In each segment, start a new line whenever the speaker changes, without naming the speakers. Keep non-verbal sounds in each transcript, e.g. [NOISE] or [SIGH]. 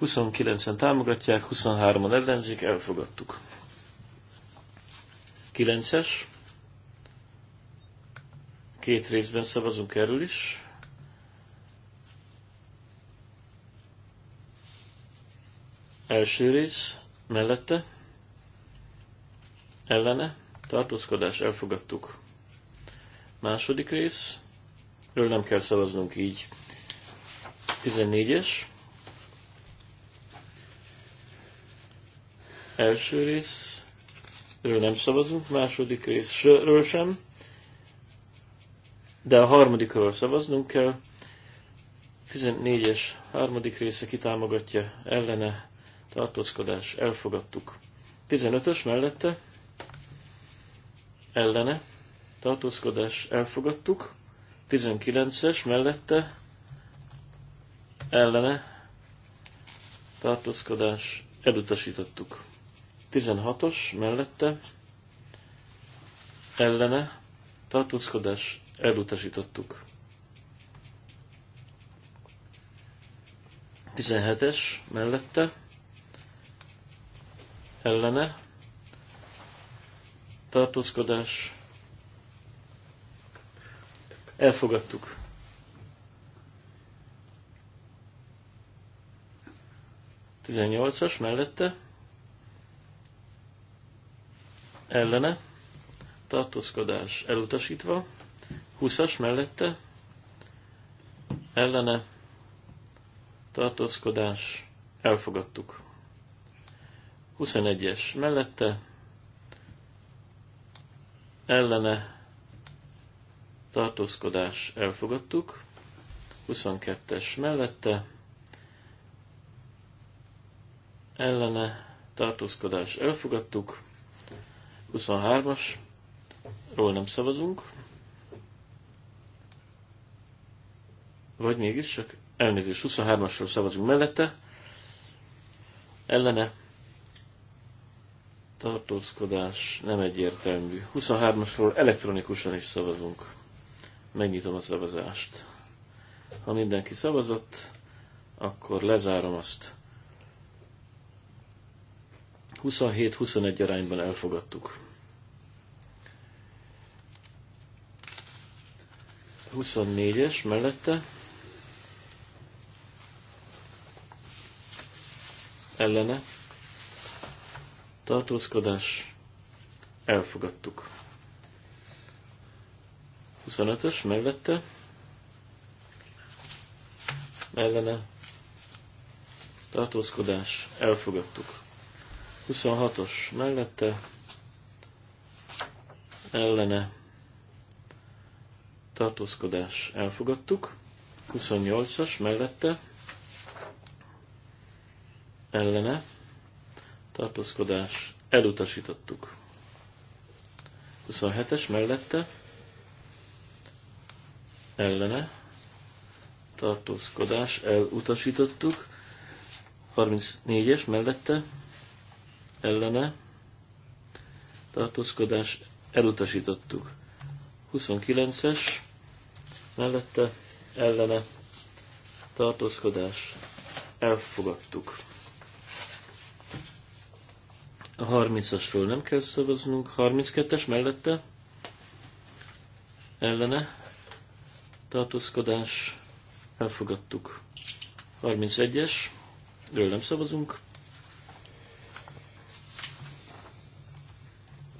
29-en támogatják, 23-an ellenzik, elfogadtuk. 9-es. Két részben szavazunk erről is. Első rész mellette, ellene, tartózkodás, elfogadtuk. Második rész, ről nem kell szavaznunk így. 14-es Első részről nem szavazunk, második részről sem, de a harmadikról szavaznunk kell. 14-es harmadik része kitámogatja ellene tartózkodás, elfogadtuk. 15-ös mellette ellene tartózkodás, elfogadtuk. 19-es mellette ellene tartózkodás, elutasítottuk. 16-os mellette ellene tartózkodás elutasítottuk. 17-es mellette ellene tartózkodás elfogadtuk. Tizennyolcas mellette ellene, tartózkodás elutasítva, 20-as mellette, ellene, tartózkodás elfogadtuk. 21-es mellette, ellene, tartózkodás elfogadtuk. 22-es mellette, ellene, tartózkodás elfogadtuk. 23-as, ról nem szavazunk. Vagy mégis csak elnézést, 23-asról szavazunk mellette. Ellene tartózkodás nem egyértelmű. 23-asról elektronikusan is szavazunk. Megnyitom a szavazást. Ha mindenki szavazott, akkor lezárom azt. 27-21 arányban elfogadtuk. 24-es mellette ellene tartózkodás elfogadtuk. 25-ös mellette ellene tartózkodás elfogadtuk. 26-os mellette ellene tartózkodás elfogadtuk. 28-as mellette ellene tartózkodás elutasítottuk. 27-es mellette ellene tartózkodás elutasítottuk. 34-es mellette ellene tartózkodás elutasítottuk. 29-es mellette ellene tartózkodás elfogadtuk. A 30-asról nem kell szavaznunk. 32-es mellette ellene tartózkodás elfogadtuk. 31 es ről nem szavazunk.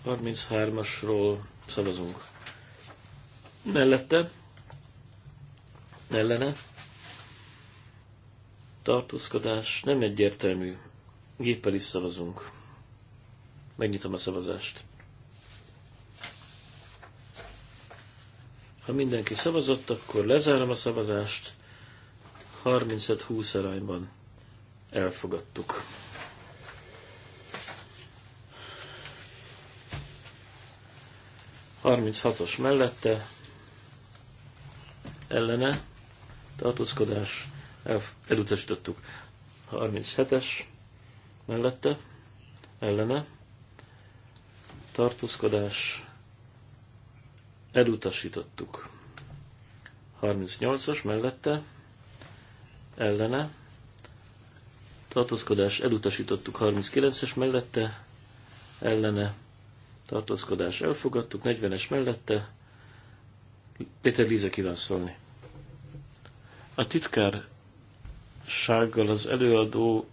33-asról szavazunk. Mellette, ellene, tartózkodás nem egyértelmű. Géppel is szavazunk. Megnyitom a szavazást. Ha mindenki szavazott, akkor lezárom a szavazást. 35-20 arányban elfogadtuk. 36-os mellette ellene tartózkodás elutasítottuk. 37-es mellette ellene tartózkodás elutasítottuk. 38-as mellette ellene tartózkodás elutasítottuk. 39-es mellette ellene tartózkodás elfogadtuk, 40-es mellette. Péter Líze kíván szólni. A titkársággal az előadóval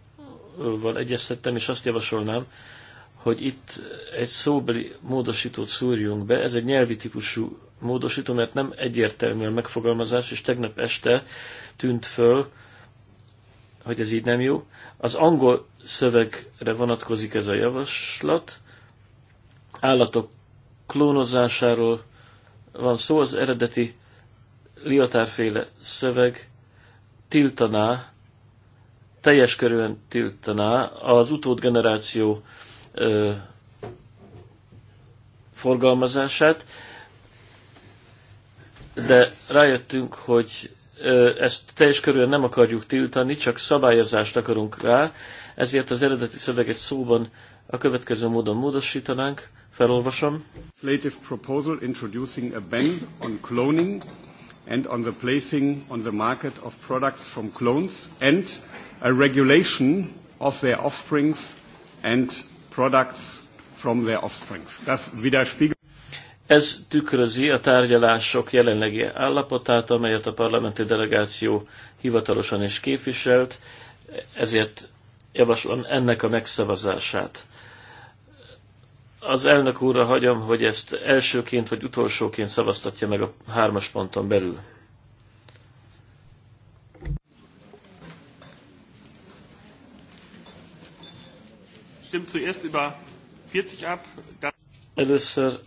egyeztettem, és azt javasolnám, hogy itt egy szóbeli módosítót szúrjunk be. Ez egy nyelvi típusú módosító, mert nem egyértelmű a megfogalmazás, és tegnap este tűnt föl, hogy ez így nem jó. Az angol szövegre vonatkozik ez a javaslat, állatok klónozásáról van szó, az eredeti liotárféle szöveg tiltaná, teljes körülön tiltaná az utódgeneráció ö, forgalmazását, de rájöttünk, hogy ö, ezt teljes körülön nem akarjuk tiltani, csak szabályozást akarunk rá, ezért az eredeti szöveget szóban a következő módon módosítanánk, Felolvasom. Legislative proposal introducing a ban on cloning and on
the placing on the market of products from clones and a regulation
of their offsprings and products from their offsprings. Das widerspiegelt ez tükrözi a tárgyalások jelenlegi állapotát, amelyet a parlamenti delegáció hivatalosan is képviselt, ezért javaslom ennek a megszavazását az elnök úrra hagyom, hogy ezt elsőként vagy utolsóként szavaztatja meg a hármas ponton belül. zuerst über 40 ab. Először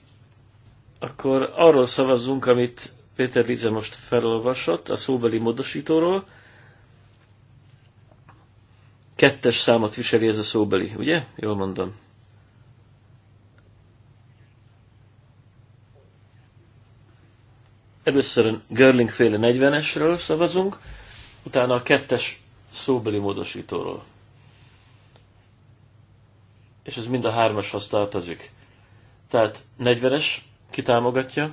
akkor arról szavazzunk, amit Péter Lize most felolvasott, a szóbeli módosítóról. Kettes számot viseli ez a szóbeli, ugye? Jól mondom. Először a Görling féle 40-esről szavazunk, utána a kettes szóbeli módosítóról. És ez mind a hármashoz tartozik. Tehát 40-es kitámogatja,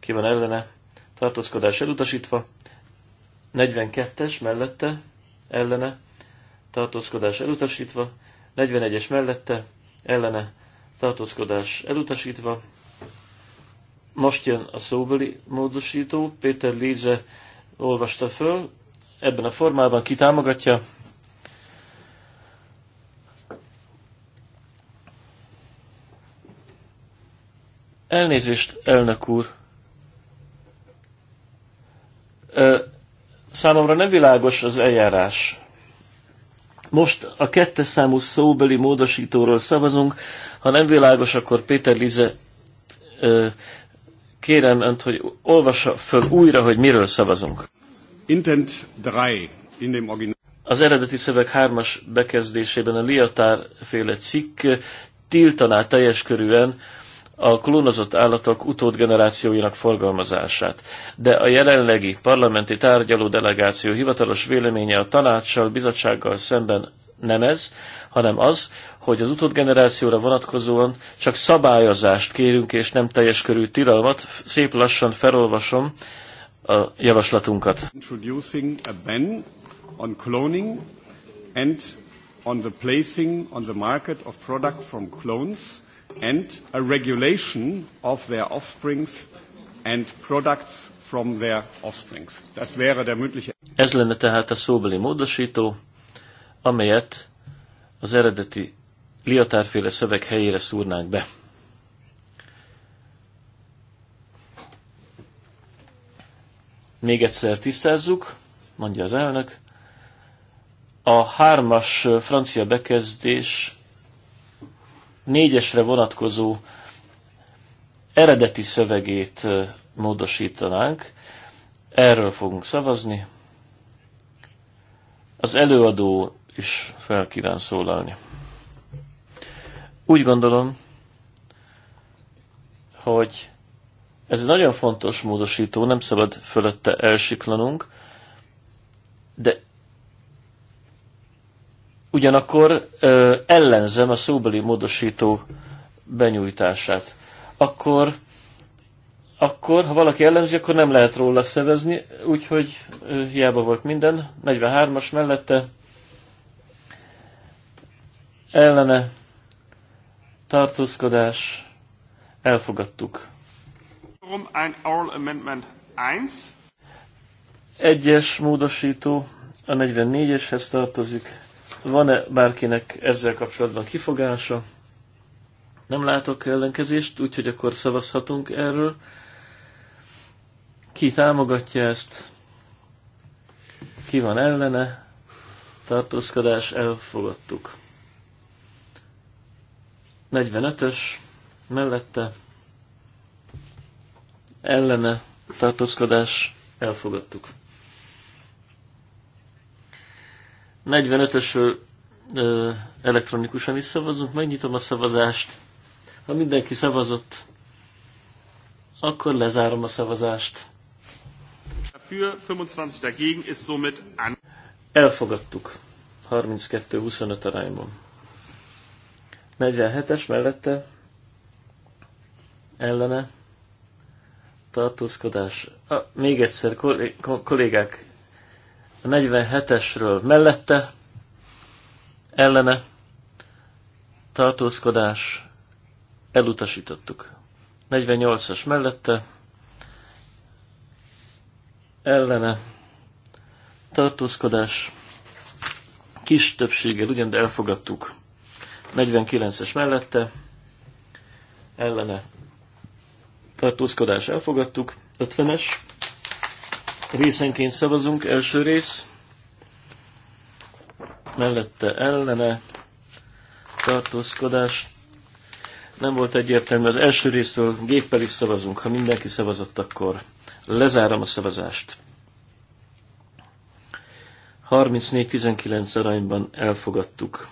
ki van ellene, tartózkodás elutasítva, 42-es mellette, ellene, tartózkodás elutasítva, 41-es mellette, ellene, tartózkodás elutasítva, most jön a szóbeli módosító, Péter Líze olvasta föl, ebben a formában kitámogatja. Elnézést, elnök úr. Ö, számomra nem világos az eljárás. Most a kettes számú szóbeli módosítóról szavazunk. Ha nem világos, akkor Péter Lize kérem önt, hogy olvassa föl újra, hogy miről szavazunk. Intent 3 in dem original. Az eredeti szöveg hármas bekezdésében a Liatár féle cikk tiltaná teljes körűen a klónozott állatok utódgenerációjának forgalmazását. De a jelenlegi parlamenti tárgyaló delegáció hivatalos véleménye a tanácssal, bizottsággal szemben nem ez, hanem az, hogy az utódgenerációra vonatkozóan csak szabályozást kérünk, és nem teljes körű tilalmat. Szép lassan felolvasom a javaslatunkat.
Introducing a ban on cloning and on the placing on the market of product from clones and a regulation of their offsprings and products from
their offsprings. Ez wäre der mündliche... Ez lenne tehát a szóbeli módosító amelyet az eredeti liatárféle szöveg helyére szúrnánk be. Még egyszer tisztázzuk, mondja az elnök. A hármas francia bekezdés négyesre vonatkozó eredeti szövegét módosítanánk. Erről fogunk szavazni. Az előadó is fel kíván szólalni. Úgy gondolom, hogy ez egy nagyon fontos módosító, nem szabad fölötte elsiklanunk, de ugyanakkor ö, ellenzem a szóbeli módosító benyújtását. Akkor, akkor, ha valaki ellenzi, akkor nem lehet róla szevezni, úgyhogy hiába volt minden. 43-as mellette ellene tartózkodás elfogadtuk. Egyes módosító a 44-eshez tartozik. Van-e bárkinek ezzel kapcsolatban kifogása? Nem látok ellenkezést, úgyhogy akkor szavazhatunk erről. Ki támogatja ezt? Ki van ellene? Tartózkodás elfogadtuk. 45-ös mellette ellene tartózkodás elfogadtuk. 45-ösről elektronikusan is szavazunk, megnyitom a szavazást. Ha mindenki szavazott, akkor lezárom a szavazást.
25
Elfogadtuk. 32-25 arányban. 47-es mellette ellene tartózkodás. A, még egyszer, kollégák, a 47-esről mellette ellene tartózkodás elutasítottuk. 48-as mellette ellene tartózkodás kis többséggel ugyan, de elfogadtuk. 49-es mellette, ellene tartózkodás elfogadtuk, 50-es, részenként szavazunk, első rész, mellette ellene tartózkodás, nem volt egyértelmű, az első részről géppel is szavazunk, ha mindenki szavazott, akkor lezárom a szavazást. 34-19 arányban elfogadtuk.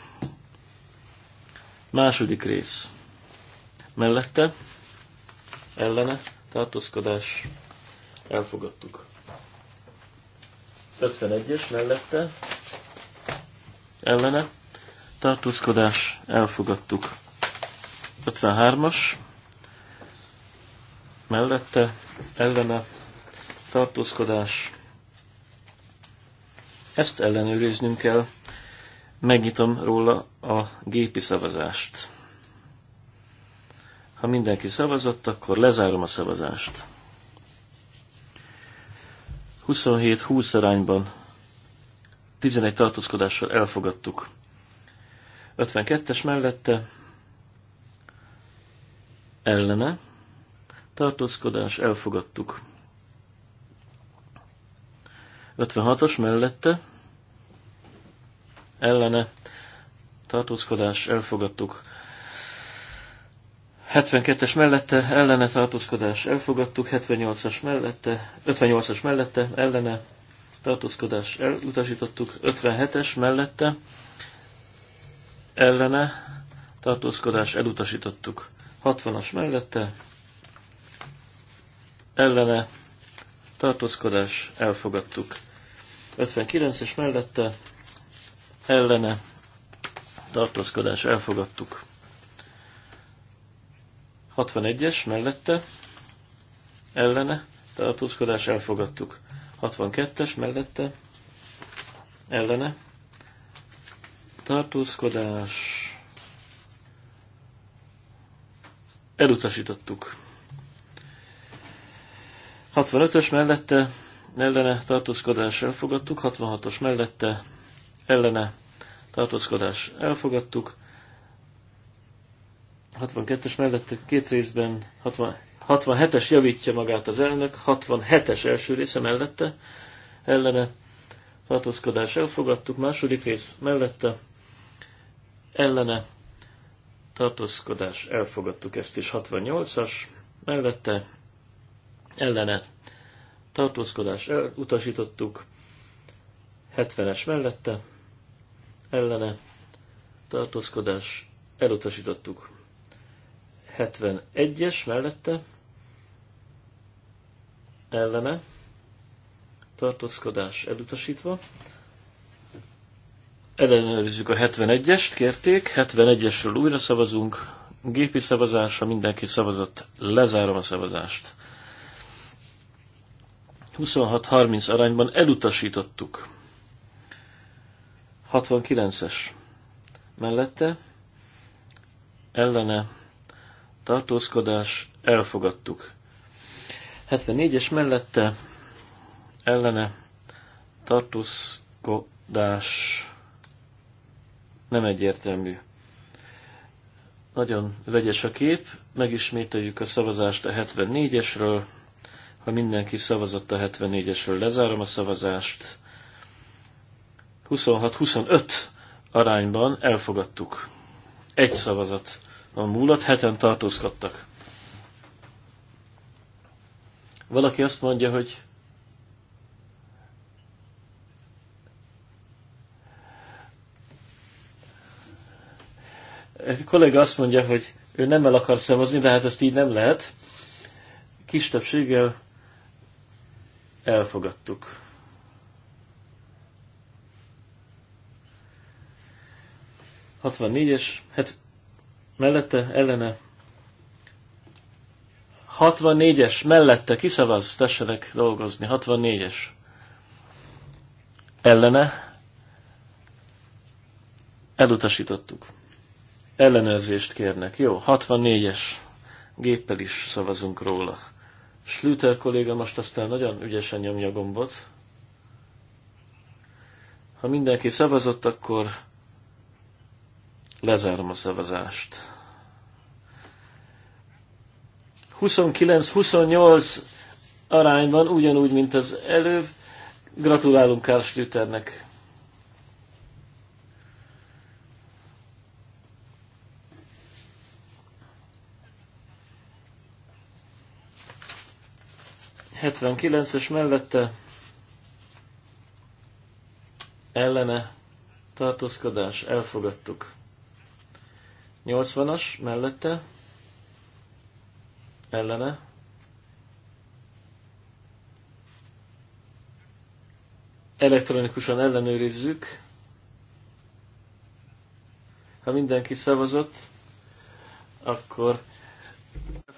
Második rész. Mellette, ellene, tartózkodás, elfogadtuk. 51-es mellette, ellene, tartózkodás, elfogadtuk. 53-as, mellette, ellene, tartózkodás. Ezt ellenőriznünk kell. Megnyitom róla a gépi szavazást. Ha mindenki szavazott, akkor lezárom a szavazást. 27-20 arányban 11 tartózkodással elfogadtuk. 52-es mellette ellene tartózkodás elfogadtuk. 56-as mellette ellene tartózkodás elfogadtuk. 72-es mellette ellene tartózkodás elfogadtuk, 78-as mellette, 58-as mellette ellene tartózkodás elutasítottuk, 57-es mellette ellene tartózkodás elutasítottuk, 60-as mellette ellene tartózkodás elfogadtuk, 59-es mellette ellene tartózkodás elfogadtuk. 61-es mellette ellene tartózkodás elfogadtuk. 62-es mellette ellene tartózkodás elutasítottuk. 65-ös mellette ellene tartózkodás elfogadtuk, 66-os mellette ellene tartózkodás elfogadtuk. 62-es mellette két részben 60, 67-es javítja magát az elnök, 67-es első része mellette ellene tartózkodás elfogadtuk, második rész mellette ellene tartózkodás elfogadtuk ezt is, 68-as mellette ellene tartózkodás elutasítottuk, 70-es mellette ellene tartózkodás elutasítottuk. 71-es mellette ellene tartózkodás elutasítva. Ellenőrizzük a 71-est, kérték. 71-esről újra szavazunk. Gépi szavazásra mindenki szavazott. Lezárom a szavazást. 26-30 arányban elutasítottuk. 69-es mellette ellene tartózkodás elfogadtuk. 74-es mellette ellene tartózkodás nem egyértelmű. Nagyon vegyes a kép, megismételjük a szavazást a 74-esről. Ha mindenki szavazott a 74-esről, lezárom a szavazást 26-25 arányban elfogadtuk. Egy szavazat a múlat, heten tartózkodtak. Valaki azt mondja, hogy egy kollega azt mondja, hogy ő nem el akar szavazni, de hát ezt így nem lehet. Kis többséggel elfogadtuk. 64-es, hát mellette, ellene. 64-es, mellette, kiszavaz, tessenek dolgozni, 64-es. Ellene. Elutasítottuk. Ellenőrzést kérnek. Jó, 64-es. Géppel is szavazunk róla. Schlüter kolléga most aztán nagyon ügyesen nyomja gombot. Ha mindenki szavazott, akkor Lezárom a szavazást. 29-28 arányban, ugyanúgy, mint az előbb. Gratulálunk Karl Schlüternek. es mellette ellene tartózkodás elfogadtuk. 80-as mellette, ellene, elektronikusan ellenőrizzük. Ha mindenki szavazott, akkor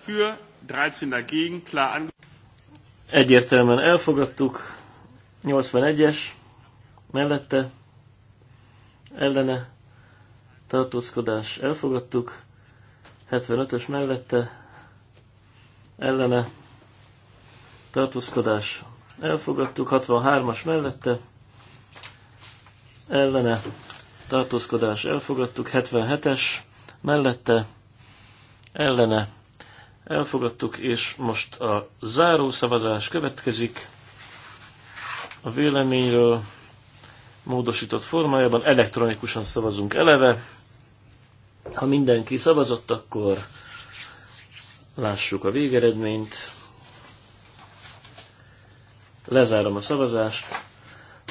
für 13 dagegen klar an...
Egyértelműen
elfogadtuk. 81-es mellette ellene tartózkodás elfogadtuk, 75-ös mellette ellene tartózkodás elfogadtuk, 63-as mellette ellene tartózkodás elfogadtuk, 77-es mellette ellene elfogadtuk, és most a záró szavazás következik a véleményről módosított formájában. Elektronikusan szavazunk eleve. Ha mindenki szavazott, akkor lássuk a végeredményt. Lezárom a szavazást.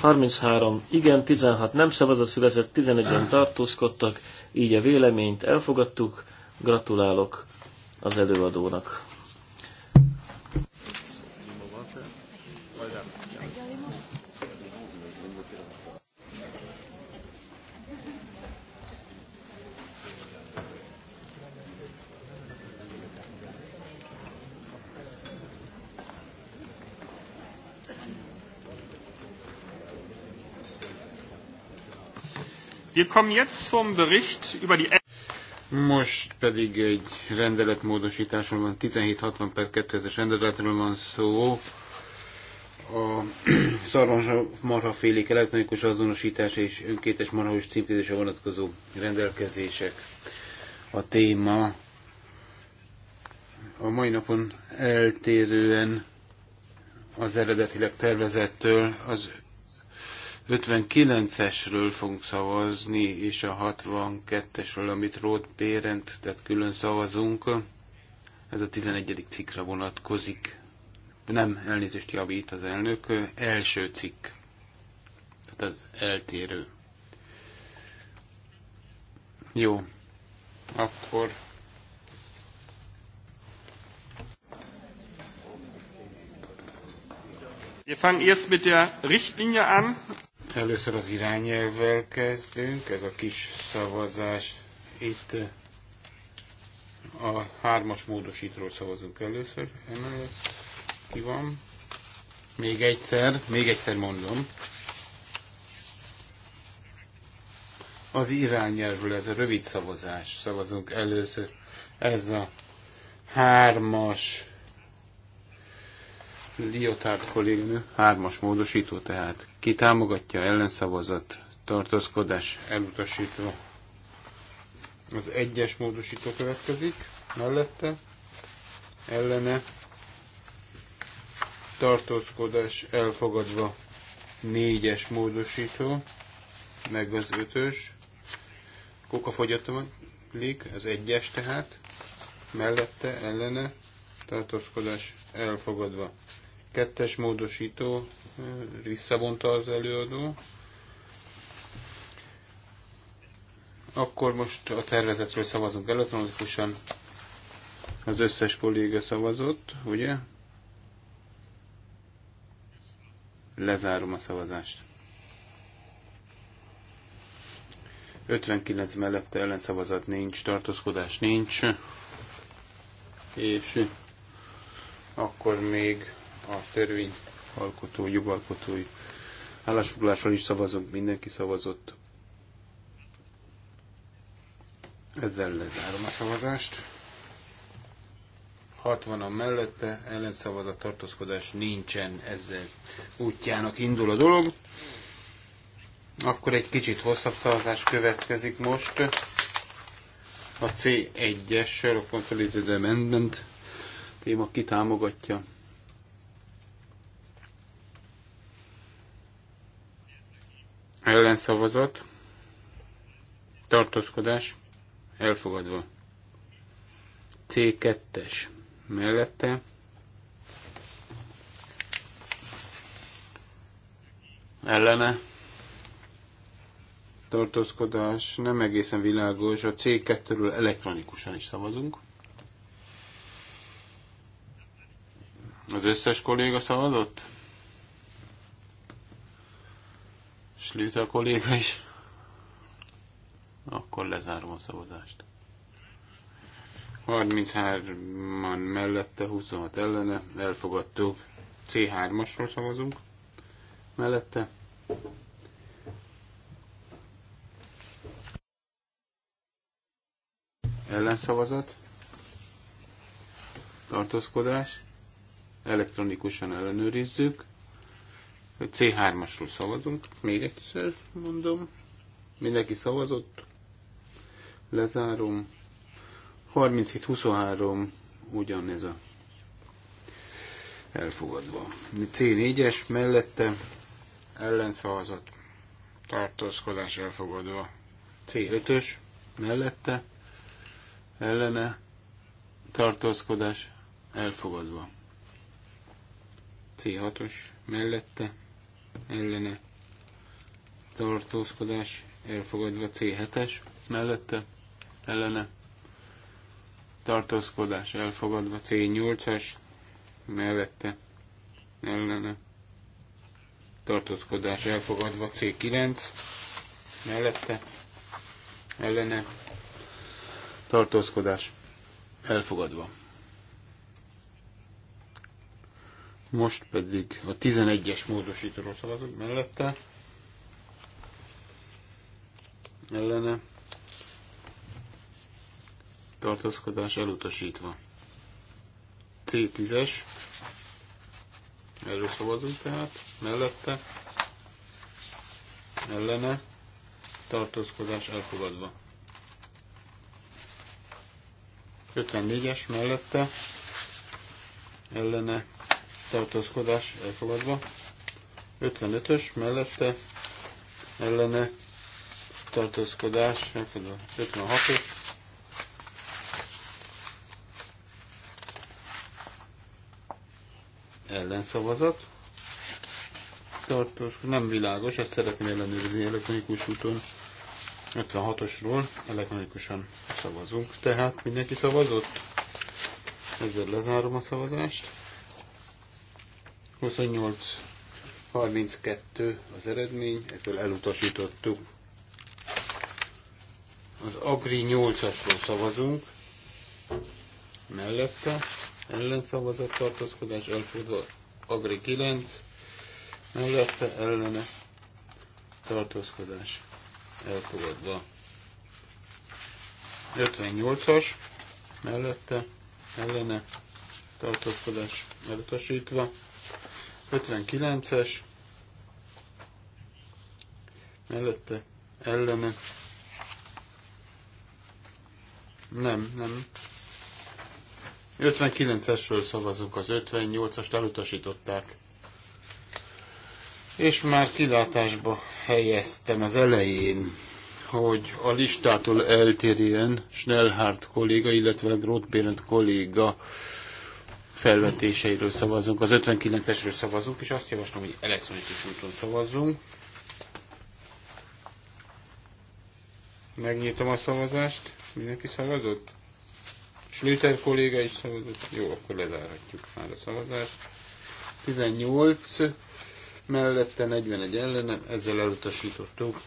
33 igen, 16 nem a született, 11-en tartózkodtak, így a véleményt elfogadtuk. Gratulálok az előadónak.
Most pedig egy rendeletmódosításról van, 1760 per 2000-es rendeletről van szó. A [CLEARS THROAT] félék elektronikus azonosítása és önkétes marhaús címkézése vonatkozó rendelkezések a téma. A mai napon eltérően az eredetileg tervezettől az 59-esről fogunk szavazni, és a 62-esről, amit Rod Bérent, tehát külön szavazunk. Ez a 11. cikkre vonatkozik. Nem, elnézést javít az elnök. Első cikk. Tehát az eltérő. Jó. Akkor Wir fangen erst mit der Richtlinie an. Először az irányelvvel kezdünk, ez a kis szavazás. Itt a hármas módosítról szavazunk először, emellett ki van. Még egyszer, még egyszer mondom. Az irányelvről ez a rövid szavazás. Szavazunk először. Ez a hármas Liotard kolléganő, hármas módosító tehát. Ki támogatja ellenszavazat, tartózkodás elutasító, Az egyes módosító következik, mellette, ellene, tartózkodás elfogadva, négyes módosító, meg az ötös, kuka fogyatlik, az egyes tehát, mellette, ellene, tartózkodás elfogadva. Kettes módosító visszavonta az előadó. Akkor most a tervezetről szavazunk elektronikusan. Az összes kolléga szavazott, ugye? Lezárom a szavazást. 59 mellette ellenszavazat nincs, tartózkodás nincs, és akkor még a törvény alkotó, jogalkotói állásfoglalásról is szavazunk, mindenki szavazott. Ezzel lezárom a szavazást. 60 a mellette ellenszavazat tartózkodás nincsen, ezzel útjának indul a dolog. Akkor egy kicsit hosszabb szavazás következik most. A C1-es, a Consolidated Amendment téma kitámogatja. ellenszavazat, tartózkodás, elfogadva. C2-es mellette, ellene, tartózkodás, nem egészen világos, a C2-ről elektronikusan is szavazunk. Az összes kolléga szavazott? Slüter a kolléga is. Akkor lezárom a szavazást. 33-an mellette, 26 ellene, elfogadtuk. C3-asról szavazunk. Mellette. Ellenszavazat. Tartózkodás. Elektronikusan ellenőrizzük. C3-asról szavazunk, még egyszer mondom. Mindenki szavazott. Lezárom. 37-23 ugyanez a elfogadva. C4-es mellette ellenszavazat tartózkodás elfogadva. C5-ös mellette ellene tartózkodás elfogadva. C6-os mellette ellene tartózkodás elfogadva C7-es mellette ellene tartózkodás elfogadva C8-as mellette ellene tartózkodás elfogadva C9 mellette ellene tartózkodás elfogadva Most pedig a 11-es módosítóról szavazunk mellette. Ellene. Tartózkodás elutasítva. C10-es. Erről szavazunk tehát. Mellette. Ellene. Tartózkodás elfogadva. 54-es mellette ellene tartózkodás elfogadva. 55-ös mellette ellene tartózkodás elfogadva. 56-os ellenszavazat. Tartós, nem világos, ezt szeretném ellenőrizni elektronikus úton. 56-osról elektronikusan szavazunk. Tehát mindenki szavazott? Ezzel lezárom a szavazást. 28-32 az eredmény, ezzel elutasítottuk. Az Agri 8-asról szavazunk, mellette ellenszavazat tartózkodás elfogadva Agri 9, mellette ellene tartózkodás elfogadva. 58-as, mellette ellene tartózkodás elutasítva. 59-es mellette ellene nem, nem 59-esről szavazunk, az 58-ast elutasították és már kilátásba helyeztem az elején, hogy a listától eltérjen Schnellhardt kolléga, illetve Grothbérend kolléga felvetéseiről szavazunk, az 59-esről szavazunk, és azt javaslom, hogy elektronikus úton szavazzunk. Megnyitom a szavazást. Mindenki szavazott? Slüter kolléga is szavazott. Jó, akkor lezárhatjuk már a szavazást. 18 mellette 41 ellene, ezzel elutasítottuk.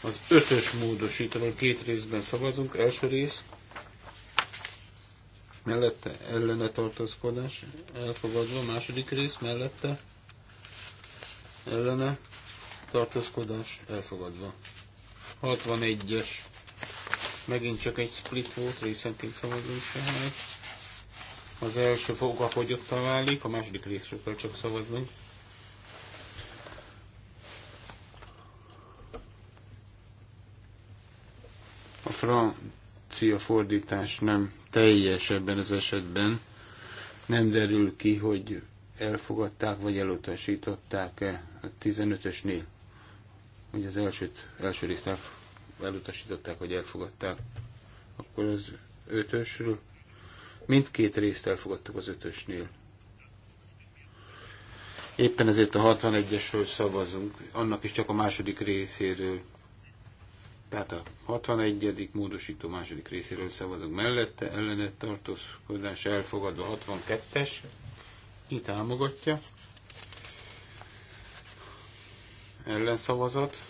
Az ötös módosítóról két részben szavazunk. Első rész mellette ellene tartózkodás elfogadva, második rész mellette ellene tartózkodás elfogadva. 61-es megint csak egy split volt, részenként szavazunk tehát. Az első foga fogyottá válik, a második részről csak szavazunk. A front francia fordítás nem teljes ebben az esetben. Nem derül ki, hogy elfogadták vagy elutasították-e a 15-ösnél. Hogy az elsőt, első részt elutasították vagy elfogadták. Akkor az 5-ösről Mindkét részt elfogadtuk az 5-ösnél. Éppen ezért a 61-esről szavazunk, annak is csak a második részéről. Tehát a 61. módosító második részéről szavazunk mellette, ellenet tartózkodás elfogadva 62-es. Ki támogatja? Ellenszavazat.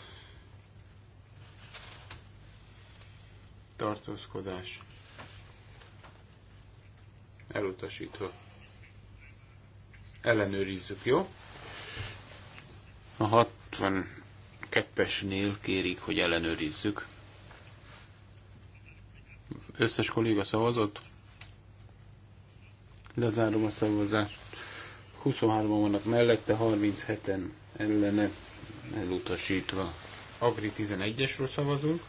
Tartózkodás. Elutasítva. Ellenőrizzük, jó? A 60 kettesnél kérik, hogy ellenőrizzük. Összes kolléga szavazott. Lezárom a szavazást. 23-an vannak mellette, 37-en ellene elutasítva. Agri 11-esről szavazunk.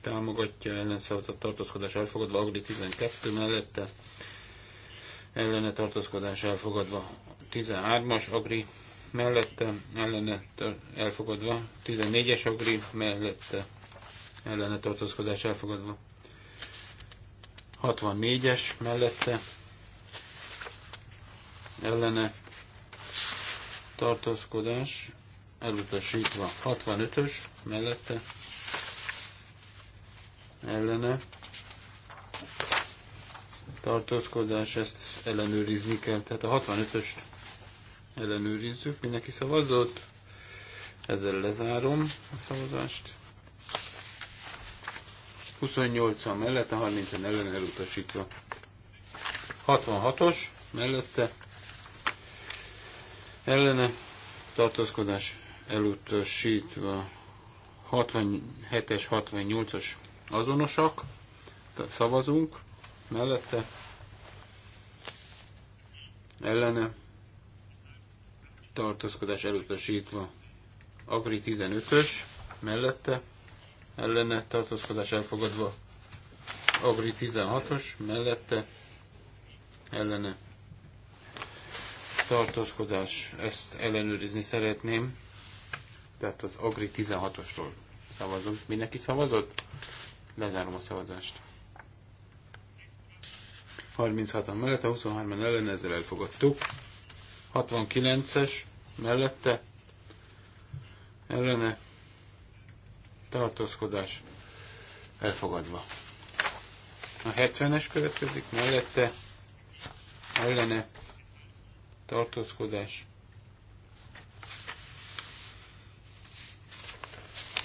Támogatja ellenszavazat tartózkodás elfogadva. Agri 12 mellette ellene tartózkodás elfogadva. 13-as Agri mellette ellene elfogadva, 14-es agri mellette ellene tartózkodás elfogadva, 64-es mellette ellene tartózkodás elutasítva, 65-ös mellette ellene tartózkodás, ezt ellenőrizni kell, tehát a 65-öst ellenőrizzük. Mindenki szavazott. Ezzel lezárom a szavazást. 28 a mellette, 30-en ellen elutasítva. 66-os mellette ellene tartózkodás elutasítva 67-es, 68-as azonosak, szavazunk mellette, ellene tartózkodás elutasítva. Agri 15-ös mellette ellene tartózkodás elfogadva. Agri 16-os mellette ellene tartózkodás, ezt ellenőrizni szeretném. Tehát az Agri 16-osról szavazunk. Mindenki szavazott? Lezárom a szavazást. 36-an mellett, a 23-an ellen, ezzel elfogadtuk. 69-es mellette ellene tartózkodás elfogadva. A 70-es következik, mellette ellene tartózkodás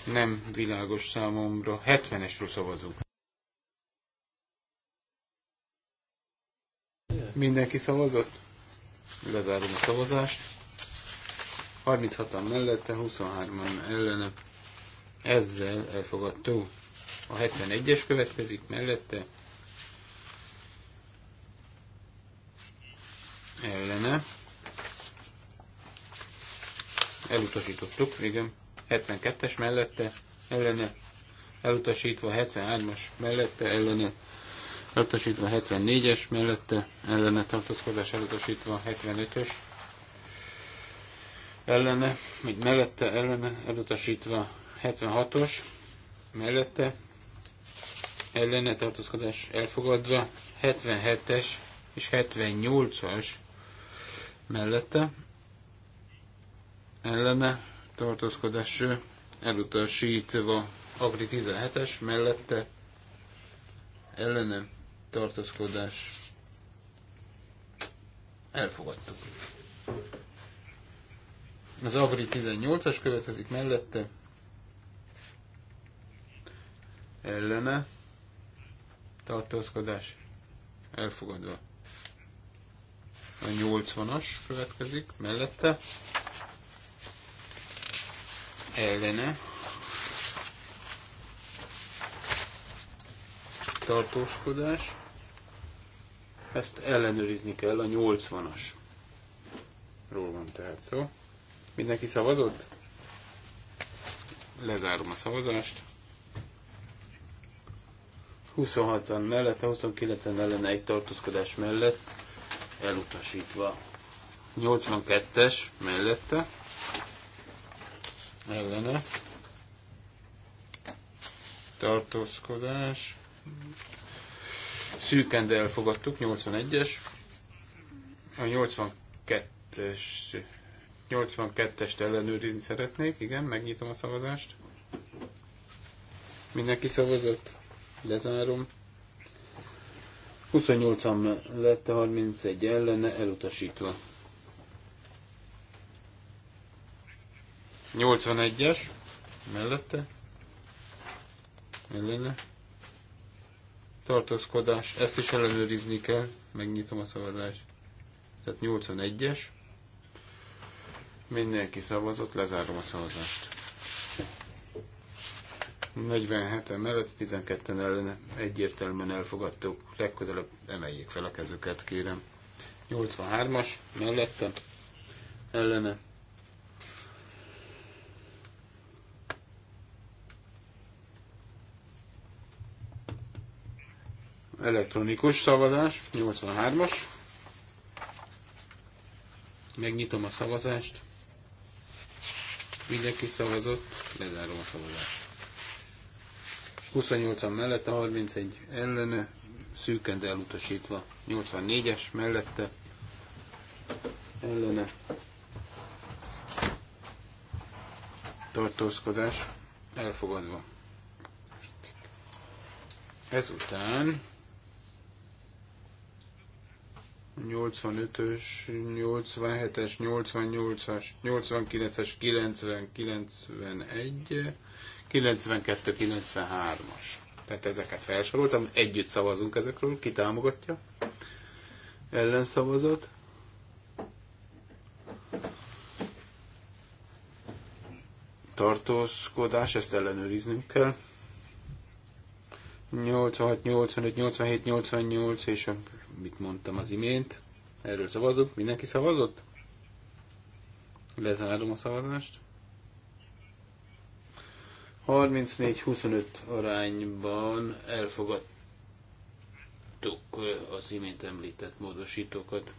nem világos számomra. 70-esről szavazunk. Mindenki szavazott? Lezárom a szavazást. 36-an mellette, 23-an ellene. Ezzel elfogadtó. A 71-es következik mellette. Ellene. Elutasítottuk, igen. 72-es mellette, ellene. Elutasítva 73-as mellette, ellene elutasítva 74-es, mellette ellene tartózkodás elutasítva 75-ös, ellene, vagy mellette ellene elutasítva 76-os, mellette ellene tartózkodás elfogadva 77-es és 78-as mellette ellene tartózkodás elutasítva Agri 17-es mellette ellene tartózkodás
elfogadtuk.
Az avri 18-as következik mellette. Ellene. Tartózkodás. Elfogadva. A 80-as következik mellette. Ellene. Tartózkodás. Ezt ellenőrizni kell a 80-as. Ról van tehát szó. Mindenki szavazott? Lezárom a szavazást. 26-an mellett 29-en ellen egy tartózkodás mellett
elutasítva.
82-es mellette ellene tartózkodás szűken, fogadtuk elfogadtuk, 81-es. A 82-es 82-est ellenőrizni szeretnék, igen, megnyitom a szavazást. Mindenki szavazott, lezárom. 28-an lett, 31 ellene elutasítva. 81-es, mellette, ellene, tartózkodás, ezt is ellenőrizni kell, megnyitom a szavazást. Tehát 81-es, Mindenki szavazott, lezárom a szavazást. 47-en mellett, 12-en ellen egyértelműen elfogadtuk. Legközelebb emeljék fel a kezüket, kérem. 83-as mellette, ellene. Elektronikus szavazás, 83-as. Megnyitom a szavazást. Mindenki szavazott, lezárom a szavazást. 28-an mellette, 31 ellene, szűkend elutasítva. 84-es mellette, ellene, tartózkodás, elfogadva. Ezután 85-ös, 87-es, 88-as, 89-es, 90, 91, 92, 93-as. Tehát ezeket felsoroltam, együtt szavazunk ezekről, ki támogatja? Ellenszavazat. Tartózkodás, ezt ellenőriznünk kell. 86, 85, 87, 88 és a mit mondtam az imént. Erről szavazunk. Mindenki szavazott? Lezárom a szavazást. 34-25 arányban elfogadtuk az imént említett módosítókat.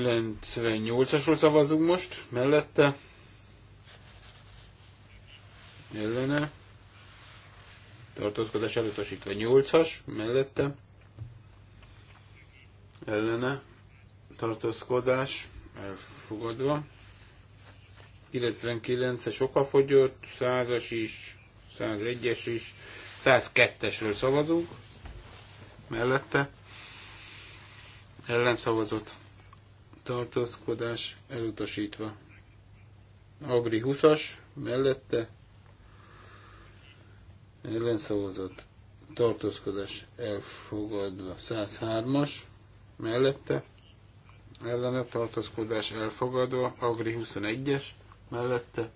98-asról szavazunk most, mellette. Ellene. Tartózkodás elutasítva 8-as, mellette. Ellene. Tartózkodás elfogadva. 99-es okafogyott, 100-as is, 101-es is, 102-esről szavazunk mellette. Ellen szavazott tartózkodás elutasítva. Agri 20-as, mellette ellenszavazott tartózkodás elfogadva. 103-as, mellette ellene tartózkodás elfogadva. Agri 21-es, mellette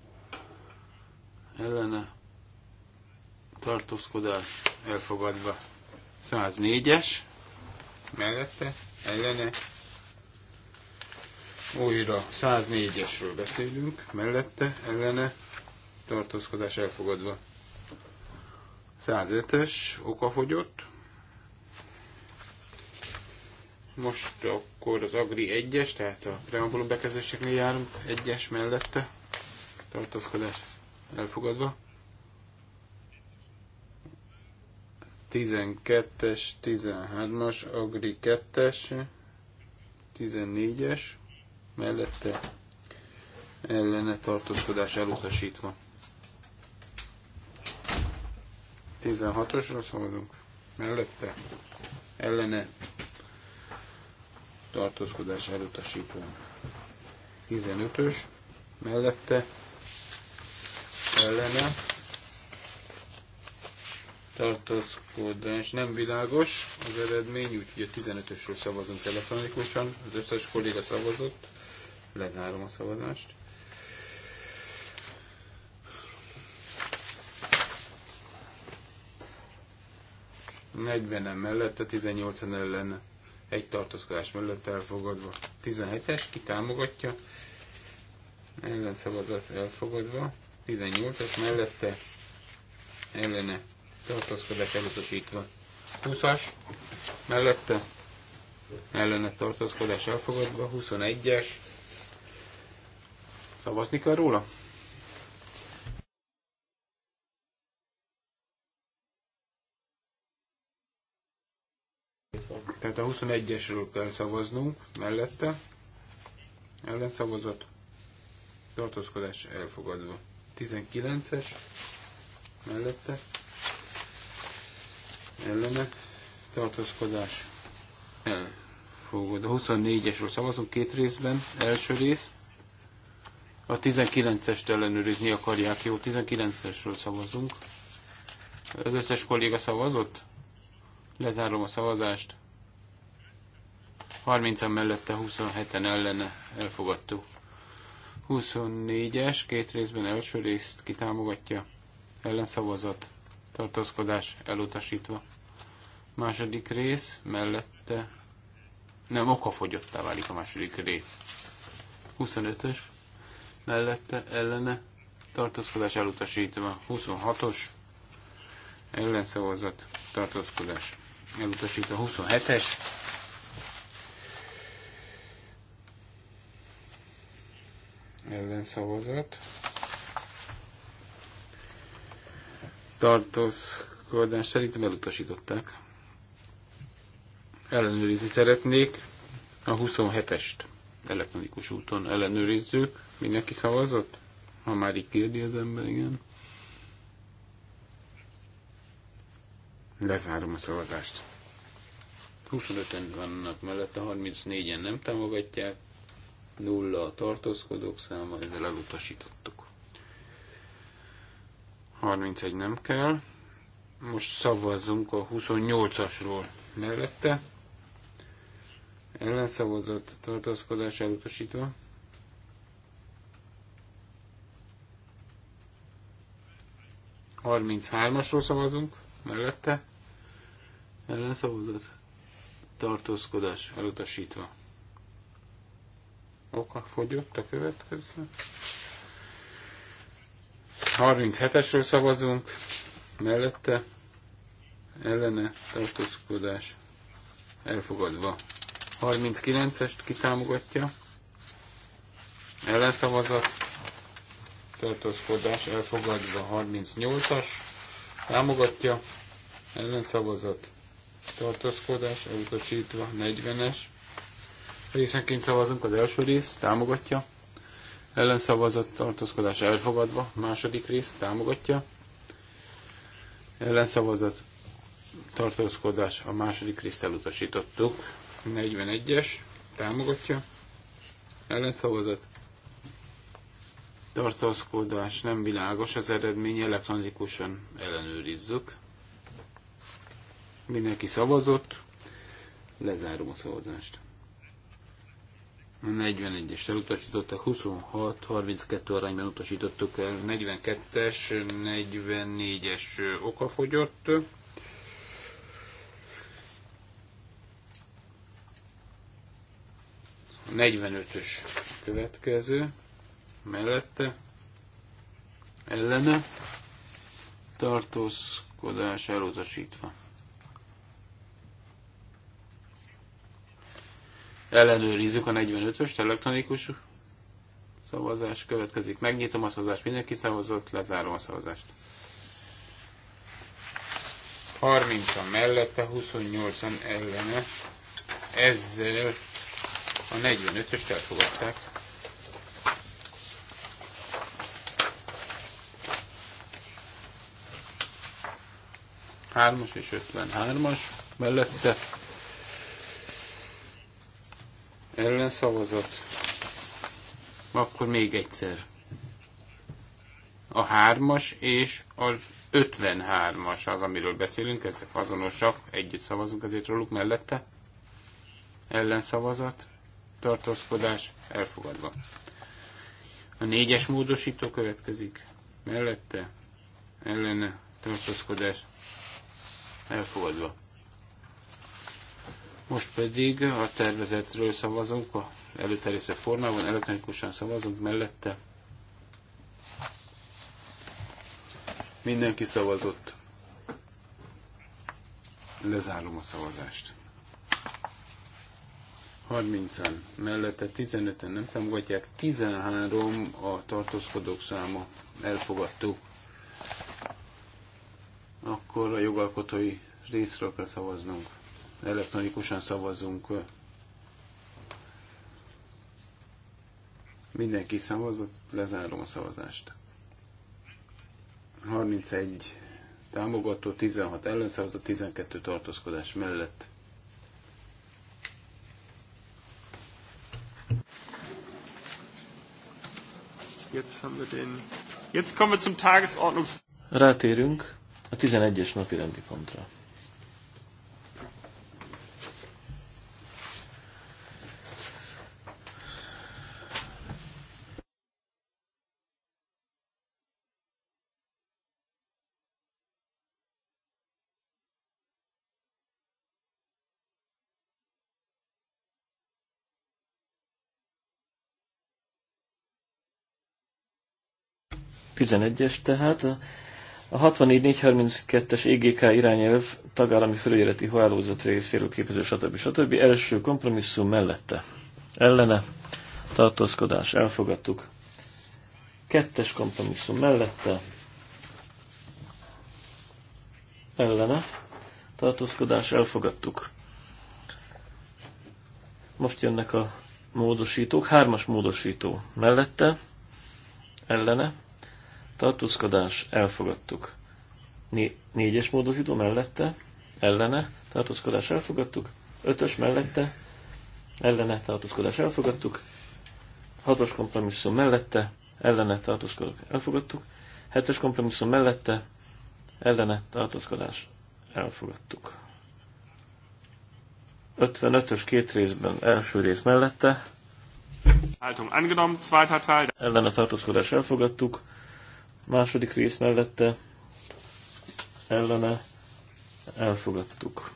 ellene tartózkodás elfogadva. 104-es, mellette ellene újra 104-esről beszélünk, mellette, ellene, tartózkodás elfogadva. 105 es okafogyott. Most akkor az Agri 1-es, tehát a preambuló bekezdéseknél járunk, 1-es mellette, tartózkodás elfogadva. 12-es, 13-as, Agri 2-es, 14-es, mellette ellene tartózkodás elutasítva. 16-osra szavazunk. Mellette ellene tartózkodás elutasítva. 15-ös mellette ellene tartózkodás nem világos az eredmény, úgyhogy a 15-ösről szavazunk elektronikusan, az összes kolléga szavazott, Lezárom a szavazást. nem mellette, 18 ellen, egy tartózkodás mellett elfogadva. 17-es, ki támogatja? szavazat elfogadva. 18 es mellette, ellene, tartózkodás elutasítva. 20-as mellette, ellene tartózkodás elfogadva, 21-es Szavazni kell róla? Tehát a 21-esről kell szavaznunk mellette. Ellenszavazat. Tartózkodás elfogadva. 19-es mellette. Ellene. Tartózkodás elfogadva. A 24-esről szavazunk két részben. Első rész a 19-est ellenőrizni akarják. Jó, 19-esről szavazunk. Az összes kolléga szavazott? Lezárom a szavazást. 30-an mellette, 27-en ellene elfogadtuk. 24-es, két részben első részt kitámogatja. Ellenszavazat, tartózkodás elutasítva. Második rész, mellette, nem, okafogyottá válik a második rész. 25-ös, mellette ellene tartózkodás elutasítva. 26-os ellenszavazat tartózkodás elutasítva. 27-es ellenszavazat tartózkodás szerintem elutasították. Ellenőrizni szeretnék a 27-est. Elektronikus úton ellenőrizzük. Mindenki szavazott? Ha már így kérdi az ember, igen. Lezárom a szavazást. 25-en vannak mellette, 34-en nem támogatják, nulla a tartózkodók száma, ezzel elutasítottuk. 31 nem kell. Most szavazzunk a 28-asról mellette, ellenszavazat tartózkodás elutasítva. Harminc hármasról szavazunk, mellette ellenszavazat tartózkodás elutasítva. Oka fogyott a következő. 37-esről szavazunk, mellette ellene tartózkodás elfogadva. 39-est kitámogatja. Ellenszavazat. Tartózkodás elfogadva. 38-as. Támogatja. Ellenszavazat. Tartózkodás elutasítva. 40-es. Részenként szavazunk az első rész. Támogatja. Ellenszavazat. Tartózkodás elfogadva. Második rész. Támogatja. Ellenszavazat. Tartózkodás. A második részt elutasítottuk. 41-es támogatja, ellenszavazat, tartózkodás nem világos, az eredmény elektronikusan ellenőrizzük. Mindenki szavazott, lezárom a szavazást. A 41 es elutasították, 26-32 arányban utasítottuk el, 42-es, 44-es okafogyott. fogyott. 45-ös következő, mellette, ellene, tartózkodás elutasítva. Ellenőrizzük a 45 ös elektronikus szavazás következik. Megnyitom a szavazást, mindenki szavazott, lezárom a szavazást. 30-an mellette, 28-an ellene. Ezzel a 45-öst elfogadták. Hármas és 53-as mellette ellenszavazat. Akkor még egyszer. A hármas és az 53-as az, amiről beszélünk, ezek azonosak, együtt szavazunk azért, róluk mellette. Ellenszavazat tartózkodás elfogadva. A négyes módosító következik. Mellette ellene tartózkodás elfogadva. Most pedig a tervezetről szavazunk, a előterjesztett formában, elektronikusan szavazunk mellette. Mindenki szavazott. Lezárom a szavazást. 30-an mellette, 15-en nem támogatják, 13 a tartózkodók száma, elfogadtuk. Akkor a jogalkotói részről kell szavaznunk. Elektronikusan szavazunk. Mindenki szavazott, lezárom a szavazást. 31 támogató, 16 ellenszavazat, 12 tartózkodás mellett
Jetzt haben wir den. Jetzt kommen wir zum Rátérünk a 11-es napi rendi pontra. 11-es tehát. A 64 es EGK irányelv tagállami felügyeleti hálózat részéről képező, stb. stb. Első kompromisszum mellette. Ellene tartózkodás, elfogadtuk. Kettes kompromisszum mellette. Ellene tartózkodás, elfogadtuk. Most jönnek a módosítók. Hármas módosító mellette. Ellene tartózkodás, elfogadtuk. Né- négyes módosító mellette, ellene, tartózkodás, elfogadtuk. Ötös mellette, ellene, tartózkodás, elfogadtuk. Hatos kompromisszum mellette, ellene, tartózkodás, elfogadtuk. Hetes kompromisszum mellette, ellene, tartózkodás, elfogadtuk. 55-ös két részben első rész mellette. Haltung angenommen, zweiter Teil. Ellene tartózkodás elfogadtuk Második rész mellette ellene elfogadtuk.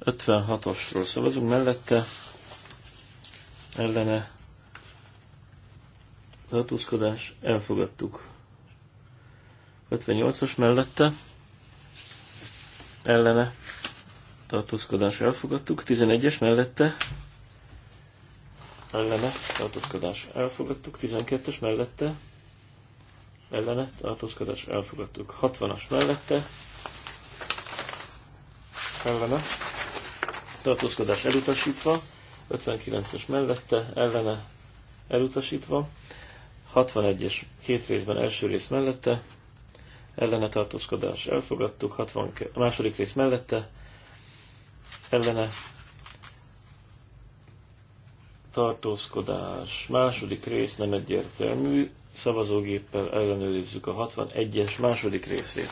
56-osról szavazunk mellette, ellene tartózkodás, elfogadtuk. 58-os mellette, ellene tartózkodás, elfogadtuk. 11-es mellette, ellene tartózkodás elfogadtuk, 12-es mellette ellene tartózkodás elfogadtuk, 60-as mellette ellene tartózkodás elutasítva, 59-es mellette ellene elutasítva, 61-es két részben első rész mellette ellene tartózkodás elfogadtuk, 60, második rész mellette ellene tartózkodás. Második rész nem egyértelmű. Szavazógéppel ellenőrizzük a 61-es második részét.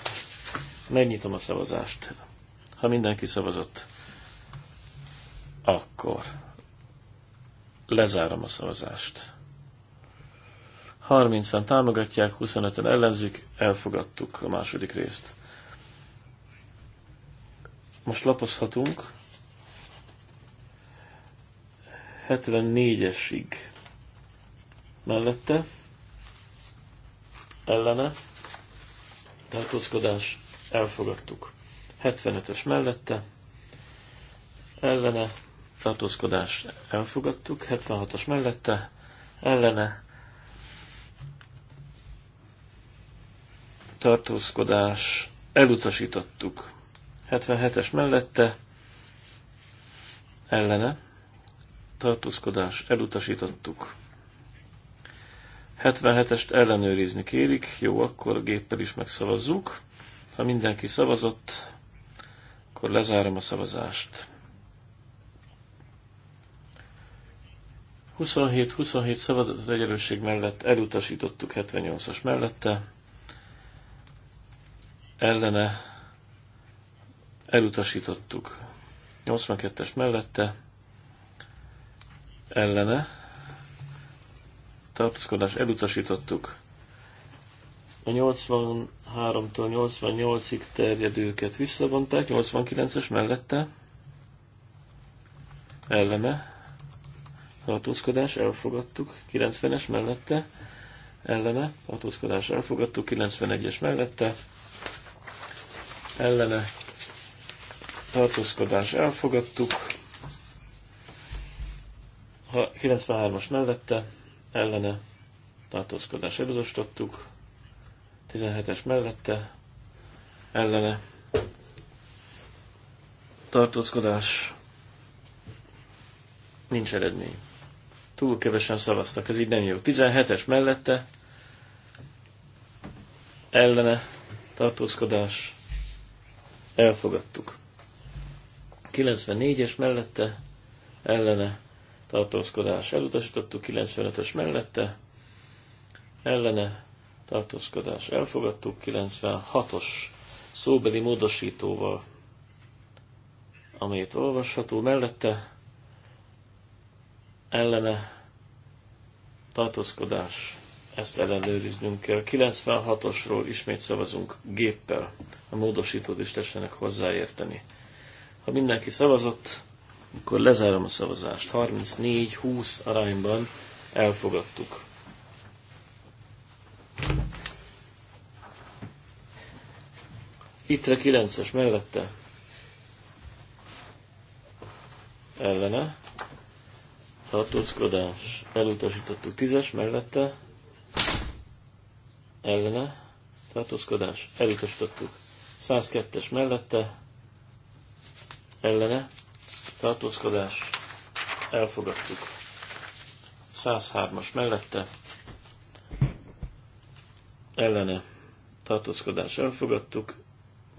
Megnyitom a szavazást. Ha mindenki szavazott, akkor lezárom a szavazást. 30-an támogatják, 25-en ellenzik, elfogadtuk a második részt. Most lapozhatunk. 74-esig mellette ellene tartózkodás elfogadtuk. 75-ös mellette ellene tartózkodás elfogadtuk, 76 as mellette ellene tartózkodás elutasítottuk. 77-es mellette ellene tartózkodás elutasítottuk. 77-est ellenőrizni kérik, jó, akkor a géppel is megszavazzuk. Ha mindenki szavazott, akkor lezárom a szavazást. 27-27 szavazat az egyenlőség mellett elutasítottuk 78-as mellette, ellene elutasítottuk 82-es mellette, ellene tartózkodás elutasítottuk. A 83-tól 88-ig terjedőket visszavonták, 89-es mellette ellene tartózkodás elfogadtuk, 90-es mellette ellene tartózkodás elfogadtuk, 91-es mellette ellene tartózkodás elfogadtuk, ha 93-as mellette, ellene tartózkodás elutasítottuk, 17-es mellette, ellene tartózkodás nincs eredmény. Túl kevesen szavaztak, ez így nem jó. 17-es mellette, ellene tartózkodás elfogadtuk. 94-es mellette, ellene tartózkodás elutasítottuk, 95-ös mellette, ellene tartózkodás elfogadtuk, 96-os szóbeli módosítóval, amelyet olvasható mellette, ellene tartózkodás, ezt ellenőriznünk kell. 96-osról ismét szavazunk géppel, a módosítót is tessenek hozzáérteni. Ha mindenki szavazott, akkor lezárom a szavazást. 34-20 arányban elfogadtuk. Itt a 9-es mellette. Ellene. Tartózkodás. Elutasítottuk 10-es mellette. Ellene. Tartózkodás. Elutasítottuk. 102-es mellette. Ellene tartózkodás, elfogadtuk. 103-as mellette, ellene, tartózkodás, elfogadtuk.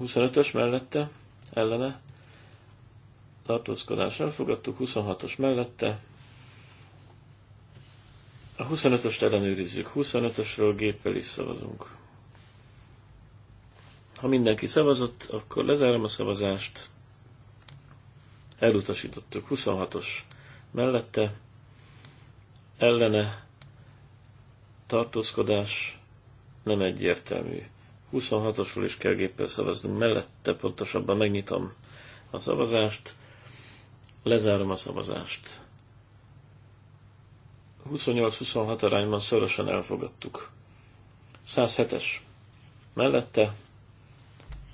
25-ös mellette, ellene, tartózkodás, elfogadtuk. 26-os mellette, a 25-öst ellenőrizzük. 25-ösről géppel is szavazunk. Ha mindenki szavazott, akkor lezárom a szavazást elutasítottuk. 26-os mellette ellene tartózkodás nem egyértelmű. 26-osról is kell géppel szavaznunk. Mellette pontosabban megnyitom a szavazást, lezárom a szavazást. 28-26 arányban szorosan elfogadtuk. 107-es. Mellette,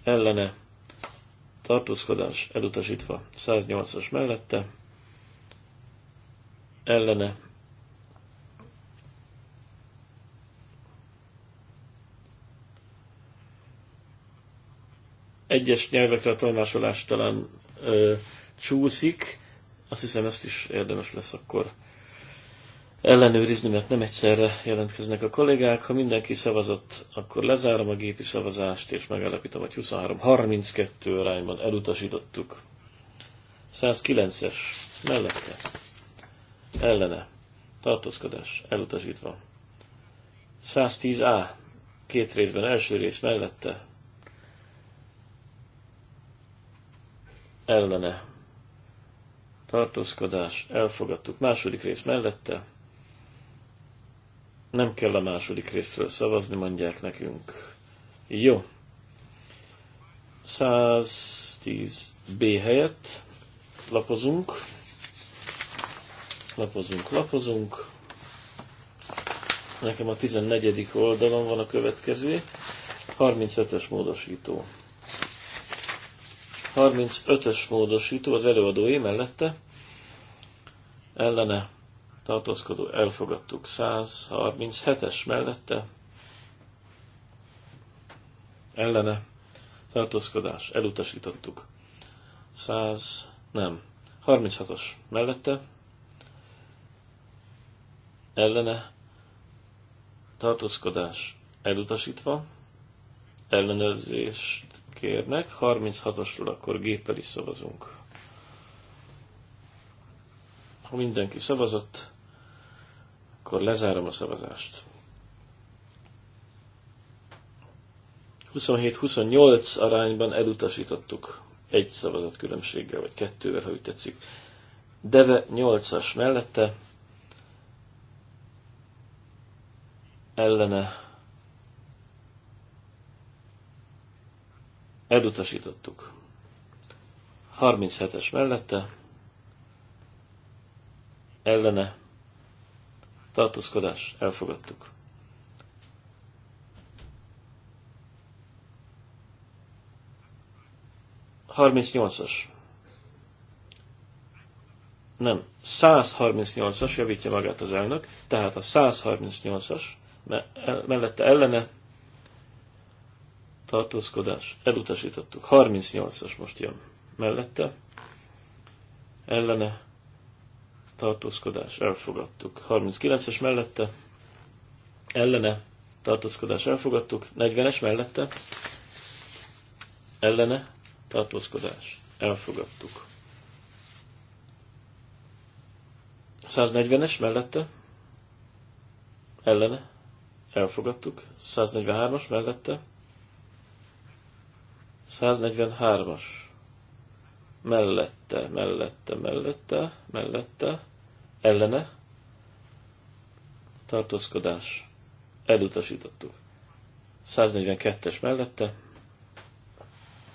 ellene, tartózkodás elutasítva 108-as mellette, ellene egyes nyelvekre a tolmásolás talán ö, csúszik, azt hiszem ezt is érdemes lesz akkor ellenőrizni, mert nem egyszerre jelentkeznek a kollégák. Ha mindenki szavazott, akkor lezárom a gépi szavazást, és megállapítom, hogy 23-32 arányban elutasítottuk. 109-es mellette. Ellene. Tartózkodás. Elutasítva. 110A. Két részben első rész mellette. Ellene. Tartózkodás. Elfogadtuk. Második rész mellette nem kell a második részről szavazni, mondják nekünk. Jó. 110 B helyett lapozunk. Lapozunk, lapozunk. Nekem a 14. oldalon van a következő. 35-ös módosító. 35-ös módosító az előadói mellette ellene tartózkodó elfogadtuk 137-es mellette, ellene tartózkodás elutasítottuk 100, nem, 36-os mellette, ellene tartózkodás elutasítva, ellenőrzést kérnek, 36-osról akkor géppel is szavazunk. Ha mindenki szavazott, akkor lezárom a szavazást. 27-28 arányban elutasítottuk egy szavazat különbséggel, vagy kettővel, ha úgy tetszik. Deve 8-as mellette, ellene elutasítottuk. 37-es mellette, ellene tartózkodás, elfogadtuk. Harmincnyolcas. Nem, 138-as, javítja magát az elnök, tehát a 138-as, mellette ellene tartózkodás, elutasítottuk. 38-as most jön mellette, ellene tartózkodás elfogadtuk. 39-es mellette ellene tartózkodás elfogadtuk. 40-es mellette ellene tartózkodás elfogadtuk. 140-es mellette ellene elfogadtuk. 143-as mellette 143-as mellette, mellette, mellette, mellette, ellene tartózkodás elutasítottuk. 142-es mellette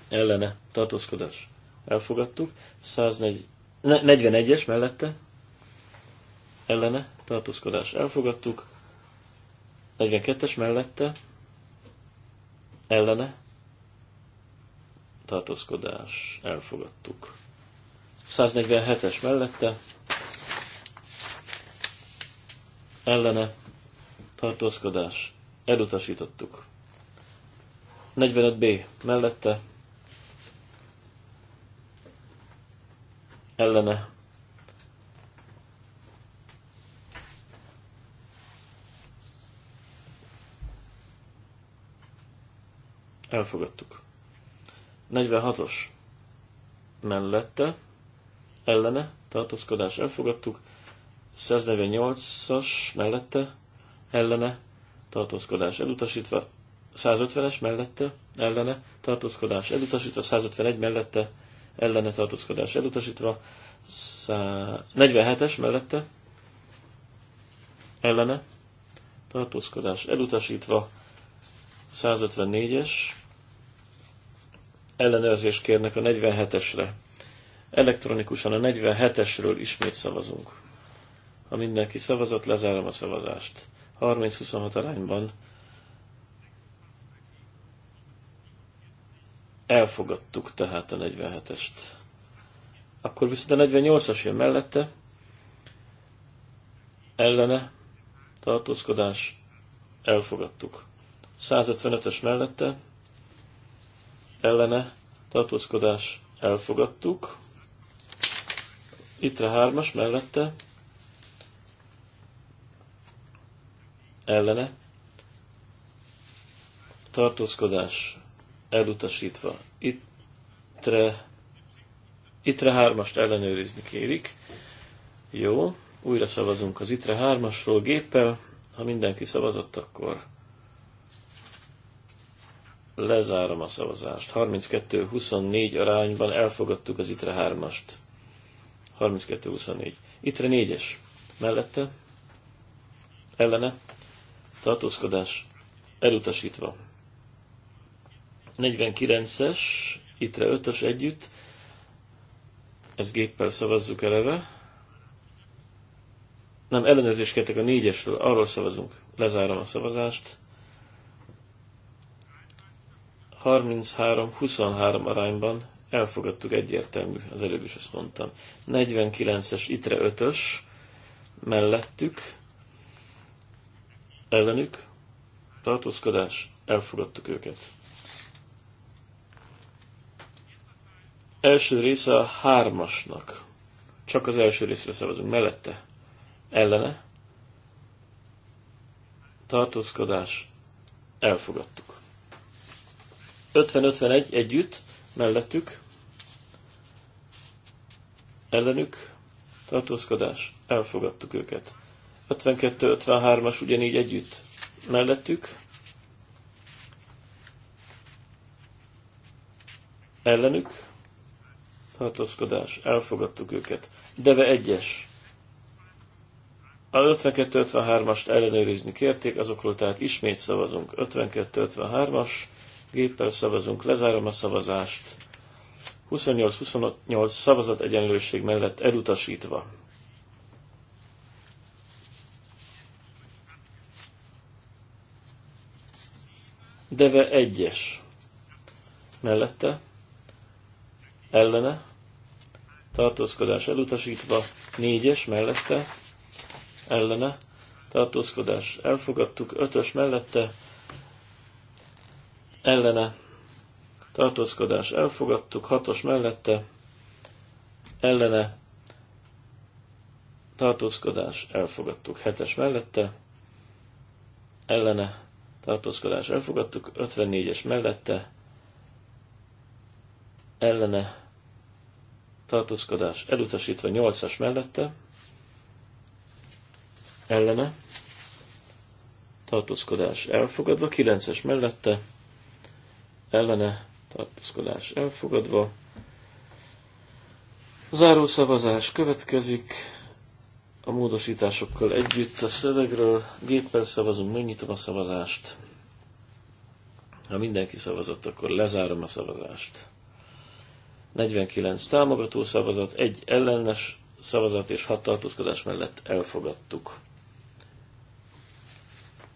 ellene tartózkodás elfogadtuk, 141-es mellette ellene tartózkodás elfogadtuk, 42-es mellette ellene tartózkodás elfogadtuk. 147-es mellette ellene tartózkodás elutasítottuk. 45B mellette ellene elfogadtuk. 46-os mellette ellene tartózkodás elfogadtuk, 148-as mellette, ellene, tartózkodás elutasítva, 150-es mellette, ellene, tartózkodás elutasítva, 151 mellette, ellene tartózkodás elutasítva, 47-es mellette, ellene, tartózkodás elutasítva, 154-es, ellenőrzést kérnek a 47-esre. Elektronikusan a 47-esről ismét szavazunk. Ha mindenki szavazott, lezárom a szavazást. 30-26 arányban elfogadtuk tehát a 47-est. Akkor viszont a 48-as jön mellette, ellene, tartózkodás, elfogadtuk. 155-ös mellette, ellene, tartózkodás, elfogadtuk. Itt a 3-as mellette, ellene tartózkodás elutasítva. Ittre, itre hármast ellenőrizni kérik. Jó, újra szavazunk az itre hármasról géppel. Ha mindenki szavazott, akkor lezárom a szavazást. 32-24 arányban elfogadtuk az itre hármast. 32-24. Itre négyes. Mellette? Ellene? tartózkodás elutasítva. 49-es, ittre 5-ös együtt, ezt géppel szavazzuk eleve. Nem, ellenőrzést kértek a 4-esről, arról szavazunk. Lezárom a szavazást. 33-23 arányban elfogadtuk egyértelmű, az előbb is ezt mondtam. 49-es, itre 5-ös mellettük, ellenük tartózkodás, elfogadtuk őket. Első része a hármasnak. Csak az első részre szavazunk. Mellette. Ellene. Tartózkodás. Elfogadtuk. 50-51 együtt. Mellettük. Ellenük. Tartózkodás. Elfogadtuk őket. 52-53-as ugyanígy együtt mellettük. Ellenük. Tartózkodás. Elfogadtuk őket. Deve egyes. A 52-53-ast ellenőrizni kérték, azokról tehát ismét szavazunk. 52-53-as géppel szavazunk, lezárom a szavazást. 28-28 szavazat egyenlőség mellett elutasítva. Deve egyes. Mellette. Ellene. Tartózkodás elutasítva. Négyes mellette. Ellene. Tartózkodás elfogadtuk. Ötös mellette. Ellene. Tartózkodás elfogadtuk. Hatos mellette. Ellene. Tartózkodás elfogadtuk. Hetes mellette. Ellene tartózkodás elfogadtuk, 54-es mellette ellene tartózkodás elutasítva 8-as mellette ellene tartózkodás elfogadva, 9-es mellette ellene tartózkodás elfogadva. Záró szavazás következik a módosításokkal együtt a szövegről. Géppel szavazunk, megnyitom a szavazást. Ha mindenki szavazott, akkor lezárom a szavazást. 49 támogató szavazat, egy ellenes szavazat és hat tartózkodás mellett elfogadtuk.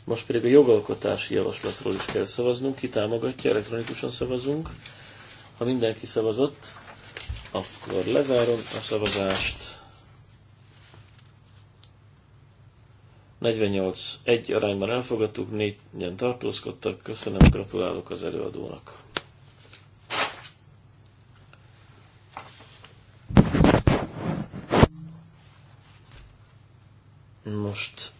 Most pedig a jogalkotási javaslatról is kell szavaznunk. Ki támogatja, elektronikusan szavazunk. Ha mindenki szavazott, akkor lezárom a szavazást. 48-1 arányban elfogadtuk, négyen tartózkodtak. Köszönöm, gratulálok az előadónak. Most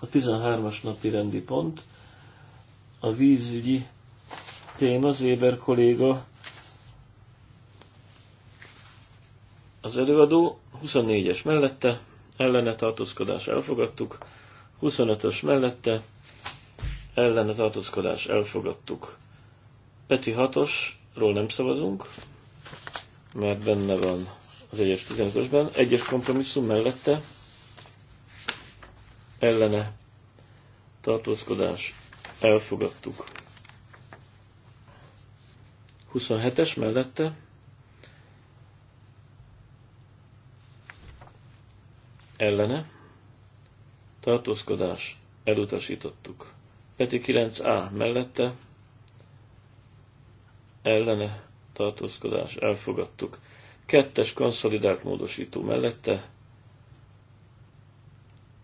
a 13-as napi rendi pont, a vízügyi téma, Zéber kolléga az előadó, 24-es mellette, ellene tartózkodás elfogadtuk, 25-ös mellette, ellene tartózkodás elfogadtuk. Peti 6-osról nem szavazunk, mert benne van az 1-es 15-ösben, 1-es kompromisszum mellette, ellene tartózkodás elfogadtuk. 27-es mellette, ellene, tartózkodás, elutasítottuk. Peti 9a mellette, ellene, tartózkodás, elfogadtuk. Kettes konszolidált módosító mellette,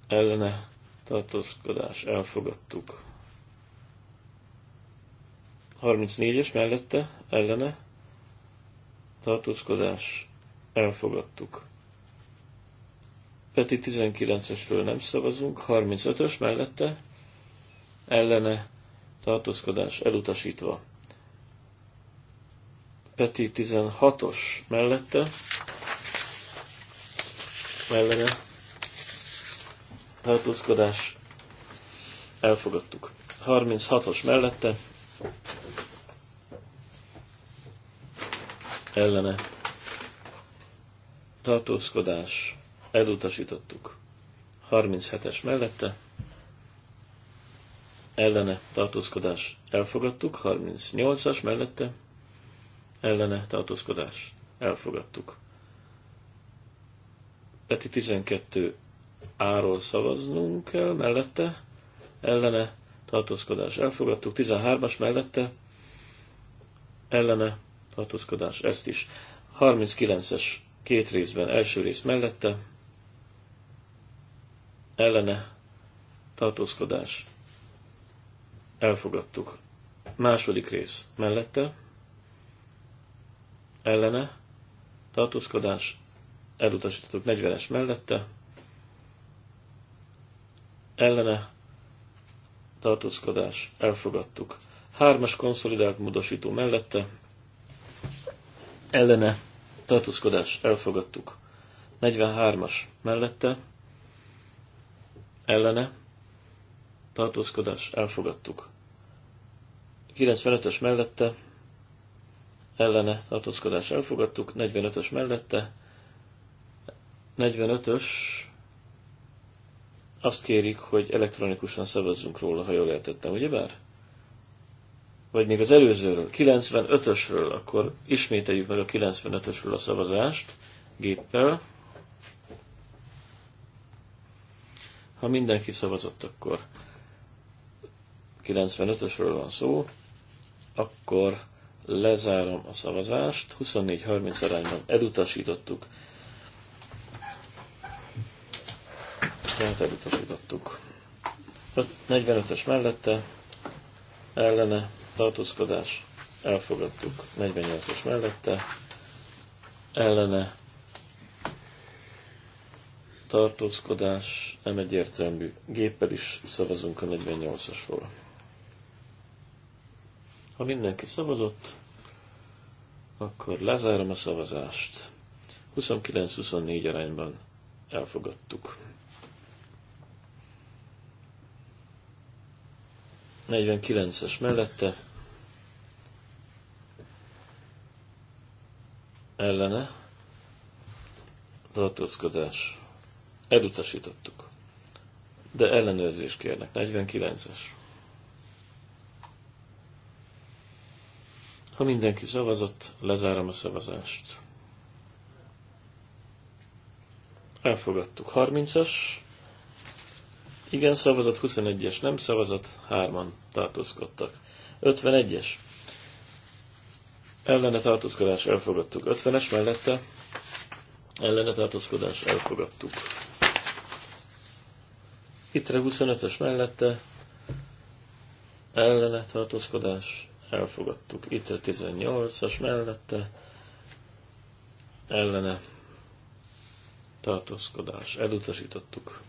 ellene, tartózkodás, elfogadtuk. 34-es mellette, ellene, tartózkodás, elfogadtuk. Peti 19-esről nem szavazunk, 35-ös mellette ellene tartózkodás elutasítva. Peti 16-os mellette ellene tartózkodás elfogadtuk. 36-os mellette ellene tartózkodás elfogadtuk elutasítottuk. 37-es mellette ellene tartózkodás elfogadtuk, 38-as mellette ellene tartózkodás elfogadtuk. Peti 12 áról szavaznunk kell, mellette ellene tartózkodás elfogadtuk, 13-as mellette ellene tartózkodás ezt is. 39-es két részben első rész mellette ellene tartózkodás elfogadtuk. Második rész mellette ellene tartózkodás elutasítottuk 40-es mellette ellene tartózkodás elfogadtuk. Hármas konszolidált módosító mellette ellene tartózkodás elfogadtuk. 43-as mellette ellene tartózkodás elfogadtuk. 95-ös mellette ellene tartózkodás elfogadtuk, 45-ös mellette, 45-ös azt kérik, hogy elektronikusan szavazzunk róla, ha jól értettem, bár? Vagy még az előzőről, 95-ösről, akkor ismételjük meg a 95-ösről a szavazást géppel. Ha mindenki szavazott, akkor 95-ösről van szó, akkor lezárom a szavazást. 24-30 arányban elutasítottuk. Tehát elutasítottuk. 45-ös mellette ellene tartózkodás elfogadtuk. 48 ös mellette ellene tartózkodás nem egyértelmű. Géppel is szavazunk a 48-asról. Ha mindenki szavazott, akkor lezárom a szavazást. 29-24 arányban elfogadtuk. 49-es mellette ellene tartózkodás. Elutasítottuk de ellenőrzést kérnek. 49-es. Ha mindenki szavazott, lezárom a szavazást. Elfogadtuk. 30-as. Igen szavazat, 21-es nem szavazat, 3-an tartózkodtak. 51-es. Ellene tartózkodás elfogadtuk. 50-es mellette ellene tartózkodás elfogadtuk. Itre 25-ös mellette ellene tartózkodás elfogadtuk. Itre 18-as mellette ellene tartózkodás elutasítottuk.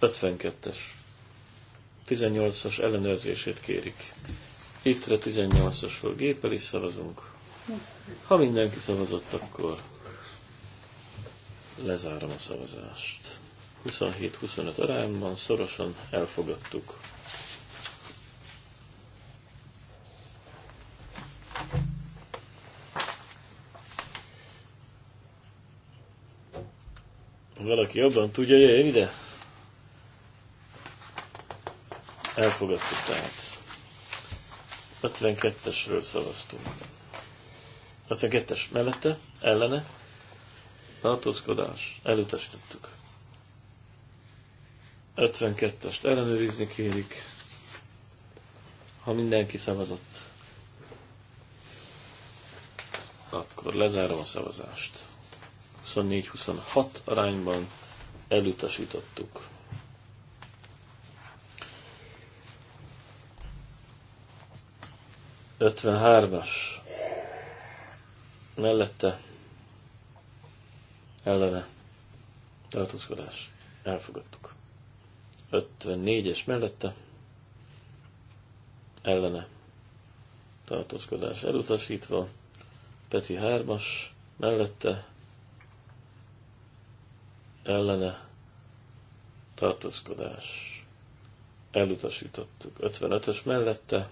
52-es 18-as ellenőrzését kérik. Itre 18-asról géppel is szavazunk. Ha mindenki szavazott, akkor lezárom a szavazást. 27-25 arányban szorosan elfogadtuk. Valaki jobban tudja, jöjjön ide. Elfogadtuk tehát. 52-esről szavaztunk. 52-es mellette, ellene, tartózkodás, elutasítottuk. 52-est ellenőrizni kérik, ha mindenki szavazott. Akkor lezárom a szavazást. 24-26 arányban elutasítottuk. Ötvenhármas mellette ellene tartózkodás. Elfogadtuk. 54-es mellette ellene tartózkodás elutasítva, Peti 3-as mellette ellene tartózkodás elutasítottuk. 55-ös mellette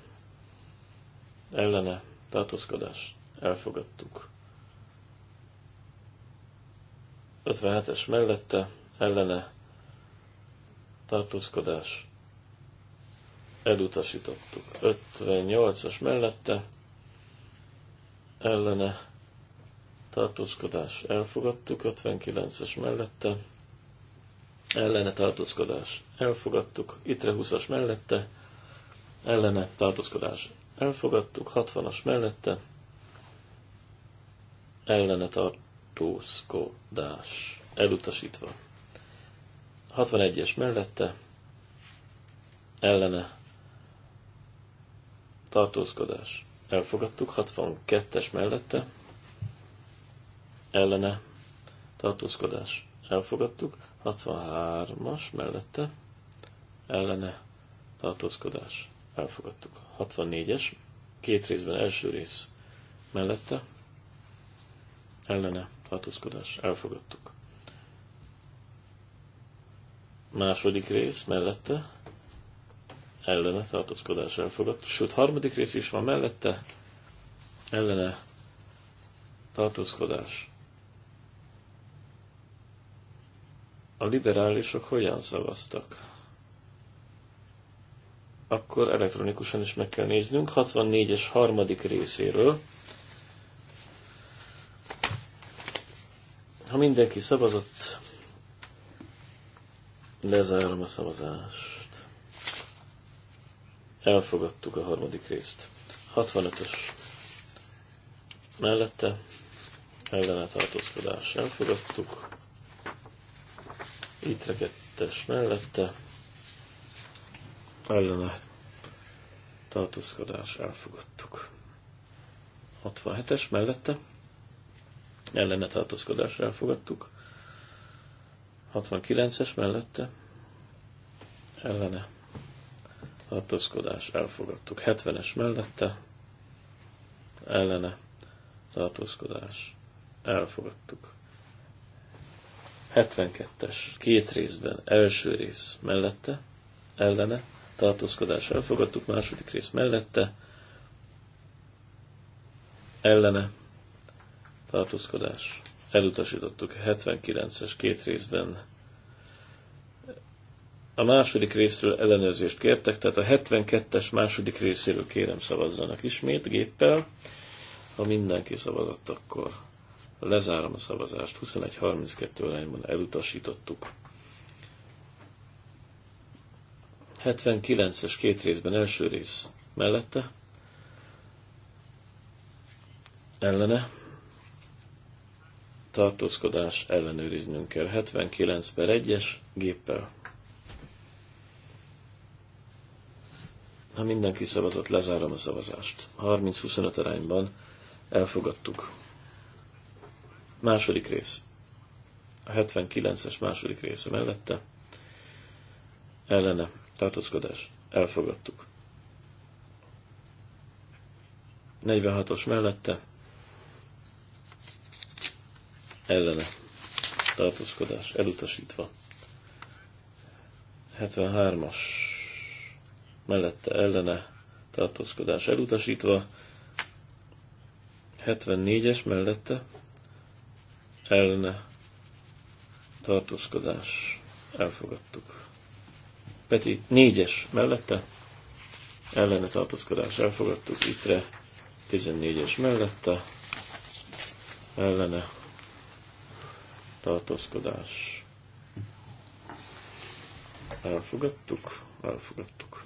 ellene tartózkodás elfogadtuk. 57-es mellette ellene tartózkodás elutasítottuk. 58-as mellette ellene tartózkodás elfogadtuk, 59-es mellette ellene tartózkodás elfogadtuk, itre 20-as mellette ellene tartózkodás elfogadtuk, 60-as mellette ellene tartózkodás elutasítva. 61-es mellette ellene tartózkodás. Elfogadtuk 62-es mellette ellene tartózkodás. Elfogadtuk 63-as mellette ellene tartózkodás. Elfogadtuk 64-es két részben első rész mellette ellene tartózkodás. Elfogadtuk Második rész mellette ellene tartózkodás elfogadta, Sőt, harmadik rész is van mellette ellene tartózkodás. A liberálisok hogyan szavaztak? Akkor elektronikusan is meg kell néznünk. 64-es harmadik részéről. Ha mindenki szavazott, Lezárom a szavazást. Elfogadtuk a harmadik részt. 65-ös mellette ellene tartózkodás elfogadtuk. Itt rekettes mellette ellene tartózkodás elfogadtuk. 67-es mellette ellene tartózkodás elfogadtuk. 69-es mellette ellene tartózkodás elfogadtuk. 70-es mellette ellene tartózkodás elfogadtuk. 72-es két részben első rész mellette ellene tartózkodás elfogadtuk, második rész mellette ellene tartózkodás elutasítottuk 79-es két részben. A második részről ellenőrzést kértek, tehát a 72-es második részéről kérem szavazzanak ismét géppel. Ha mindenki szavazott, akkor lezárom a szavazást. 21-32 arányban elutasítottuk. 79-es két részben első rész mellette, ellene, tartózkodás ellenőriznünk kell. 79 per 1-es géppel. Ha mindenki szavazott, lezárom a szavazást. 30-25 arányban elfogadtuk. Második rész. A 79-es második része mellette. Ellene. Tartózkodás. Elfogadtuk. 46-os mellette ellene tartózkodás elutasítva. 73-as mellette ellene tartózkodás elutasítva. 74-es mellette ellene tartózkodás elfogadtuk. Peti 4-es mellette ellene tartózkodás elfogadtuk. Ittre 14-es mellette ellene tartózkodás. Elfogadtuk, elfogadtuk.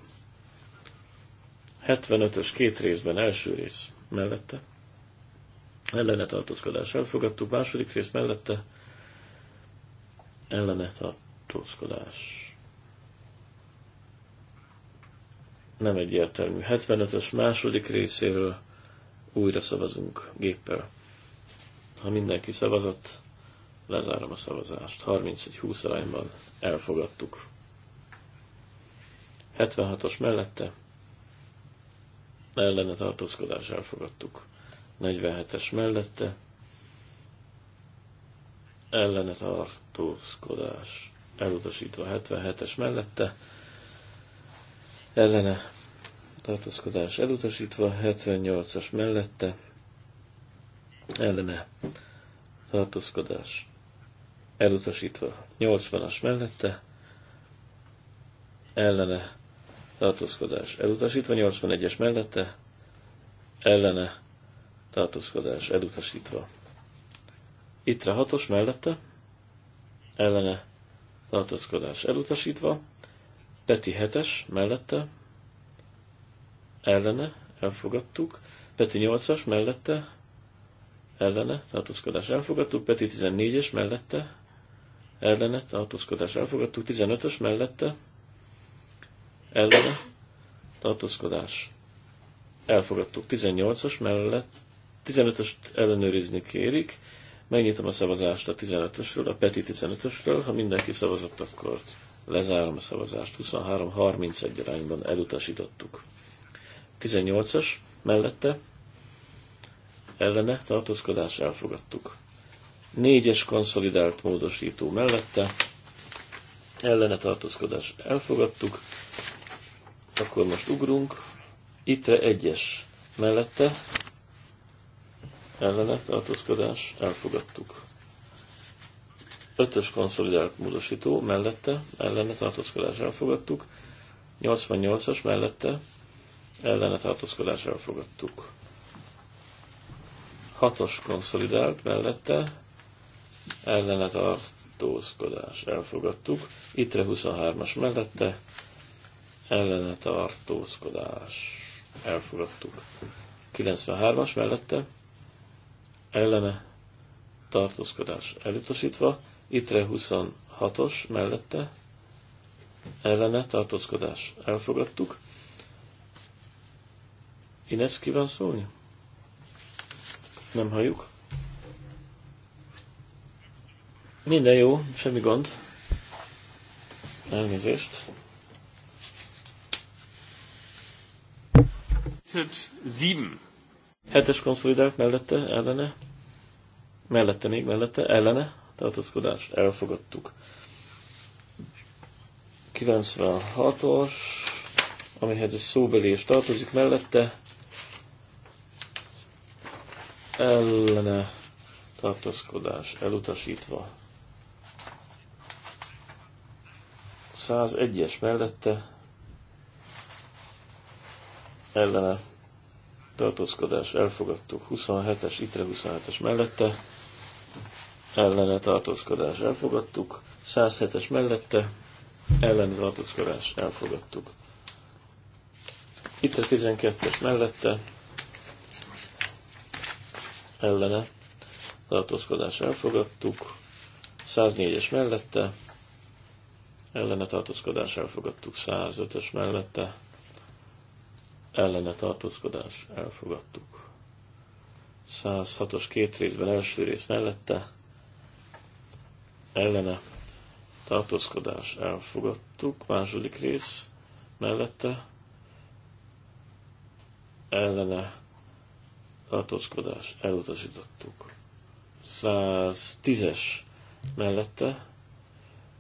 75-ös két részben első rész mellette. Ellene tartózkodás elfogadtuk, második rész mellette. Ellene tartózkodás. Nem egyértelmű. 75-ös második részéről újra szavazunk géppel. Ha mindenki szavazott, Lezárom a szavazást. 31-20 arányban elfogadtuk. 76-os mellette ellene tartózkodás elfogadtuk. 47-es mellette ellene tartózkodás elutasítva 77-es mellette ellene tartózkodás elutasítva 78-as mellette ellene tartózkodás elutasítva. 80-as mellette ellene tartózkodás elutasítva, 81-es mellette ellene tartózkodás elutasítva. Ittre 6-os mellette ellene tartózkodás elutasítva, Peti 7-es mellette ellene elfogadtuk, Peti 8-as mellette ellene tartózkodás elfogadtuk, Peti 14-es mellette ellene, tartózkodás elfogadtuk, 15-ös mellette, ellene, tartózkodás elfogadtuk, 18-os mellett, 15-öst ellenőrizni kérik, megnyitom a szavazást a 15-ösről, a Peti 15-ösről, ha mindenki szavazott, akkor lezárom a szavazást, 23-31 arányban elutasítottuk. 18-as mellette, ellene, tartózkodás elfogadtuk. Négyes konszolidált módosító mellette ellene tartózkodás elfogadtuk. Akkor most ugrunk. Ittre egyes mellette ellene tartózkodás elfogadtuk. Ötös konszolidált módosító mellette ellene tartózkodás elfogadtuk. 88-as mellette ellene tartózkodás elfogadtuk. 6-os konszolidált mellette ellene tartózkodás elfogadtuk. Itre 23-as mellette ellene tartózkodás elfogadtuk. 93-as mellette ellene tartózkodás elutasítva. Itre 26-os mellette ellene tartózkodás elfogadtuk. Ines kíván szólni? Nem halljuk. Minden jó, semmi gond. Elnézést. Sieben. Hetes konszolidált mellette, ellene. Mellette még, mellette, ellene. Tartózkodás, elfogadtuk. 96-os, amihez egy szóbeli és tartozik mellette. Ellene tartózkodás elutasítva. 101-es mellette ellene tartózkodás elfogadtuk, 27-es, itre 27-es mellette ellene tartózkodás elfogadtuk, 107-es mellette ellene tartózkodás elfogadtuk. Itt a 12-es mellette ellene tartózkodás elfogadtuk, 104-es mellette ellene tartózkodás elfogadtuk, 105-ös mellette ellene tartózkodás elfogadtuk. 106-os két részben első rész mellette ellene tartózkodás elfogadtuk, második rész mellette ellene tartózkodás elutasítottuk. 110-es mellette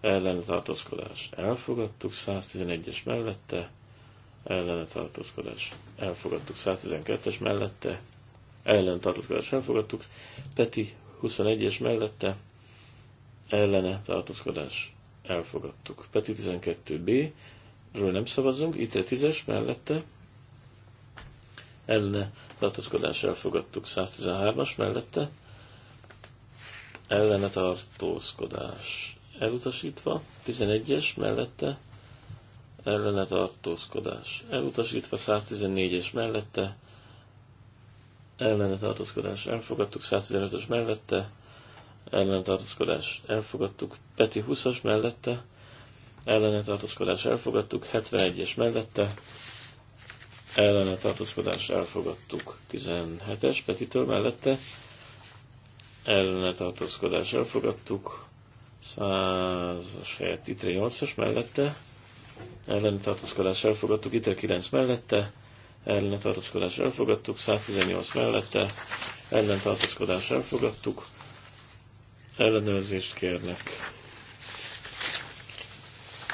ellene tartózkodás elfogadtuk, 111-es mellette, ellene tartózkodás elfogadtuk, 112-es mellette, ellen tartózkodás elfogadtuk, Peti 21-es mellette, ellene tartózkodás elfogadtuk. Peti 12b, ről nem szavazunk, itt 10-es mellette, ellene tartózkodás elfogadtuk, 113-as mellette, ellene tartózkodás elutasítva, 11-es mellette ellene tartózkodás elutasítva, 114-es mellette ellene tartózkodás elfogadtuk, 115-ös mellette ellene tartózkodás elfogadtuk, Peti 20-as mellette ellene tartózkodás elfogadtuk, 71-es mellette ellene tartózkodás elfogadtuk, 17-es Petitől mellette ellene tartózkodás elfogadtuk, 100-as helyett itre 8-as mellette, ellene tartózkodás elfogadtuk, itre 9 mellette, ellene tartózkodás elfogadtuk, 118 mellette, ellen tartózkodás elfogadtuk, ellenőrzést kérnek.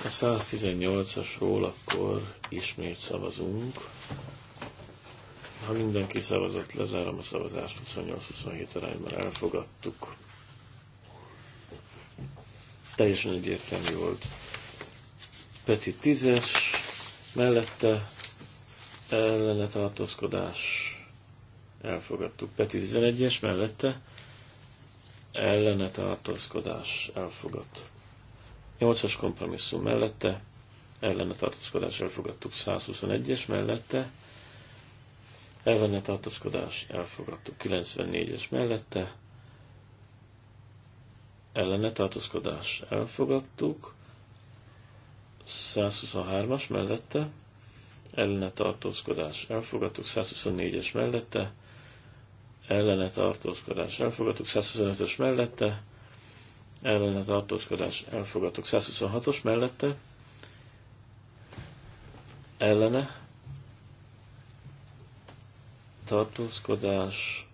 A 118-asról akkor ismét szavazunk. Ha mindenki szavazott, lezárom a szavazást, 28-27 arányban elfogadtuk teljesen egyértelmű volt. Peti 10-es, mellette ellene tartózkodás elfogadtuk. Peti 11-es, mellette ellene tartózkodás elfogadt. 8-as kompromisszum mellette ellene tartózkodás elfogadtuk. 121-es mellette ellene tartózkodás elfogadtuk. 94-es mellette ellene tartózkodás elfogadtuk, 123-as mellette, ellene tartózkodás elfogadtuk, 124-es mellette, ellene tartózkodás elfogadtuk, 125-ös mellette, ellene tartózkodás elfogadtuk, 126-os mellette, ellene tartózkodás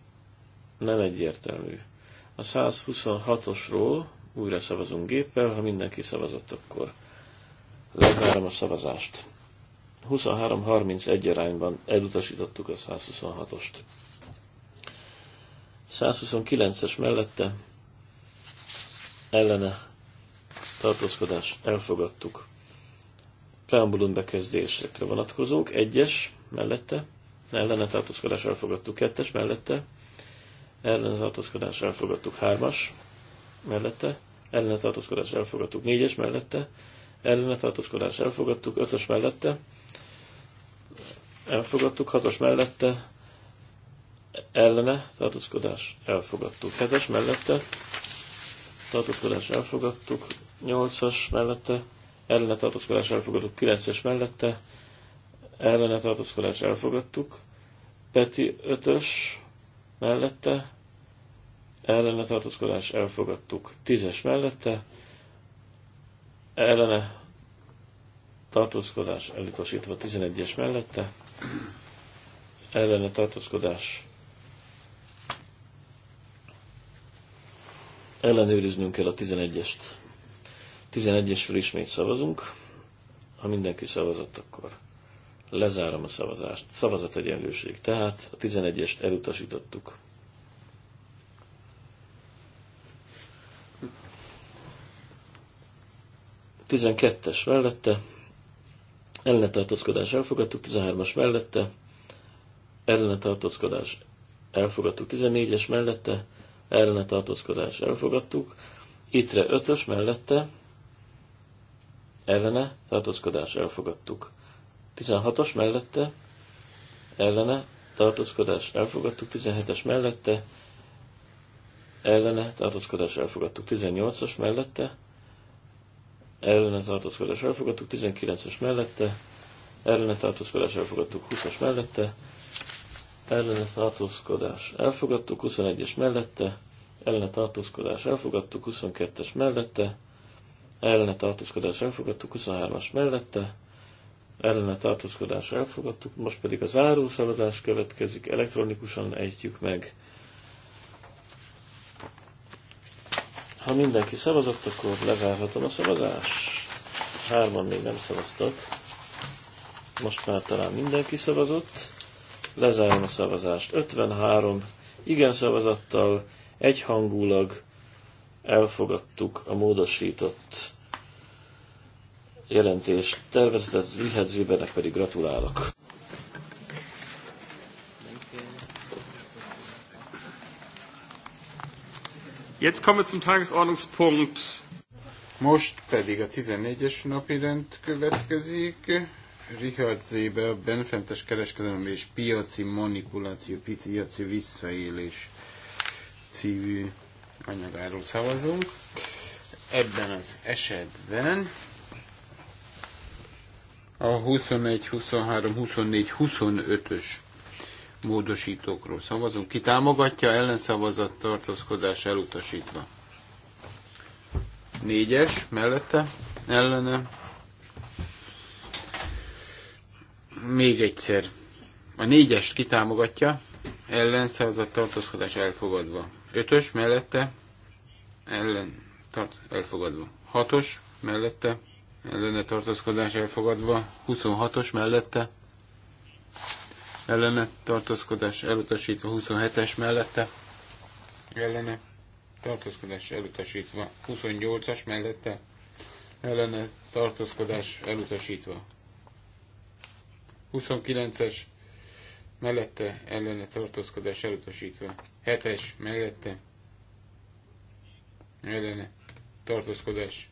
nem egyértelmű. A 126-osról újra szavazunk géppel, ha mindenki szavazott, akkor lezárom a szavazást. 23-31 arányban elutasítottuk a 126-ost. 129-es mellette ellene tartózkodás elfogadtuk. Preambulum bekezdésekre vonatkozók, egyes mellette, ellene tartózkodás elfogadtuk, kettes mellette, ellentartózkodás elfogadtuk hármas mellette, ellentartózkodás elfogadtuk négyes mellette, ellentartózkodás elfogadtuk ötös mellette, elfogadtuk hatos mellette, ellene tartózkodás elfogadtuk hetes mellette, tartózkodás elfogadtuk nyolcas mellette, ellene tartózkodás elfogadtuk kilences mellette, ellene tartózkodás elfogadtuk, Peti ötös mellette, ellene tartózkodás elfogadtuk. Tízes mellette, ellene tartózkodás elutasítva. Tizenegyes mellette, ellene tartózkodás ellenőriznünk kell a 11-est. 11-esről ismét szavazunk. Ha mindenki szavazott, akkor Lezárom a szavazást. Szavazat egyenlőség. Tehát a 11-est elutasítottuk. A 12-es mellette, ellene tartózkodás elfogadtuk, 13-as mellette, ellene tartózkodás elfogadtuk, 14-es mellette, ellene tartózkodás elfogadtuk, ittre 5-ös mellette, ellene tartózkodás elfogadtuk. 16-os mellette ellene tartózkodás elfogadtuk, 17-es mellette ellene tartózkodás elfogadtuk, 18-as mellette ellene tartózkodás elfogadtuk, 19-es mellette ellene tartózkodás elfogadtuk, 20-as mellette ellene tartózkodás elfogadtuk, 21-es mellette ellene tartózkodás elfogadtuk, 22-es mellette ellene tartózkodás elfogadtuk, 23-as mellette ellene tartózkodás elfogadtuk, most pedig a záró szavazás következik, elektronikusan ejtjük meg. Ha mindenki szavazott, akkor lezárhatom a szavazást. Hárman még nem szavaztak. Most már talán mindenki szavazott. Lezárom a szavazást. 53 igen szavazattal, egyhangulag elfogadtuk a módosított jelentés tervezetet, Zihet Zébernek pedig gratulálok.
Jetzt kommen wir zum Tagesordnungspunkt. Most pedig a 14-es napi rend következik. Richard Zéber, benfentes kereskedelem és piaci manipuláció, piaci visszaélés című anyagáról szavazunk. Ebben az esetben a 21, 23, 24, 25-ös módosítókról szavazunk. Ki támogatja, ellenszavazat, tartózkodás elutasítva. Négyes, mellette, ellene. Még egyszer. A négyest kitámogatja, ellenszavazat, tartózkodás elfogadva. Ötös, mellette, ellen, tart, elfogadva. Hatos, mellette, ellene tartózkodás elfogadva, 26-os mellette ellene tartózkodás elutasítva, 27-es mellette ellene tartózkodás elutasítva, 28-as mellette ellene tartózkodás elutasítva. 29-es mellette ellene tartózkodás elutasítva. 7-es mellette ellene tartózkodás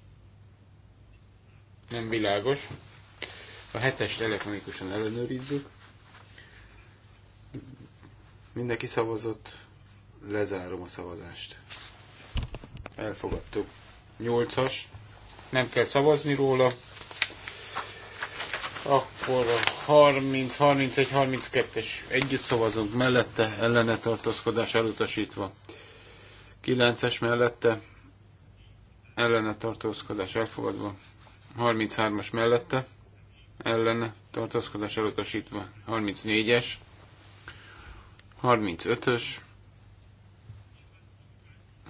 nem világos. A hetest elektronikusan ellenőrizzük. Mindenki szavazott. Lezárom a szavazást. Elfogadtuk. Nyolcas, Nem kell szavazni róla. Akkor a 30, 31, 32-es együtt szavazunk mellette, ellene tartózkodás elutasítva. 9-es mellette, ellene tartózkodás elfogadva. 33-as mellette, ellene tartózkodás elutasítva 34-es, 35-ös,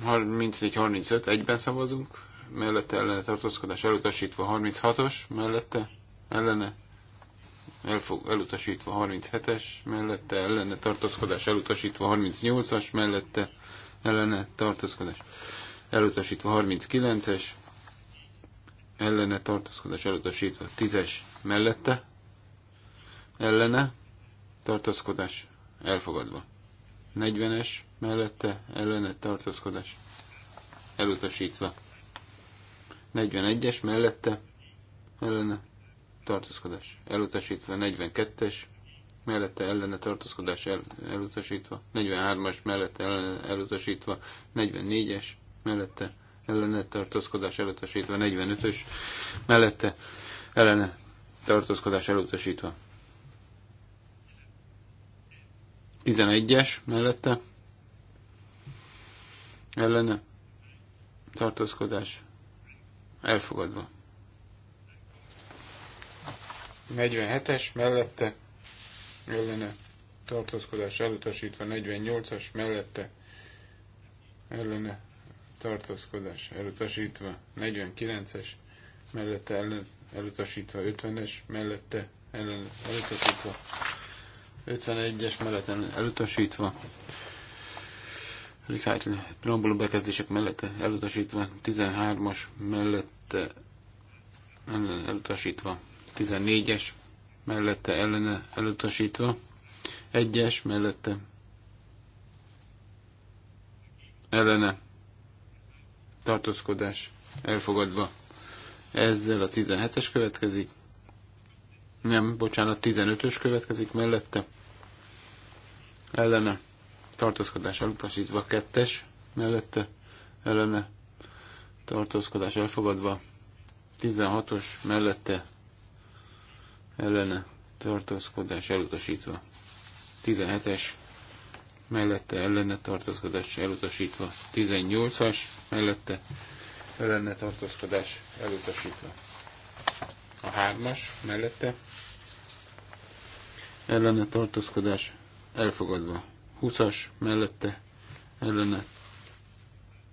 34-35 egyben szavazunk, mellette ellene tartózkodás elutasítva 36-os, mellette ellene elfog, elutasítva 37-es, mellette ellene tartózkodás elutasítva 38-as, mellette ellene tartózkodás elutasítva 39-es, ellene tartózkodás elutasítva. Tízes mellette ellene tartózkodás elfogadva. 40-es mellette ellene tartózkodás elutasítva. 41-es mellette ellene tartózkodás elutasítva. 42-es mellette ellene tartózkodás el, elutasítva. 43-as mellette ellene elutasítva. 44-es mellette ellene tartózkodás elutasítva, 45-ös mellette ellene tartózkodás elutasítva. 11-es mellette ellene tartózkodás elfogadva. 47-es mellette ellene tartózkodás elutasítva, 48-as mellette ellene tartózkodás elutasítva, 49-es mellette ellen, elutasítva, 50-es mellette ellen,
elutasítva,
51-es mellette ellen, elutasítva, Recycle, preambulum bekezdések mellette elutasítva, 13-as mellette ellen, elutasítva, 14-es mellette ellene elutasítva, 1-es mellette ellene tartózkodás elfogadva. Ezzel a 17-es következik. Nem, bocsánat, 15-ös következik mellette. Ellene tartózkodás elutasítva, kettes mellette ellene tartózkodás elfogadva, 16-os mellette ellene tartózkodás elutasítva, 17-es mellette ellene tartózkodás elutasítva. 18-as mellette ellene tartózkodás elutasítva. A 3-as mellette ellene tartózkodás elfogadva. 20-as mellette ellene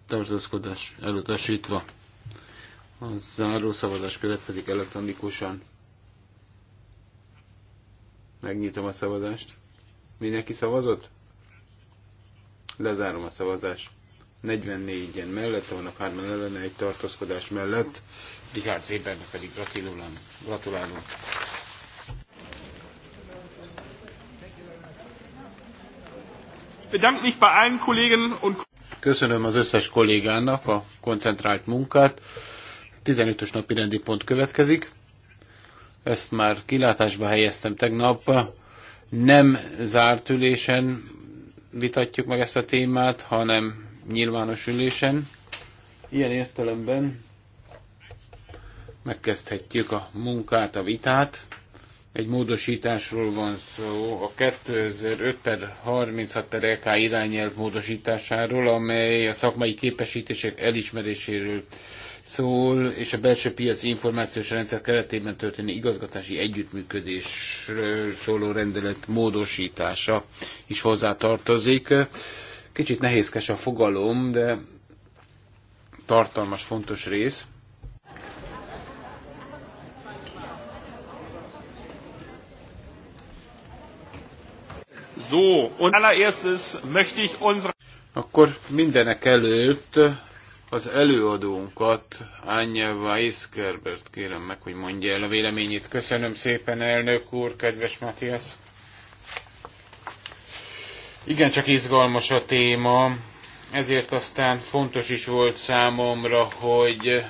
tartózkodás elutasítva. A záró szavazás következik elektronikusan. Megnyitom a szavazást. Mindenki szavazott? Lezárom a szavazást. 44-en mellett vannak, hárman ellene egy tartózkodás mellett. Richard Zébernek pedig gratulálunk. gratulálunk. Köszönöm az összes kollégának a koncentrált munkát. 15-ös napi rendi pont következik. Ezt már kilátásba helyeztem tegnap. Nem zárt ülésen vitatjuk meg ezt a témát, hanem nyilvános ülésen. Ilyen értelemben megkezdhetjük a munkát, a vitát. Egy módosításról van szó, a 2005 per 36 per LK irányelv módosításáról, amely a szakmai képesítések elismeréséről szól, és a belső piac információs rendszer keretében történő igazgatási együttműködésről szóló rendelet módosítása is hozzátartozik. Kicsit nehézkes a fogalom, de tartalmas, fontos rész. So, und allererstes möchte ich unsere... Akkor mindenek előtt az előadónkat, Anya Weiskerbert kérem meg, hogy mondja el a véleményét. Köszönöm szépen, elnök úr, kedves Matthias. Igen, csak izgalmas a téma, ezért aztán fontos is volt számomra, hogy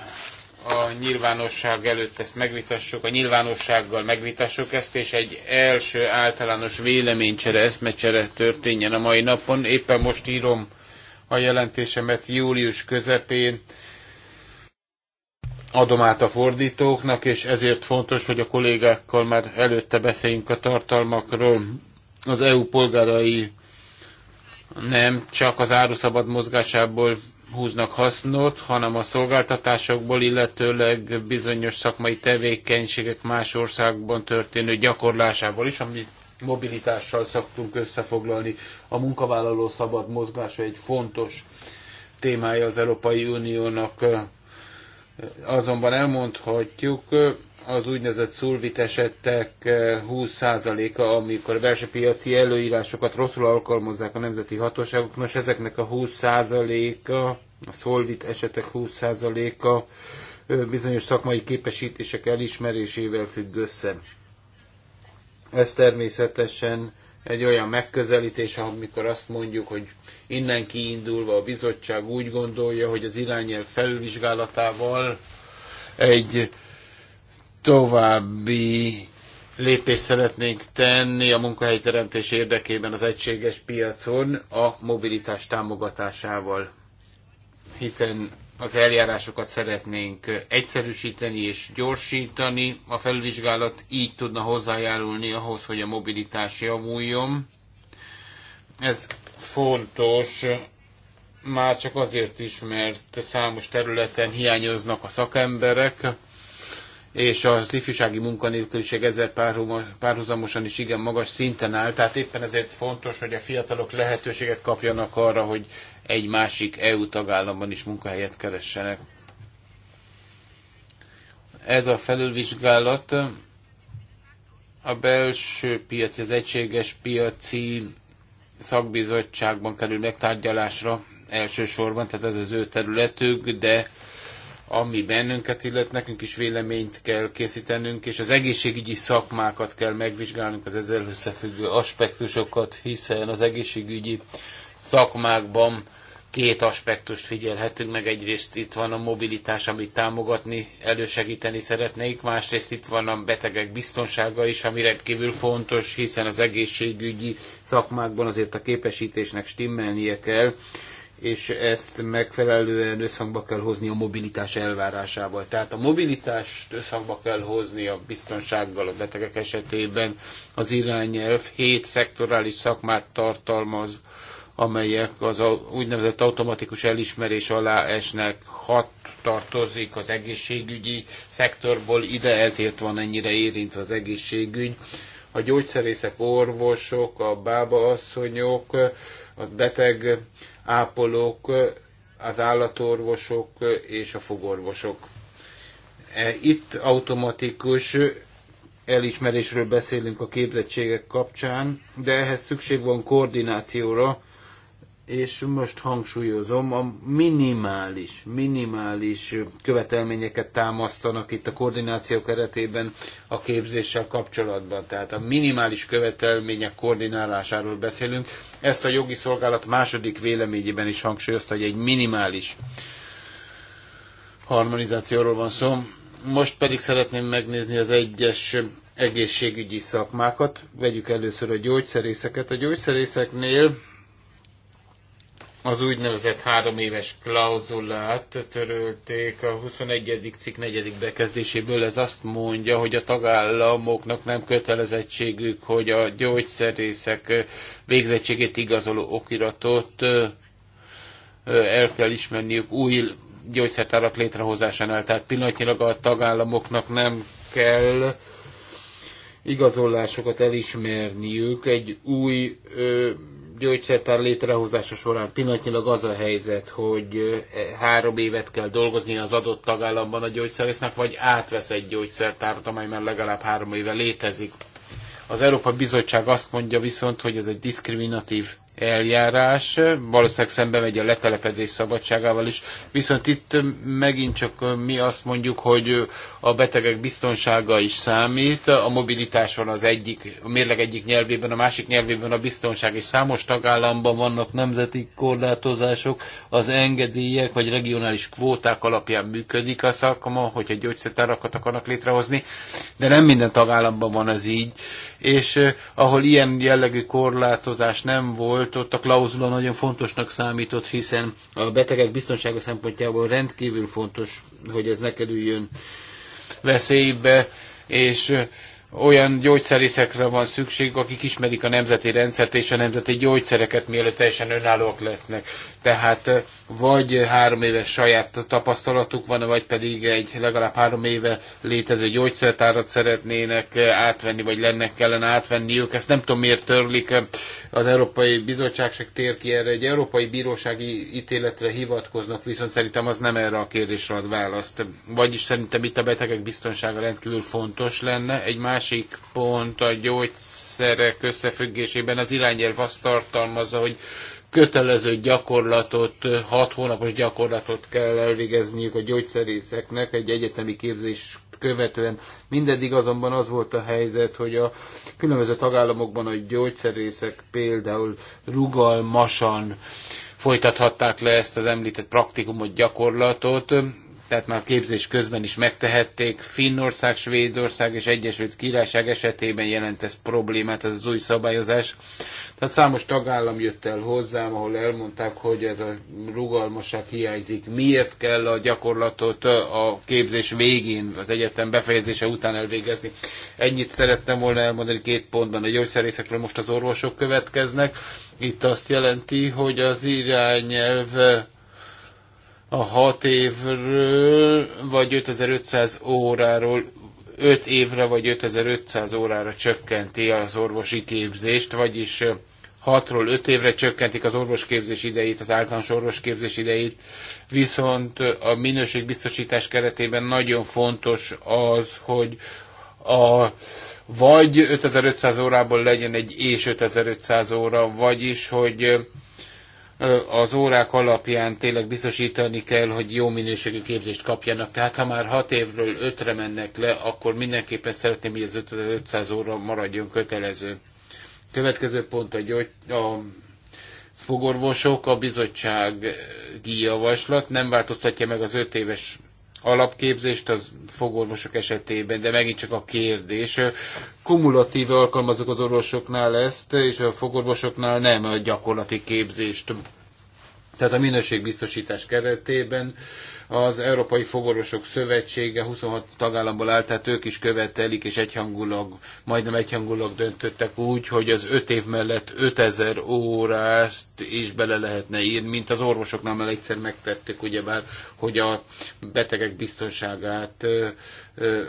a nyilvánosság előtt ezt megvitassuk, a nyilvánossággal megvitassuk ezt, és egy első általános véleménycsere, eszmecsere történjen a mai napon. Éppen most írom a jelentésemet július közepén adom át a fordítóknak, és ezért fontos, hogy a kollégákkal már előtte beszéljünk a tartalmakról. Az EU polgárai nem csak az áruszabad mozgásából húznak hasznot, hanem a szolgáltatásokból, illetőleg bizonyos szakmai tevékenységek más országban történő gyakorlásából is, amit mobilitással szoktunk összefoglalni. A munkavállaló szabad mozgása egy fontos témája az Európai Uniónak. Azonban elmondhatjuk, az úgynevezett szulvit esetek 20%-a, eh, amikor piaci előírásokat rosszul alkalmazzák a nemzeti hatóságok. Nos, ezeknek a 20%-a, a szulvit esetek 20%-a eh, bizonyos szakmai képesítések elismerésével függ össze. Ez természetesen egy olyan megközelítés, amikor azt mondjuk, hogy innen kiindulva a bizottság úgy gondolja, hogy az irányel felülvizsgálatával egy további lépést szeretnénk tenni a munkahelyteremtés érdekében az egységes piacon a mobilitás támogatásával. Hiszen az eljárásokat szeretnénk egyszerűsíteni és gyorsítani. A felvizsgálat így tudna hozzájárulni ahhoz, hogy a mobilitás javuljon. Ez fontos, már csak azért is, mert számos területen hiányoznak a szakemberek, és az ifjúsági munkanélküliség ezzel párhuzamosan is igen magas szinten áll, tehát éppen ezért fontos, hogy a fiatalok lehetőséget kapjanak arra, hogy egy másik EU tagállamban is munkahelyet keressenek. Ez a felülvizsgálat a belső piaci, az egységes piaci szakbizottságban kerül megtárgyalásra elsősorban, tehát ez az ő területük, de ami bennünket illet, nekünk is véleményt kell készítenünk, és az egészségügyi szakmákat kell megvizsgálnunk az ezzel összefüggő aspektusokat, hiszen az egészségügyi szakmákban két aspektust figyelhetünk meg. Egyrészt itt van a mobilitás, amit támogatni, elősegíteni szeretnék, másrészt itt van a betegek biztonsága is, ami rendkívül fontos, hiszen az egészségügyi szakmákban azért a képesítésnek stimmelnie kell, és ezt megfelelően összhangba kell hozni a mobilitás elvárásával. Tehát a mobilitást összhangba kell hozni a biztonsággal a betegek esetében. Az irányelv hét szektorális szakmát tartalmaz, amelyek az a, úgynevezett automatikus elismerés alá esnek, hat tartozik az egészségügyi szektorból, ide ezért van ennyire érintve az egészségügy. A gyógyszerészek, orvosok, a bábaasszonyok, a beteg ápolók, az állatorvosok és a fogorvosok. E, itt automatikus elismerésről beszélünk a képzettségek kapcsán, de ehhez szükség van koordinációra, és most hangsúlyozom, a minimális, minimális követelményeket támasztanak itt a koordináció keretében a képzéssel kapcsolatban. Tehát a minimális követelmények koordinálásáról beszélünk. Ezt a jogi szolgálat második véleményében is hangsúlyozta, hogy egy minimális harmonizációról van szó. Most pedig szeretném megnézni az egyes egészségügyi szakmákat. Vegyük először a gyógyszerészeket. A gyógyszerészeknél az úgynevezett három éves klauzulát törölték a 21. cikk 4. bekezdéséből. Ez azt mondja, hogy a tagállamoknak nem kötelezettségük, hogy a gyógyszerészek végzettségét igazoló okiratot el kell ismerniük új gyógyszertárak létrehozásánál. Tehát pillanatnyilag a tagállamoknak nem kell igazolásokat elismerniük egy új gyógyszertár létrehozása során pillanatnyilag az a helyzet, hogy eh, három évet kell dolgozni az adott tagállamban a gyógyszerésznek, vagy átvesz egy gyógyszertárat, amely már legalább három éve létezik. Az Európa Bizottság azt mondja viszont, hogy ez egy diszkriminatív eljárás, valószínűleg szembe megy a letelepedés szabadságával is, viszont itt megint csak mi azt mondjuk, hogy a betegek biztonsága is számít, a mobilitás van az egyik, a mérleg egyik nyelvében, a másik nyelvében a biztonság, és számos tagállamban vannak nemzeti korlátozások, az engedélyek vagy regionális kvóták alapján működik a szakma, hogyha gyógyszertárakat akarnak létrehozni, de nem minden tagállamban van ez így, és eh, ahol ilyen jellegű korlátozás nem volt, ott a klauzula nagyon fontosnak számított, hiszen a betegek biztonsága szempontjából rendkívül fontos, hogy ez ne kerüljön veszélybe, és eh, olyan gyógyszerészekre van szükség, akik ismerik a nemzeti rendszert és a nemzeti gyógyszereket, mielőtt teljesen önállóak lesznek. Tehát eh, vagy három éves saját tapasztalatuk van, vagy pedig egy legalább három éve létező gyógyszertárat szeretnének átvenni, vagy lenne kellene átvenniük. Ezt nem tudom, miért törlik. Az Európai Bizottság se tér ki erre. Egy európai bírósági ítéletre hivatkoznak, viszont szerintem az nem erre a kérdésre ad választ. Vagyis szerintem itt a betegek biztonsága rendkívül fontos lenne. Egy másik pont a gyógyszerek összefüggésében az irányelv azt tartalmazza, hogy kötelező gyakorlatot, hat hónapos gyakorlatot kell elvégezniük a gyógyszerészeknek egy egyetemi képzés követően. Mindeddig azonban az volt a helyzet, hogy a különböző tagállamokban a gyógyszerészek például rugalmasan folytathatták le ezt az említett praktikumot, gyakorlatot, tehát már képzés közben is megtehették. Finnország, Svédország és Egyesült Királyság esetében jelent ez problémát, ez az új szabályozás. Tehát számos tagállam jött el hozzám, ahol elmondták, hogy ez a rugalmasság hiányzik. Miért kell a gyakorlatot a képzés végén, az egyetem befejezése után elvégezni? Ennyit szerettem volna elmondani két pontban. A gyógyszerészekről most az orvosok következnek. Itt azt jelenti, hogy az irányelv a 6 évről vagy 5500 óráról 5 évre vagy 5500 órára csökkenti az orvosi képzést, vagyis 6-ról 5 évre csökkentik az orvosképzés idejét, az általános orvosképzés idejét, viszont a minőségbiztosítás keretében nagyon fontos az, hogy a, vagy 5500 órából legyen egy és 5500 óra, vagyis, hogy az órák alapján tényleg biztosítani kell, hogy jó minőségű képzést kapjanak. Tehát ha már 6 évről 5-re mennek le, akkor mindenképpen szeretném, hogy az 5500 óra maradjon kötelező. Következő pont a, gyógy, a fogorvosok, a bizottsági javaslat nem változtatja meg az öt éves alapképzést az fogorvosok esetében, de megint csak a kérdés. Kumulatív alkalmazok az orvosoknál ezt, és a fogorvosoknál nem a gyakorlati képzést. Tehát a minőségbiztosítás keretében az Európai Fogorvosok Szövetsége 26 tagállamból áll, tehát ők is követelik, és egyhangulag, majdnem egyhangulag döntöttek úgy, hogy az 5 év mellett 5000 órást is bele lehetne írni, mint az orvosoknál már egyszer megtettük, ugyebár, hogy a betegek biztonságát ö, ö,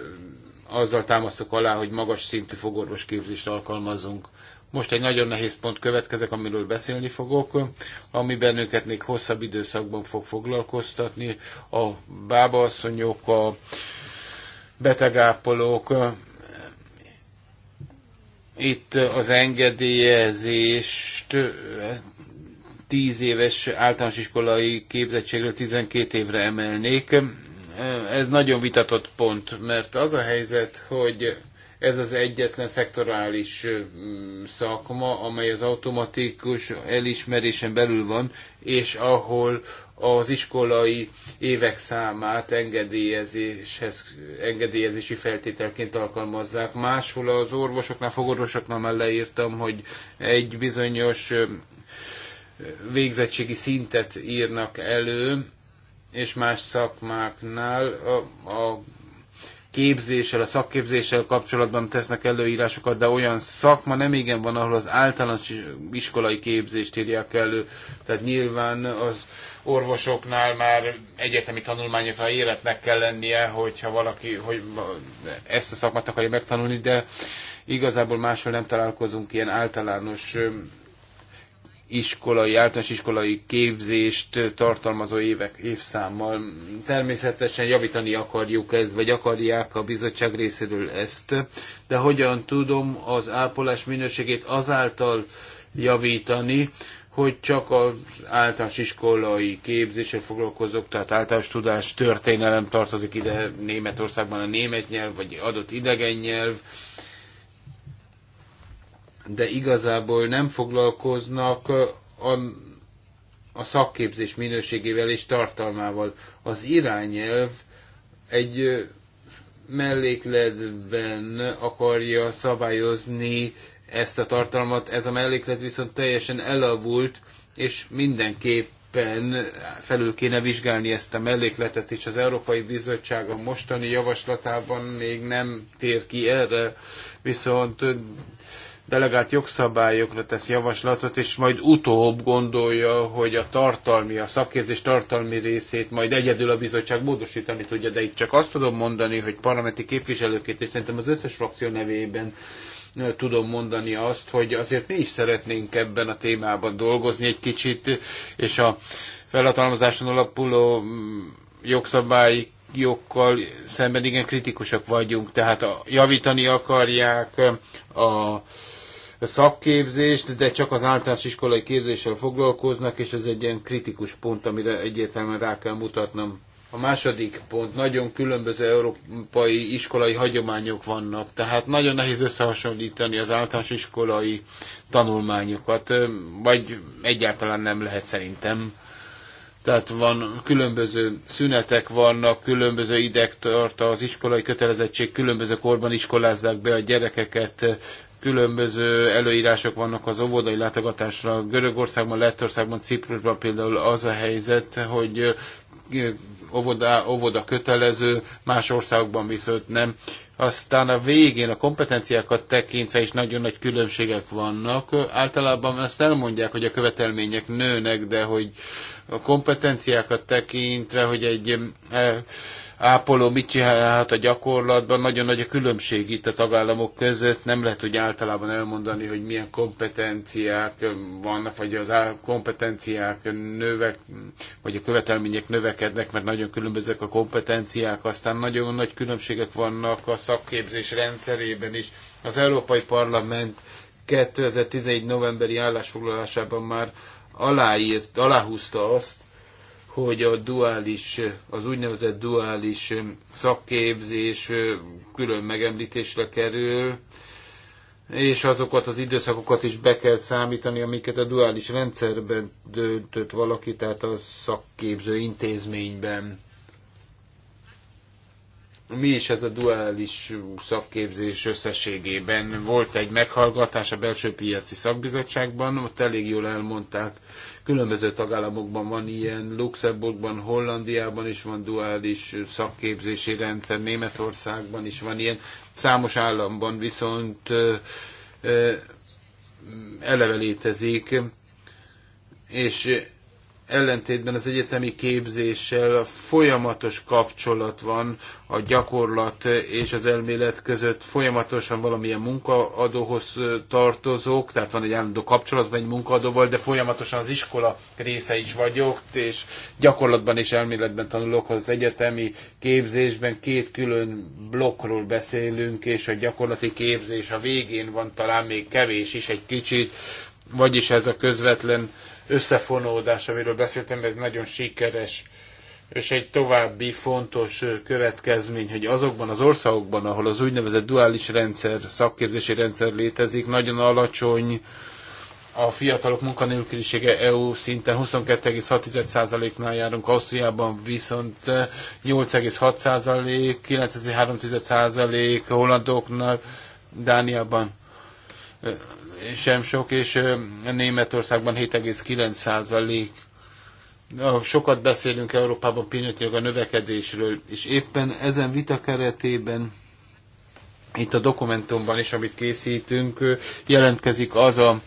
azzal támasztok alá, hogy magas szintű fogorvosképzést alkalmazunk. Most egy nagyon nehéz pont következek, amiről beszélni fogok, ami bennünket még hosszabb időszakban fog foglalkoztatni. A bábaasszonyok, a betegápolók, itt az engedélyezést 10 éves általános iskolai képzettségről 12 évre emelnék. Ez nagyon vitatott pont, mert az a helyzet, hogy ez az egyetlen szektorális mm, szakma, amely az automatikus elismerésen belül van, és ahol az iskolai évek számát engedélyezéshez, engedélyezési feltételként alkalmazzák. Máshol az orvosoknál, fogorvosoknál már leírtam, hogy egy bizonyos végzettségi szintet írnak elő, és más szakmáknál a, a képzéssel, a szakképzéssel kapcsolatban tesznek előírásokat, de olyan szakma nem igen van, ahol az általános iskolai képzést írják elő. Tehát nyilván az orvosoknál már egyetemi tanulmányokra életnek kell lennie, hogyha valaki hogy ezt a szakmat akarja megtanulni, de igazából máshol nem találkozunk ilyen általános iskolai, általános iskolai képzést tartalmazó évek, évszámmal. Természetesen javítani akarjuk ezt, vagy akarják a bizottság részéről ezt, de hogyan tudom az ápolás minőségét azáltal javítani, hogy csak az általános iskolai képzésre foglalkozok, tehát általános tudás, történelem tartozik ide Németországban a német nyelv, vagy adott idegen nyelv, de igazából nem foglalkoznak a, a szakképzés minőségével és tartalmával. Az irányelv egy mellékletben akarja szabályozni ezt a tartalmat, ez a melléklet viszont teljesen elavult, és mindenképpen felül kéne vizsgálni ezt a mellékletet, és az Európai Bizottság a mostani javaslatában még nem tér ki erre, viszont delegált jogszabályokra tesz javaslatot, és majd utóbb gondolja, hogy a tartalmi, a szakképzés tartalmi részét majd egyedül a bizottság módosítani tudja, de itt csak azt tudom mondani, hogy parlamenti képviselőként, és szerintem az összes frakció nevében tudom mondani azt, hogy azért mi is szeretnénk ebben a témában dolgozni egy kicsit, és a felhatalmazáson alapuló mm, jogszabály jokkal szemben igen kritikusak vagyunk, tehát a, javítani akarják a szakképzést, de csak az általános iskolai képzéssel foglalkoznak, és ez egy ilyen kritikus pont, amire egyértelműen rá kell mutatnom. A második pont, nagyon különböző európai iskolai hagyományok vannak, tehát nagyon nehéz összehasonlítani az általános iskolai tanulmányokat, vagy egyáltalán nem lehet szerintem. Tehát van különböző szünetek vannak, különböző ideg tart az iskolai kötelezettség, különböző korban iskolázzák be a gyerekeket, különböző előírások vannak az óvodai látogatásra. Görögországban, Lettországban, Ciprusban például az a helyzet, hogy óvoda, óvoda kötelező, más országokban viszont nem. Aztán a végén a kompetenciákat tekintve is nagyon nagy különbségek vannak. Általában azt elmondják, hogy a követelmények nőnek, de hogy a kompetenciákat tekintve, hogy egy ápoló mit csinálhat a gyakorlatban. Nagyon nagy a különbség itt a tagállamok között. Nem lehet, hogy általában elmondani, hogy milyen kompetenciák vannak, vagy az kompetenciák növek, vagy a követelmények növekednek, mert nagyon különbözőek a kompetenciák. Aztán nagyon nagy különbségek vannak a szakképzés rendszerében is. Az Európai Parlament 2011. novemberi állásfoglalásában már aláírt, aláhúzta azt, hogy a duális, az úgynevezett duális szakképzés külön megemlítésre kerül, és azokat az időszakokat is be kell számítani, amiket a duális rendszerben döntött valaki, tehát a szakképző intézményben mi is ez a duális szakképzés összességében. Volt egy meghallgatás a belső piaci szakbizottságban, ott elég jól elmondták, különböző tagállamokban van ilyen, Luxemburgban, Hollandiában is van duális szakképzési rendszer, Németországban is van ilyen, számos államban viszont eleve létezik, és ellentétben az egyetemi képzéssel folyamatos kapcsolat van a gyakorlat és az elmélet között, folyamatosan valamilyen munkaadóhoz tartozók, tehát van egy állandó kapcsolat egy munkaadóval, de folyamatosan az iskola része is vagyok, és gyakorlatban és elméletben tanulok az egyetemi képzésben, két külön blokkról beszélünk, és a gyakorlati képzés a végén van talán még kevés is egy kicsit, vagyis ez a közvetlen összefonódás, amiről beszéltem, ez nagyon sikeres. És egy további fontos következmény, hogy azokban az országokban, ahol az úgynevezett duális rendszer, szakképzési rendszer létezik, nagyon alacsony a fiatalok munkanélkülisége EU szinten 22,6%-nál járunk, Ausztriában viszont 8,6%, 9,3% hollandoknak, Dániában sem sok, és Németországban 7,9 Sokat beszélünk Európában pillanatnyilag a növekedésről, és éppen ezen vita keretében itt a dokumentumban is, amit készítünk, jelentkezik az a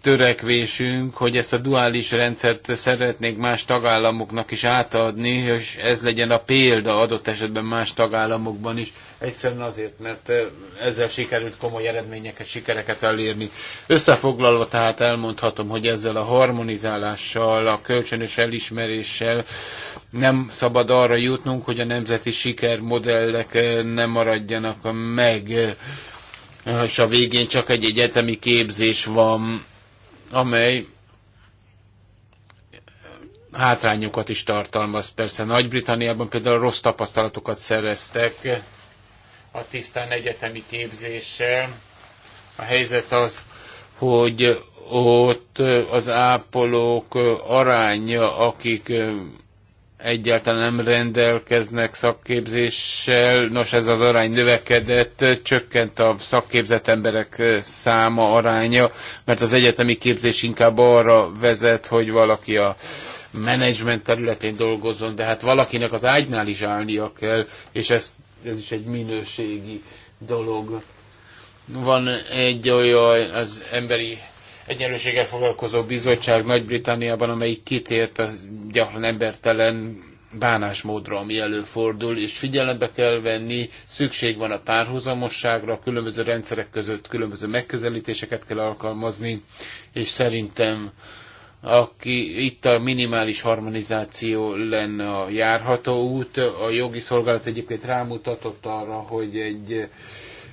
törekvésünk, hogy ezt a duális rendszert szeretnék más tagállamoknak is átadni, és ez legyen a példa adott esetben más tagállamokban is. Egyszerűen azért, mert ezzel sikerült komoly eredményeket, sikereket elérni. Összefoglalva tehát elmondhatom, hogy ezzel a harmonizálással, a kölcsönös elismeréssel nem szabad arra jutnunk, hogy a nemzeti sikermodellek nem maradjanak meg és a végén csak egy egyetemi képzés van, amely hátrányokat is tartalmaz. Persze Nagy-Britanniában például rossz tapasztalatokat szereztek a tisztán egyetemi képzéssel. A helyzet az, hogy ott az ápolók aránya, akik egyáltalán nem rendelkeznek szakképzéssel. Nos, ez az arány növekedett, csökkent a szakképzett emberek száma aránya, mert az egyetemi képzés inkább arra vezet, hogy valaki a menedzsment területén dolgozzon, de hát valakinek az ágynál is állnia kell, és ez, ez is egy minőségi dolog. Van egy olyan az emberi egyenlőséggel foglalkozó bizottság Nagy-Britanniában, amelyik kitért a gyakran embertelen bánásmódra, ami előfordul, és figyelembe kell venni, szükség van a párhuzamosságra, a különböző rendszerek között különböző megközelítéseket kell alkalmazni, és szerintem aki itt a minimális harmonizáció lenne a járható út. A jogi szolgálat egyébként rámutatott arra, hogy egy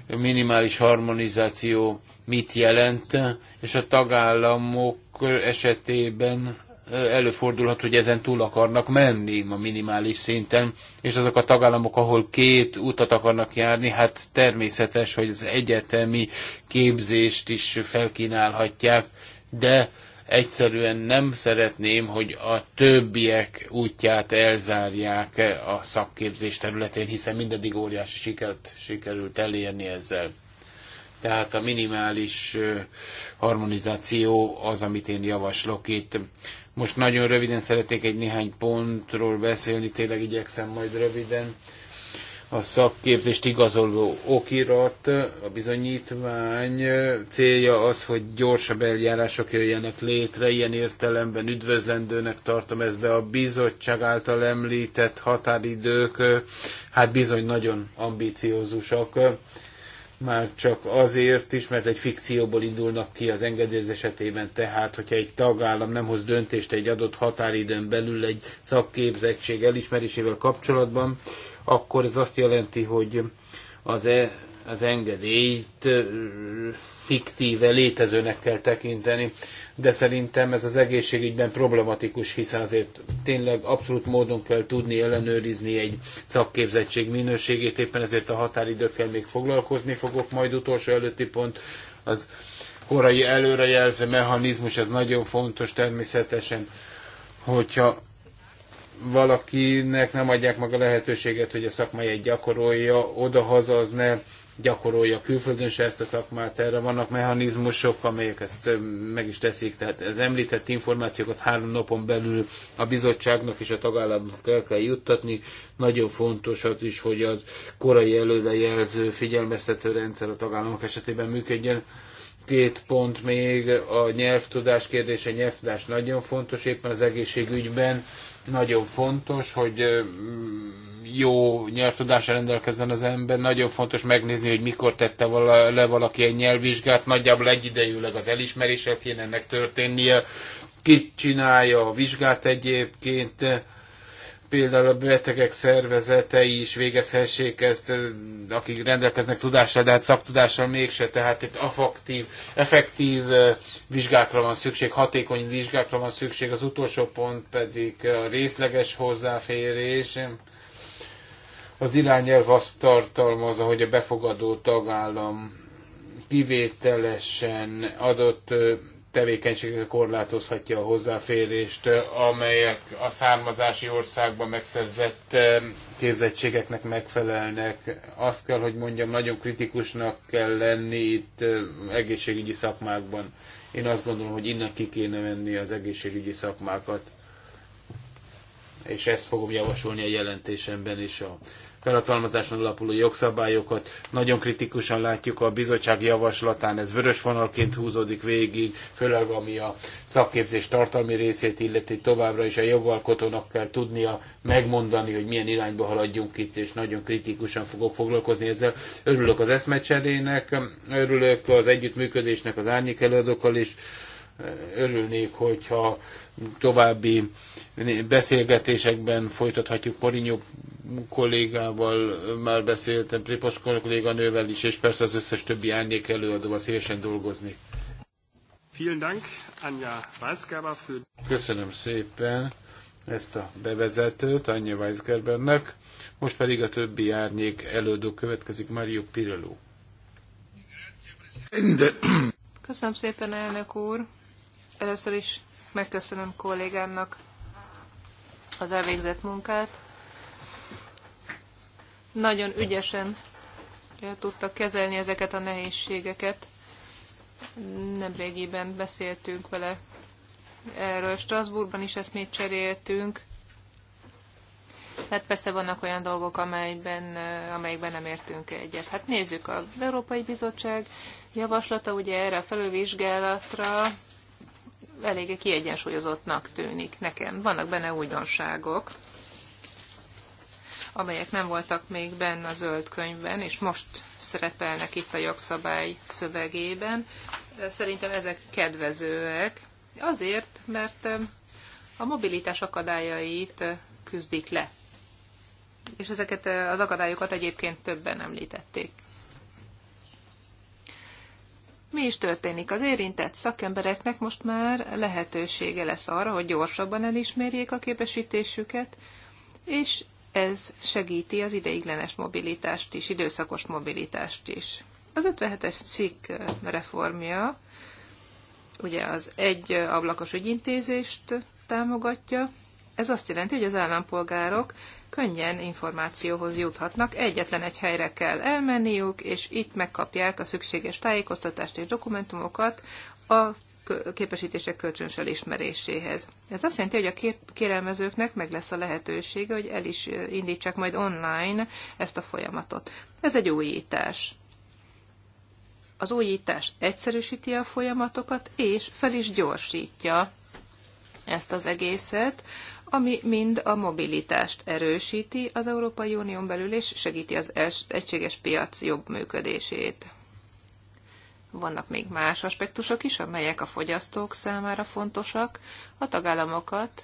minimális harmonizáció mit jelent, és a tagállamok esetében előfordulhat, hogy ezen túl akarnak menni a minimális szinten, és azok a tagállamok, ahol két utat akarnak járni, hát természetes, hogy az egyetemi képzést is felkínálhatják, de egyszerűen nem szeretném, hogy a többiek útját elzárják a szakképzés területén, hiszen mindaddig óriási sikert sikerült elérni ezzel. Tehát a minimális harmonizáció az, amit én javaslok itt. Most nagyon röviden szeretnék egy néhány pontról beszélni, tényleg igyekszem majd röviden. A szakképzést igazoló okirat, a bizonyítvány célja az, hogy gyorsabb eljárások jöjjenek létre, ilyen értelemben üdvözlendőnek tartom ezt, de a bizottság által említett határidők hát bizony nagyon ambiciózusak már csak azért is, mert egy fikcióból indulnak ki az engedélyez esetében, tehát hogyha egy tagállam nem hoz döntést egy adott határidőn belül egy szakképzettség elismerésével kapcsolatban, akkor ez azt jelenti, hogy az e az engedélyt fiktíve létezőnek kell tekinteni, de szerintem ez az egészségügyben problematikus, hiszen azért tényleg abszolút módon kell tudni ellenőrizni egy szakképzettség minőségét, éppen ezért a határidőkkel még foglalkozni fogok, majd utolsó előtti pont az korai előrejelző mechanizmus, ez nagyon fontos természetesen, hogyha valakinek nem adják meg a lehetőséget, hogy a egy gyakorolja, oda-haza az ne gyakorolja külföldön se ezt a szakmát, erre vannak mechanizmusok, amelyek ezt meg is teszik. Tehát az említett információkat három napon belül a bizottságnak és a tagállamnak el kell juttatni. Nagyon fontos az is, hogy a korai előrejelző figyelmeztető rendszer a tagállamok esetében működjön. Két pont még, a nyelvtudás kérdése, a nyelvtudás nagyon fontos éppen az egészségügyben, nagyon fontos, hogy jó nyelvtudással rendelkezzen az ember, nagyon fontos megnézni, hogy mikor tette vala, le valaki egy nyelvvizsgát, nagyjából egyidejűleg az elismeréssel kéne ennek történnie, ki csinálja a vizsgát egyébként, például a betegek szervezetei is végezhessék ezt, akik rendelkeznek tudással, de hát szaktudással mégse, tehát itt affaktív, effektív vizsgákra van szükség, hatékony vizsgákra van szükség, az utolsó pont pedig a részleges hozzáférés. Az irányelv azt tartalmazza, hogy a befogadó tagállam kivételesen adott tevékenységet korlátozhatja a hozzáférést, amelyek a származási országban megszerzett eh, képzettségeknek megfelelnek. Azt kell, hogy mondjam, nagyon kritikusnak kell lenni itt eh, egészségügyi szakmákban. Én azt gondolom, hogy innen ki kéne menni az egészségügyi szakmákat. És ezt fogom javasolni a jelentésemben is a felhatalmazáson alapuló jogszabályokat. Nagyon kritikusan látjuk a bizottság javaslatán, ez vörös vonalként húzódik végig, főleg ami a szakképzés tartalmi részét illeti továbbra is a jogalkotónak kell tudnia megmondani, hogy milyen irányba haladjunk itt, és nagyon kritikusan fogok foglalkozni ezzel. Örülök az eszmecserének, örülök az együttműködésnek az árnyék előadókkal is, örülnék, hogyha további beszélgetésekben folytathatjuk Porinyó kollégával már beszéltem, Pripos kolléganővel is, és persze az összes többi árnyék előadóval szívesen dolgozni. Köszönöm szépen ezt a bevezetőt Anja Weisgerbernek. Most pedig a többi árnyék előadó következik, Mario Pirelló.
Köszönöm szépen, elnök úr. Először is megköszönöm kollégámnak az elvégzett munkát nagyon ügyesen eh, tudta kezelni ezeket a nehézségeket. Nemrégiben beszéltünk vele erről. Strasbourgban is ezt még cseréltünk. Hát persze vannak olyan dolgok, amelyben, eh, amelyekben nem értünk egyet. Hát nézzük, az Európai Bizottság javaslata ugye erre a felülvizsgálatra eléggé kiegyensúlyozottnak tűnik nekem. Vannak benne újdonságok, amelyek nem voltak még benne a zöld könyvben, és most szerepelnek itt a jogszabály szövegében. Szerintem ezek kedvezőek, azért, mert a mobilitás akadályait küzdik le. És ezeket az akadályokat egyébként többen említették. Mi is történik? Az érintett szakembereknek most már lehetősége lesz arra, hogy gyorsabban elismerjék a képesítésüket, és ez segíti az ideiglenes mobilitást is, időszakos mobilitást is. Az 57-es cikk reformja ugye az egy ablakos ügyintézést támogatja. Ez azt jelenti, hogy az állampolgárok könnyen információhoz juthatnak, egyetlen egy helyre kell elmenniük, és itt megkapják a szükséges tájékoztatást és dokumentumokat a képesítések kölcsönös elismeréséhez. Ez azt jelenti, hogy a kérelmezőknek meg lesz a lehetősége, hogy el is indítsák majd online ezt a folyamatot. Ez egy újítás. Az újítás egyszerűsíti a folyamatokat, és fel is gyorsítja ezt az egészet, ami mind a mobilitást erősíti az Európai Unión belül, és segíti az egységes piac jobb működését. Vannak még más aspektusok is, amelyek a fogyasztók számára fontosak. A tagállamokat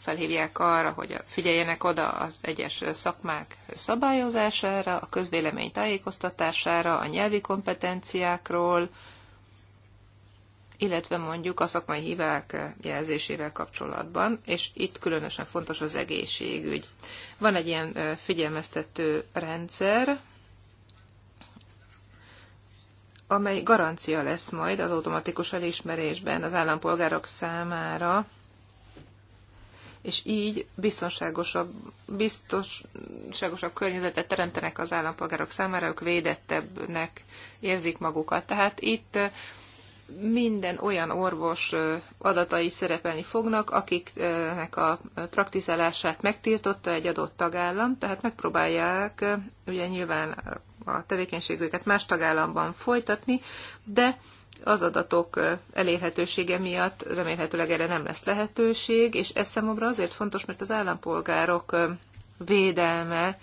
felhívják arra, hogy figyeljenek oda az egyes szakmák szabályozására, a közvélemény tájékoztatására, a nyelvi kompetenciákról, illetve mondjuk a szakmai hívák jelzésével kapcsolatban, és itt különösen fontos az egészségügy. Van egy ilyen figyelmeztető rendszer, amely garancia lesz majd az automatikus elismerésben az állampolgárok számára, és így biztonságosabb, biztonságosabb környezetet teremtenek az állampolgárok számára, ők védettebbnek érzik magukat. Tehát itt minden olyan orvos adatai szerepelni fognak, akiknek a praktizálását megtiltotta egy adott tagállam, tehát megpróbálják ugye nyilván a tevékenységüket más tagállamban folytatni, de az adatok elérhetősége miatt remélhetőleg erre nem lesz lehetőség, és ez számomra azért fontos, mert az állampolgárok védelme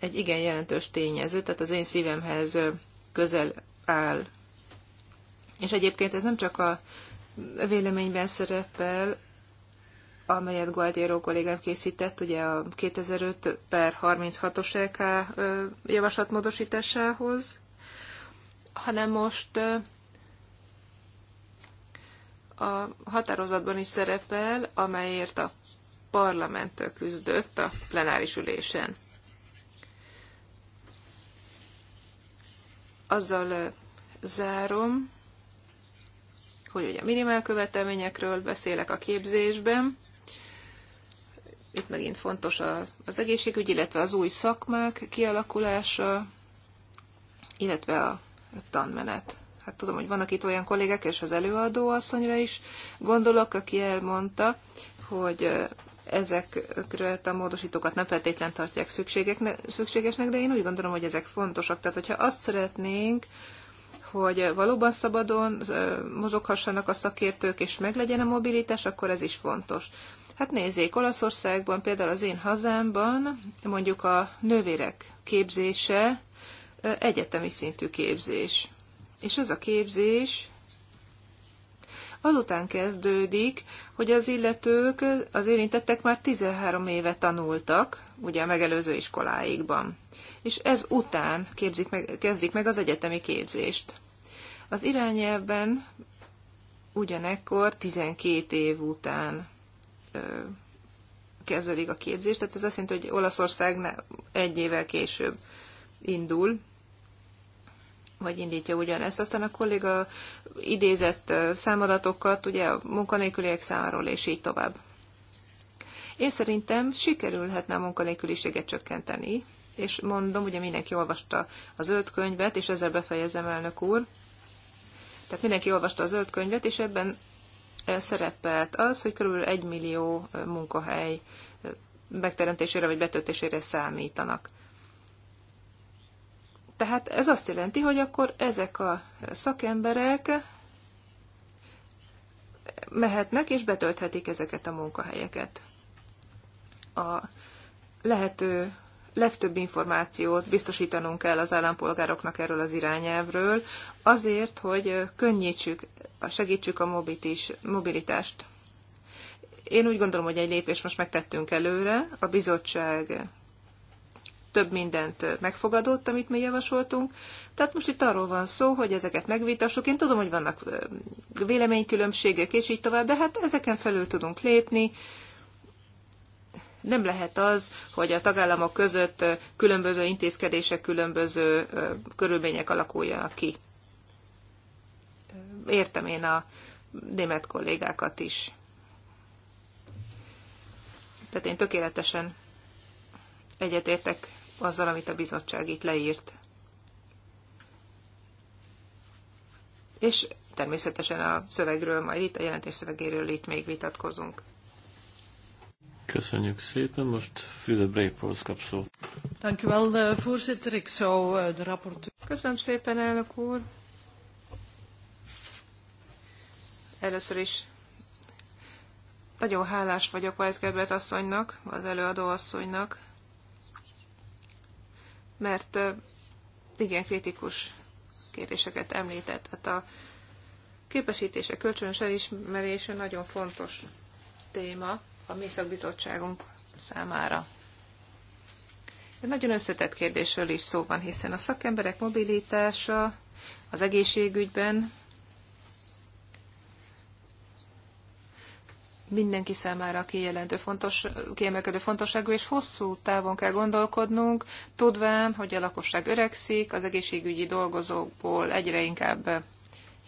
egy igen jelentős tényező, tehát az én szívemhez közel áll. És egyébként ez nem csak a véleményben szerepel, amelyet Gualtiero kollégám készített, ugye a 2005 per 36-os LK javaslat hanem most a határozatban is szerepel, amelyért a parlament küzdött a plenáris ülésen. Azzal zárom, hogy ugye minimál követelményekről beszélek a képzésben, itt megint fontos az egészségügy, illetve az új szakmák kialakulása, illetve a tanmenet. Hát tudom, hogy vannak itt olyan kollégek, és az előadó asszonyra is gondolok, aki elmondta, hogy ezekről a módosítókat nem feltétlen tartják szükségesnek, de én úgy gondolom, hogy ezek fontosak. Tehát, hogyha azt szeretnénk, hogy valóban szabadon mozoghassanak a szakértők, és meglegyen a mobilitás, akkor ez is fontos. Hát nézzék, Olaszországban, például az én hazámban mondjuk a nővérek képzése egyetemi szintű képzés. És az a képzés azután kezdődik, hogy az illetők, az érintettek már 13 éve tanultak, ugye a megelőző iskoláikban. És ez után képzik meg, kezdik meg az egyetemi képzést. Az irányelvben ugyanekkor 12 év után kezdődik a képzés, tehát ez azt jelenti, hogy Olaszország egy évvel később indul, vagy indítja ugyanezt. Aztán a kolléga idézett számadatokat, ugye a munkanélküliek számáról, és így tovább. Én szerintem sikerülhetne a munkanélküliséget csökkenteni, és mondom, ugye mindenki olvasta a zöld könyvet, és ezzel befejezem, elnök úr. Tehát mindenki olvasta a zöld könyvet, és ebben szerepelt az, hogy kb. 1 millió munkahely megteremtésére vagy betöltésére számítanak. Tehát ez azt jelenti, hogy akkor ezek a szakemberek mehetnek és betölthetik ezeket a munkahelyeket. A lehető legtöbb információt biztosítanunk kell az állampolgároknak erről az irányelvről, azért, hogy könnyítsük segítsük a mobilitás, mobilitást. Én úgy gondolom, hogy egy lépést most megtettünk előre. A bizottság több mindent megfogadott, amit mi javasoltunk. Tehát most itt arról van szó, hogy ezeket megvitassuk. Én tudom, hogy vannak véleménykülönbségek, és így tovább, de hát ezeken felül tudunk lépni. Nem lehet az, hogy a tagállamok között különböző intézkedések, különböző körülmények alakuljanak ki értem én a német kollégákat is. Tehát én tökéletesen egyetértek azzal, amit a bizottság itt leírt. És természetesen a szövegről, majd itt a jelentés szövegéről itt még vitatkozunk.
Köszönjük szépen, most Füle Brépolsz kap szó.
Eh, eh, Köszönöm szépen, elnök úr. Először is nagyon hálás vagyok Weisgerbert asszonynak, az előadó asszonynak, mert igen kritikus kérdéseket említett. Hát a képesítése, kölcsönös elismerése nagyon fontos téma a mi szakbizottságunk számára. Egy nagyon összetett kérdésről is szó van, hiszen a szakemberek mobilitása az egészségügyben, mindenki számára kijelentő fontos, kiemelkedő fontosságú, és hosszú távon kell gondolkodnunk, tudván, hogy a lakosság öregszik, az egészségügyi dolgozókból egyre inkább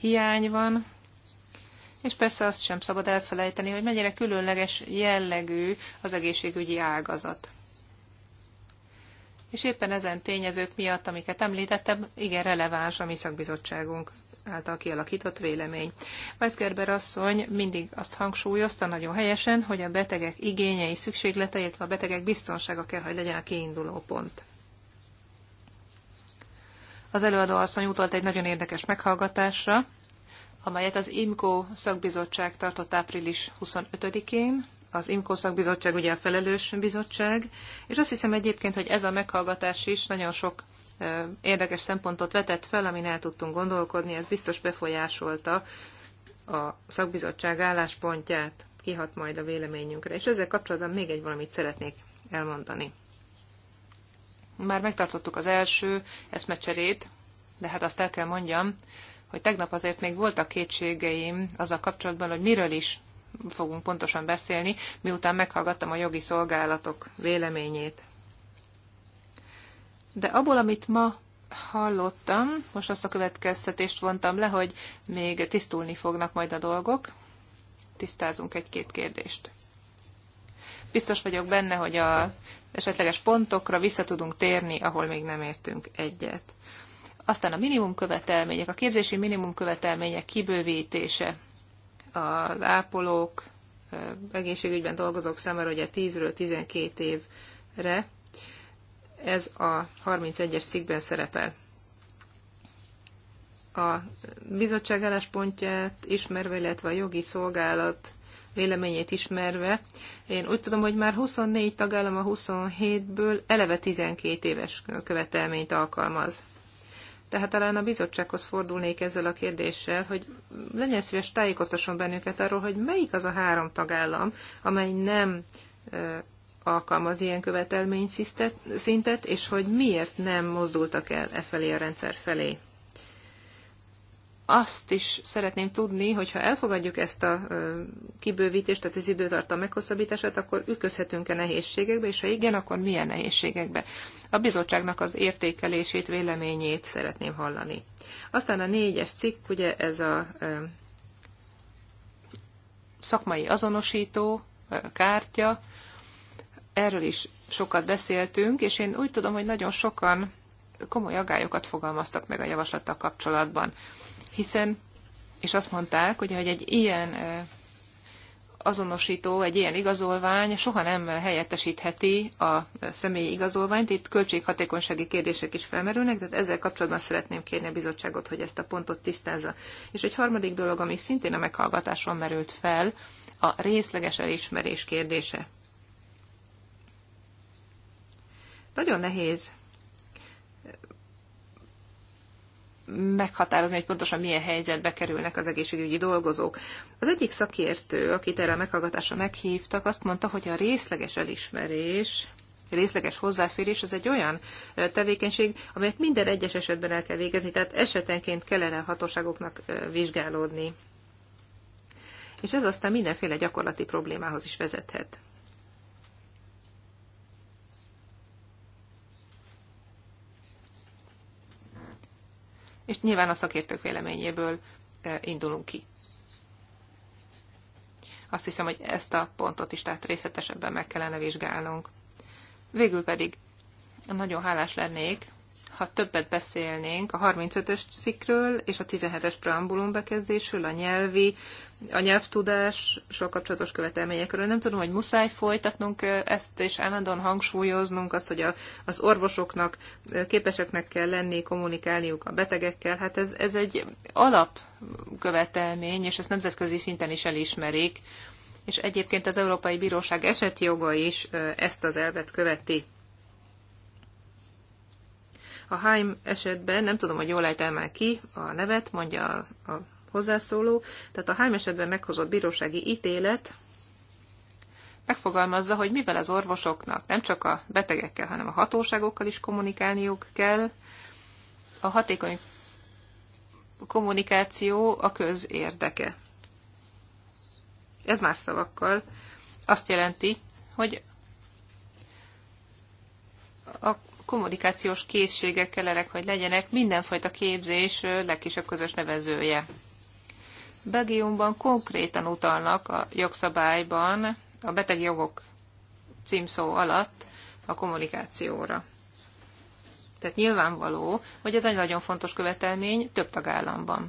hiány van, és persze azt sem szabad elfelejteni, hogy mennyire különleges jellegű az egészségügyi ágazat és éppen ezen tényezők miatt, amiket említettem, igen releváns a mi szakbizottságunk által kialakított vélemény. Weisgerber asszony mindig azt hangsúlyozta nagyon helyesen, hogy a betegek igényei, szükséglete, illetve a betegek biztonsága kell, hogy legyen a kiinduló pont. Az előadó asszony utalt egy nagyon érdekes meghallgatásra, amelyet az IMCO szakbizottság tartott április 25-én, az IMCO szakbizottság ugye a felelős bizottság, és azt hiszem egyébként, hogy ez a meghallgatás is nagyon sok érdekes szempontot vetett fel, amin el tudtunk gondolkodni, ez biztos befolyásolta a szakbizottság álláspontját, kihat majd a véleményünkre. És ezzel kapcsolatban még egy valamit szeretnék elmondani. Már megtartottuk az első eszmecserét, de hát azt el kell mondjam, hogy tegnap azért még voltak kétségeim az a kapcsolatban, hogy miről is fogunk pontosan beszélni, miután meghallgattam a jogi szolgálatok véleményét. De abból, amit ma hallottam, most azt a következtetést vontam le, hogy még tisztulni fognak majd a dolgok. Tisztázunk egy-két kérdést. Biztos vagyok benne, hogy a esetleges pontokra vissza tudunk térni, ahol még nem értünk egyet. Aztán a minimum követelmények, a képzési minimum követelmények kibővítése az ápolók, egészségügyben dolgozók számára ugye 10-ről 12 évre, ez a 31-es cikkben szerepel. A bizottság álláspontját ismerve, illetve a jogi szolgálat véleményét ismerve, én úgy tudom, hogy már 24 tagállam a 27-ből eleve 12 éves követelményt alkalmaz. Tehát talán a bizottsághoz fordulnék ezzel a kérdéssel, hogy legyen szíves tájékoztasson bennünket arról, hogy melyik az a három tagállam, amely nem alkalmaz ilyen követelmény szintet, és hogy miért nem mozdultak el e felé a rendszer felé. Azt is szeretném tudni, hogy ha elfogadjuk ezt a kibővítést, tehát az időtartam meghosszabbítását, akkor ütközhetünk-e nehézségekbe, és ha igen, akkor milyen nehézségekbe. A bizottságnak az értékelését, véleményét szeretném hallani. Aztán a négyes cikk, ugye ez a szakmai azonosító kártya, erről is sokat beszéltünk, és én úgy tudom, hogy nagyon sokan komoly agályokat fogalmaztak meg a javaslattal kapcsolatban, hiszen, és azt mondták, ugye, hogy egy ilyen azonosító, egy ilyen igazolvány soha nem helyettesítheti a személyi igazolványt. Itt költséghatékonysági kérdések is felmerülnek, tehát ezzel kapcsolatban szeretném kérni a bizottságot, hogy ezt a pontot tisztázza. És egy harmadik dolog, ami szintén a meghallgatáson merült fel, a részleges elismerés kérdése. Nagyon nehéz meghatározni, hogy pontosan milyen helyzetbe kerülnek az egészségügyi dolgozók. Az egyik szakértő, akit erre a meghallgatásra meghívtak, azt mondta, hogy a részleges elismerés részleges hozzáférés az egy olyan tevékenység, amelyet minden egyes esetben el kell végezni, tehát esetenként kellene a hatóságoknak vizsgálódni. És ez aztán mindenféle gyakorlati problémához is vezethet. és nyilván a szakértők véleményéből indulunk ki. Azt hiszem, hogy ezt a pontot is tehát részletesebben meg kellene vizsgálnunk. Végül pedig nagyon hálás lennék, ha többet beszélnénk a 35-ös cikkről és a 17-es preambulum bekezdésről, a nyelvi a nyelvtudás a kapcsolatos követelményekről. Nem tudom, hogy muszáj folytatnunk ezt, és állandóan hangsúlyoznunk azt, hogy a, az orvosoknak képeseknek kell lenni, kommunikálniuk a betegekkel. Hát ez, ez egy alapkövetelmény, és ezt nemzetközi szinten is elismerik. És egyébként az Európai Bíróság esetjoga is ezt az elvet követi. A Haim esetben, nem tudom, hogy jól ejtelmel ki a nevet, mondja a, a hozzászóló, tehát a hány esetben meghozott bírósági ítélet megfogalmazza, hogy mivel az orvosoknak nem csak a betegekkel, hanem a hatóságokkal is kommunikálniuk kell, a hatékony kommunikáció a közérdeke. Ez más szavakkal azt jelenti, hogy a kommunikációs készségek kellenek, hogy legyenek mindenfajta képzés legkisebb közös nevezője. Belgiumban konkrétan utalnak a jogszabályban a beteg jogok címszó alatt a kommunikációra. Tehát nyilvánvaló, hogy ez egy nagyon fontos követelmény több tagállamban.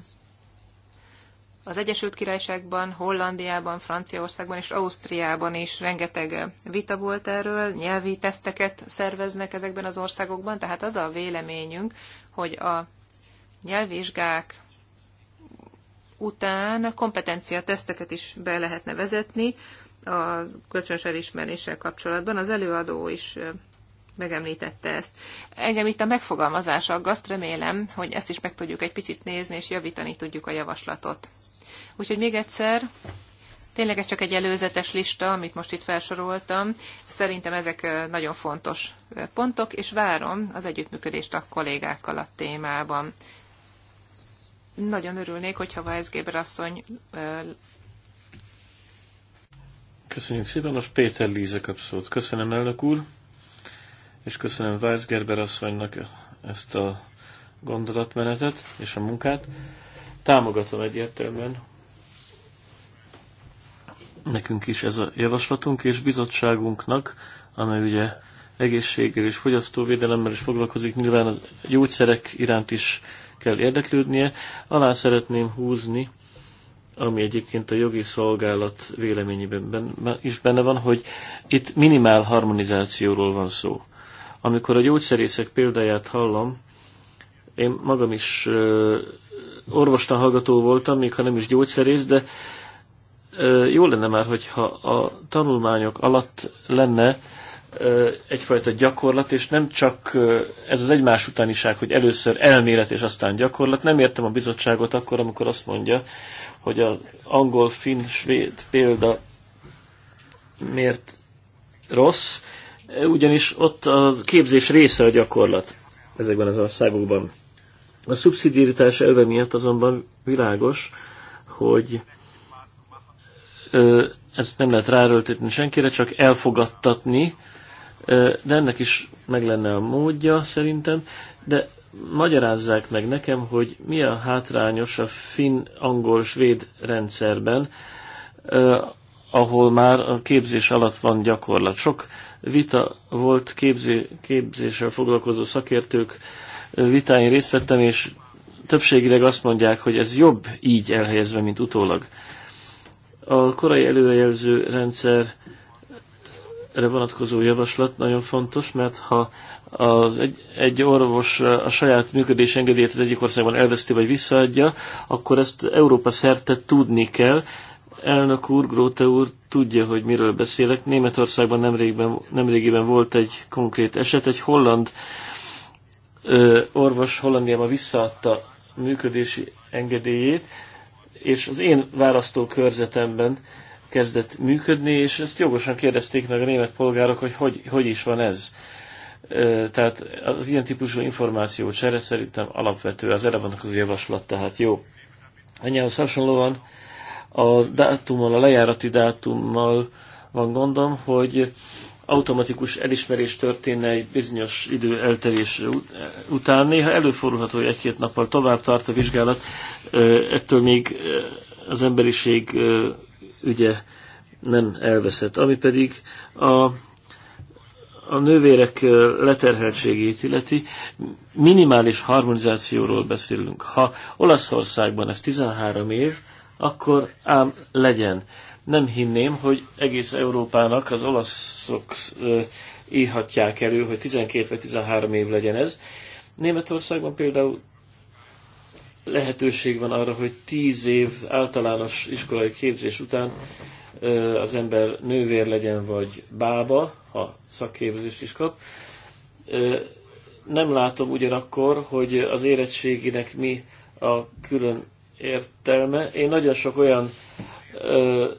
Az Egyesült Királyságban, Hollandiában, Franciaországban és Ausztriában is rengeteg vita volt erről, nyelvi teszteket szerveznek ezekben az országokban, tehát az a véleményünk, hogy a nyelvvizsgák után kompetencia teszteket is be lehetne vezetni a kölcsönös elismeréssel kapcsolatban. Az előadó is megemlítette ezt. Engem itt a megfogalmazás aggaszt, remélem, hogy ezt is meg tudjuk egy picit nézni, és javítani tudjuk a javaslatot. Úgyhogy még egyszer, tényleg ez csak egy előzetes lista, amit most itt felsoroltam. Szerintem ezek nagyon fontos pontok, és várom az együttműködést a kollégákkal a témában. Nagyon örülnék, hogyha Weisgeber asszony
Köszönjük szépen, most Péter Líze kap szót. Köszönöm, elnök úr, és köszönöm Weisgerber asszonynak ezt a gondolatmenetet és a munkát. Támogatom egyértelműen. Nekünk is ez a javaslatunk, és bizottságunknak, amely ugye egészséggel és fogyasztóvédelemmel is foglalkozik, nyilván a gyógyszerek iránt is kell érdeklődnie. Alá szeretném húzni, ami egyébként a jogi szolgálat véleményében is benne van, hogy itt minimál harmonizációról van szó. Amikor a gyógyszerészek példáját hallom, én magam is orvostan hallgató voltam, még ha nem is gyógyszerész, de jó lenne már, hogyha a tanulmányok alatt lenne egyfajta gyakorlat, és nem csak ez az egymás utániság, hogy először elmélet és aztán gyakorlat. Nem értem a bizottságot akkor, amikor azt mondja, hogy az angol, finn, svéd példa miért rossz, ugyanis ott a képzés része a gyakorlat ezekben az országokban. A szubszidiaritás elve miatt azonban világos, hogy ö, ezt nem lehet ráöltetni senkire, csak elfogadtatni de ennek is meg lenne a módja szerintem, de magyarázzák meg nekem, hogy mi a hátrányos a finn-angol-svéd rendszerben, ahol már a képzés alatt van gyakorlat. Sok vita volt képzé, képzéssel foglalkozó szakértők vitáin részt vettem, és többségileg azt mondják, hogy ez jobb így elhelyezve, mint utólag. A korai előrejelző rendszer erre vonatkozó javaslat nagyon fontos, mert ha az egy, egy orvos a saját működés engedélyét az egyik országban elveszti vagy visszaadja, akkor ezt Európa szerte tudni kell. Elnök úr, Gróte úr tudja, hogy miről beszélek. Németországban nemrégben, nemrégiben volt egy konkrét eset, egy holland ö, orvos Hollandiában visszaadta működési engedélyét, és az én választókörzetemben kezdett működni, és ezt jogosan kérdezték meg a német polgárok, hogy hogy, hogy is van ez. Tehát az ilyen típusú információ csere szerintem alapvető, az erre vonatkozó javaslat, tehát jó. Ennyihez hasonlóan a dátummal, a lejárati dátummal van gondom, hogy automatikus elismerés történne egy bizonyos idő eltelés után. Néha előfordulhat, hogy egy-két nappal tovább tart a vizsgálat, ettől még az emberiség ügye nem elveszett. Ami pedig a, a nővérek leterheltségét illeti, minimális harmonizációról beszélünk. Ha Olaszországban ez 13 év, akkor ám legyen. Nem hinném, hogy egész Európának az olaszok írhatják elő, hogy 12 vagy 13 év legyen ez. Németországban például lehetőség van arra, hogy tíz év általános iskolai képzés után az ember nővér legyen, vagy bába, ha szakképzést is kap. Nem látom ugyanakkor, hogy az érettséginek mi a külön értelme. Én nagyon sok olyan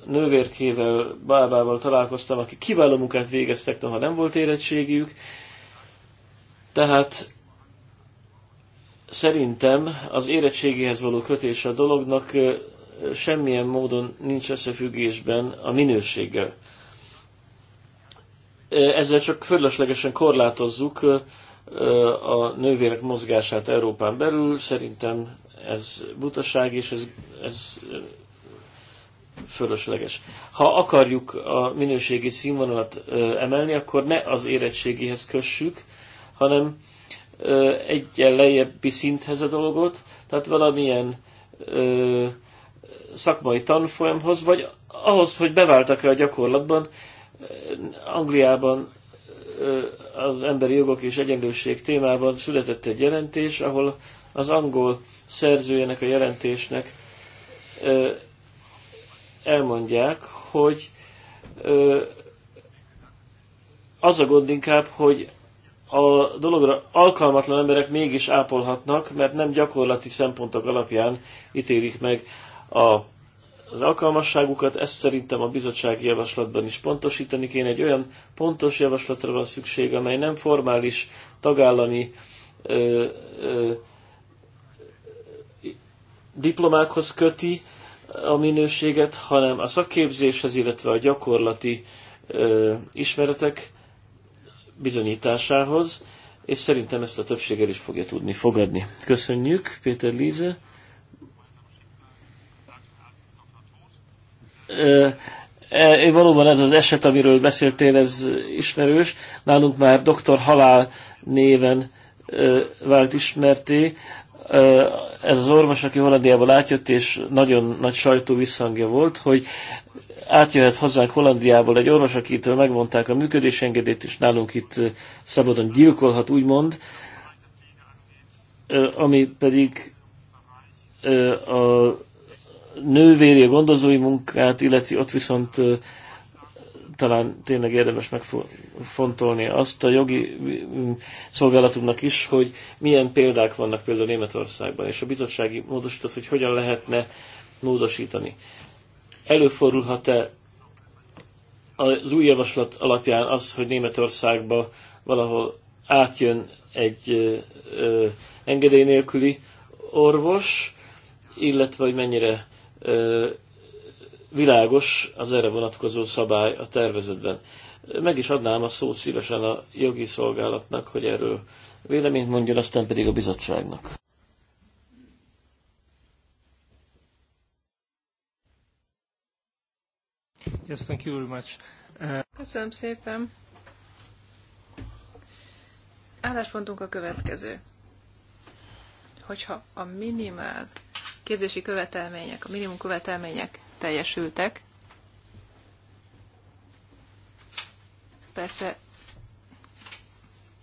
nővérkével, bábával találkoztam, akik kiváló munkát végeztek, ha nem volt érettségiük. Tehát Szerintem az érettségéhez való kötése a dolognak semmilyen módon nincs összefüggésben a minőséggel. Ezzel csak fölöslegesen korlátozzuk a nővérek mozgását Európán belül. Szerintem ez butaság, és ez, ez fölösleges. Ha akarjuk a minőségi színvonalat emelni, akkor ne az érettségéhez kössük, hanem egyen lejjebbi szinthez a dolgot, tehát valamilyen ö, szakmai tanfolyamhoz, vagy ahhoz, hogy beváltak-e a gyakorlatban. Angliában az emberi jogok és egyenlőség témában született egy jelentés, ahol az angol szerzőjének a jelentésnek elmondják, hogy az a gond inkább, hogy a dologra alkalmatlan emberek mégis ápolhatnak, mert nem gyakorlati szempontok alapján ítélik meg a, az alkalmasságukat. Ezt szerintem a bizottsági javaslatban is pontosítani kéne. Egy olyan pontos javaslatra van szükség, amely nem formális tagállami ö, ö, diplomákhoz köti a minőséget, hanem a szakképzéshez, illetve a gyakorlati ö, ismeretek bizonyításához, és szerintem ezt a többség el is fogja tudni fogadni. Köszönjük, Péter Líze. E, e, valóban ez az eset, amiről beszéltél, ez ismerős. Nálunk már Dr. Halál néven e, vált ismerté. E, ez az orvos, aki Hollandiából átjött, és nagyon nagy sajtó visszhangja volt, hogy átjöhet hozzánk Hollandiából egy orvos, akitől megvonták a működésengedét, és nálunk itt szabadon gyilkolhat, úgymond, ami pedig a nővéri, a gondozói munkát illeti, ott viszont talán tényleg érdemes megfontolni azt a jogi szolgálatunknak is, hogy milyen példák vannak például Németországban, és a bizottsági módosítás, hogy hogyan lehetne módosítani. Előfordulhat-e az új javaslat alapján az, hogy Németországba valahol átjön egy ö, ö, engedély nélküli orvos, illetve hogy mennyire ö, világos az erre vonatkozó szabály a tervezetben. Meg is adnám a szót szívesen a jogi szolgálatnak, hogy erről véleményt mondjon, aztán pedig a bizottságnak. Yes, thank you very much.
Köszönöm szépen. Álláspontunk a következő. Hogyha a minimál képzési követelmények, a minimum követelmények teljesültek, persze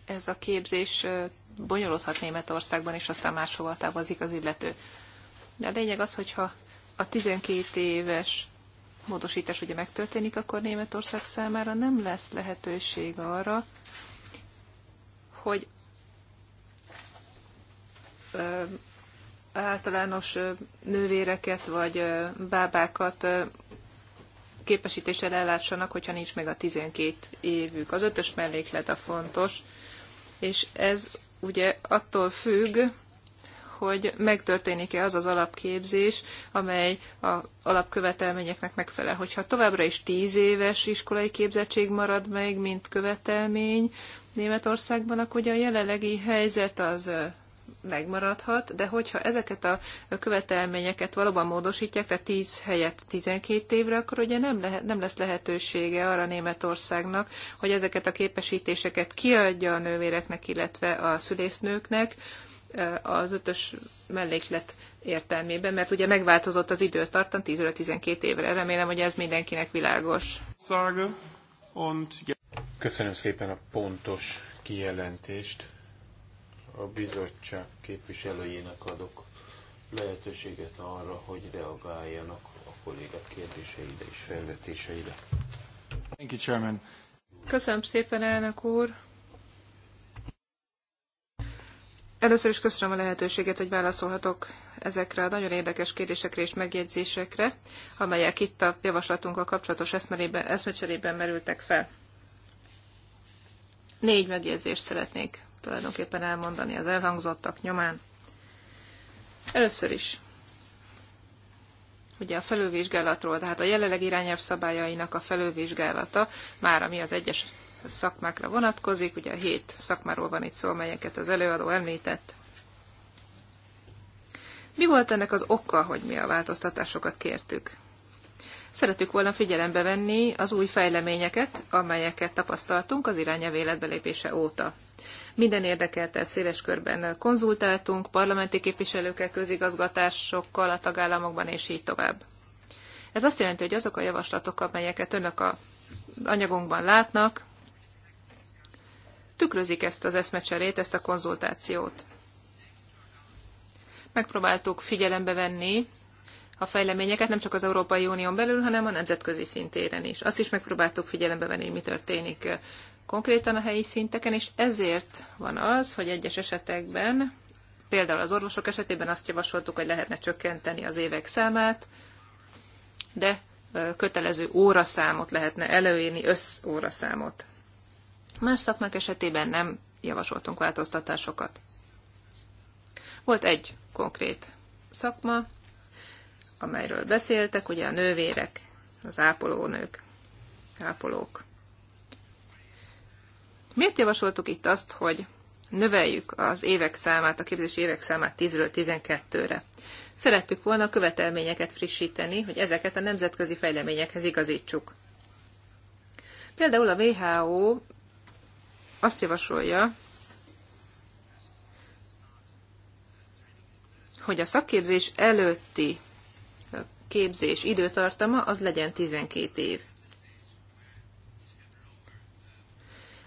ez a képzés bonyolódhat Németországban, és aztán máshova távozik az illető. De a lényeg az, hogyha a 12 éves módosítás ugye megtörténik, akkor Németország számára nem lesz lehetőség arra, hogy ö, általános ö, nővéreket vagy ö, bábákat ö, képesítéssel ellátsanak, hogyha nincs meg a 12 évük. Az ötös melléklet a fontos, és ez ugye attól függ, hogy megtörténik-e az az alapképzés, amely a alapkövetelményeknek megfelel. Hogyha továbbra is tíz éves iskolai képzettség marad meg, mint követelmény Németországban, akkor ugye a jelenlegi helyzet az megmaradhat, de hogyha ezeket a követelményeket valóban módosítják, tehát 10 helyett 12 évre, akkor ugye nem, lehet, nem lesz lehetősége arra Németországnak, hogy ezeket a képesítéseket kiadja a nővéreknek, illetve a szülésznőknek, az ötös melléklet értelmében, mert ugye megváltozott az időtartam 10 óra 12 évre. Remélem, hogy ez mindenkinek világos.
Köszönöm szépen a pontos kijelentést. A bizottság képviselőjének adok lehetőséget arra, hogy reagáljanak a kolléga kérdéseire és felvetéseire.
Thank you, Chairman. Köszönöm szépen, elnök úr. Először is köszönöm a lehetőséget, hogy válaszolhatok ezekre a nagyon érdekes kérdésekre és megjegyzésekre, amelyek itt a javaslatunkkal kapcsolatos eszmecserében merültek fel. Négy megjegyzést szeretnék tulajdonképpen elmondani az elhangzottak nyomán. Először is, ugye a felővizsgálatról, tehát a jelenleg irányelv szabályainak a felővizsgálata, már ami az egyes szakmákra vonatkozik, ugye a hét szakmáról van itt szó, melyeket az előadó említett. Mi volt ennek az oka, hogy mi a változtatásokat kértük? Szeretük volna figyelembe venni az új fejleményeket, amelyeket tapasztaltunk az irányelv életbelépése óta. Minden érdekeltel széles körben konzultáltunk, parlamenti képviselőkkel, közigazgatásokkal a tagállamokban, és így tovább. Ez azt jelenti, hogy azok a javaslatok, amelyeket önök a anyagunkban látnak, tükrözik ezt az eszmecserét, ezt a konzultációt. Megpróbáltuk figyelembe venni a fejleményeket nem csak az Európai Unión belül, hanem a nemzetközi szintéren is. Azt is megpróbáltuk figyelembe venni, hogy mi történik konkrétan a helyi szinteken, és ezért van az, hogy egyes esetekben, például az orvosok esetében azt javasoltuk, hogy lehetne csökkenteni az évek számát, de kötelező óraszámot lehetne előírni, összóraszámot. Más szakmák esetében nem javasoltunk változtatásokat. Volt egy konkrét szakma, amelyről beszéltek, ugye a nővérek, az ápolónők, ápolók. Miért javasoltuk itt azt, hogy növeljük az évek számát, a képzési évek számát 10-ről 12-re? Szerettük volna a követelményeket frissíteni, hogy ezeket a nemzetközi fejleményekhez igazítsuk. Például a WHO azt javasolja, hogy a szakképzés előtti képzés időtartama az legyen 12 év.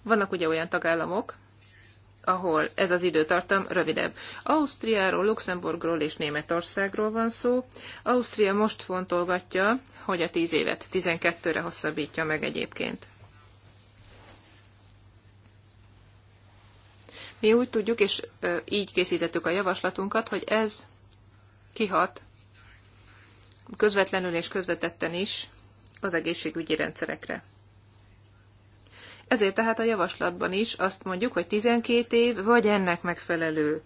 Vannak ugye olyan tagállamok, ahol ez az időtartam rövidebb. Ausztriáról, Luxemburgról és Németországról van szó. Ausztria most fontolgatja, hogy a 10 évet 12-re hosszabbítja meg egyébként. Mi úgy tudjuk, és így készítettük a javaslatunkat, hogy ez kihat közvetlenül és közvetetten is az egészségügyi rendszerekre. Ezért tehát a javaslatban is azt mondjuk, hogy 12 év, vagy ennek megfelelő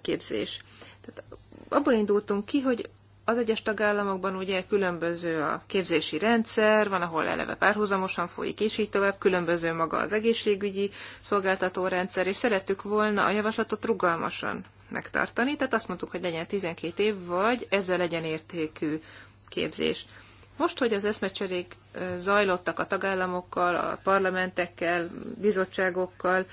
képzés. Tehát abból indultunk ki, hogy az egyes tagállamokban ugye különböző a képzési rendszer, van, ahol eleve párhuzamosan folyik, és így tovább, különböző maga az egészségügyi szolgáltatórendszer, és szerettük volna a javaslatot rugalmasan megtartani, tehát azt mondtuk, hogy legyen 12 év, vagy ezzel legyen értékű képzés. Most, hogy az eszmecserék zajlottak a tagállamokkal, a parlamentekkel, bizottságokkal,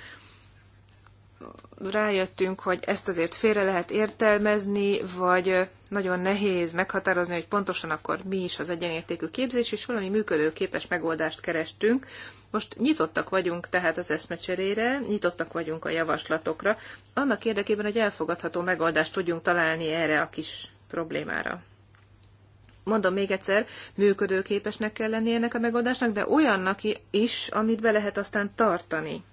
rájöttünk, hogy ezt azért félre lehet értelmezni, vagy nagyon nehéz meghatározni, hogy pontosan akkor mi is az egyenértékű képzés, és valami működőképes megoldást kerestünk. Most nyitottak vagyunk tehát az eszmecserére, nyitottak vagyunk a javaslatokra, annak érdekében, hogy elfogadható megoldást tudjunk találni erre a kis problémára. Mondom még egyszer, működőképesnek kell lennie ennek a megoldásnak, de olyannak is, amit be lehet aztán tartani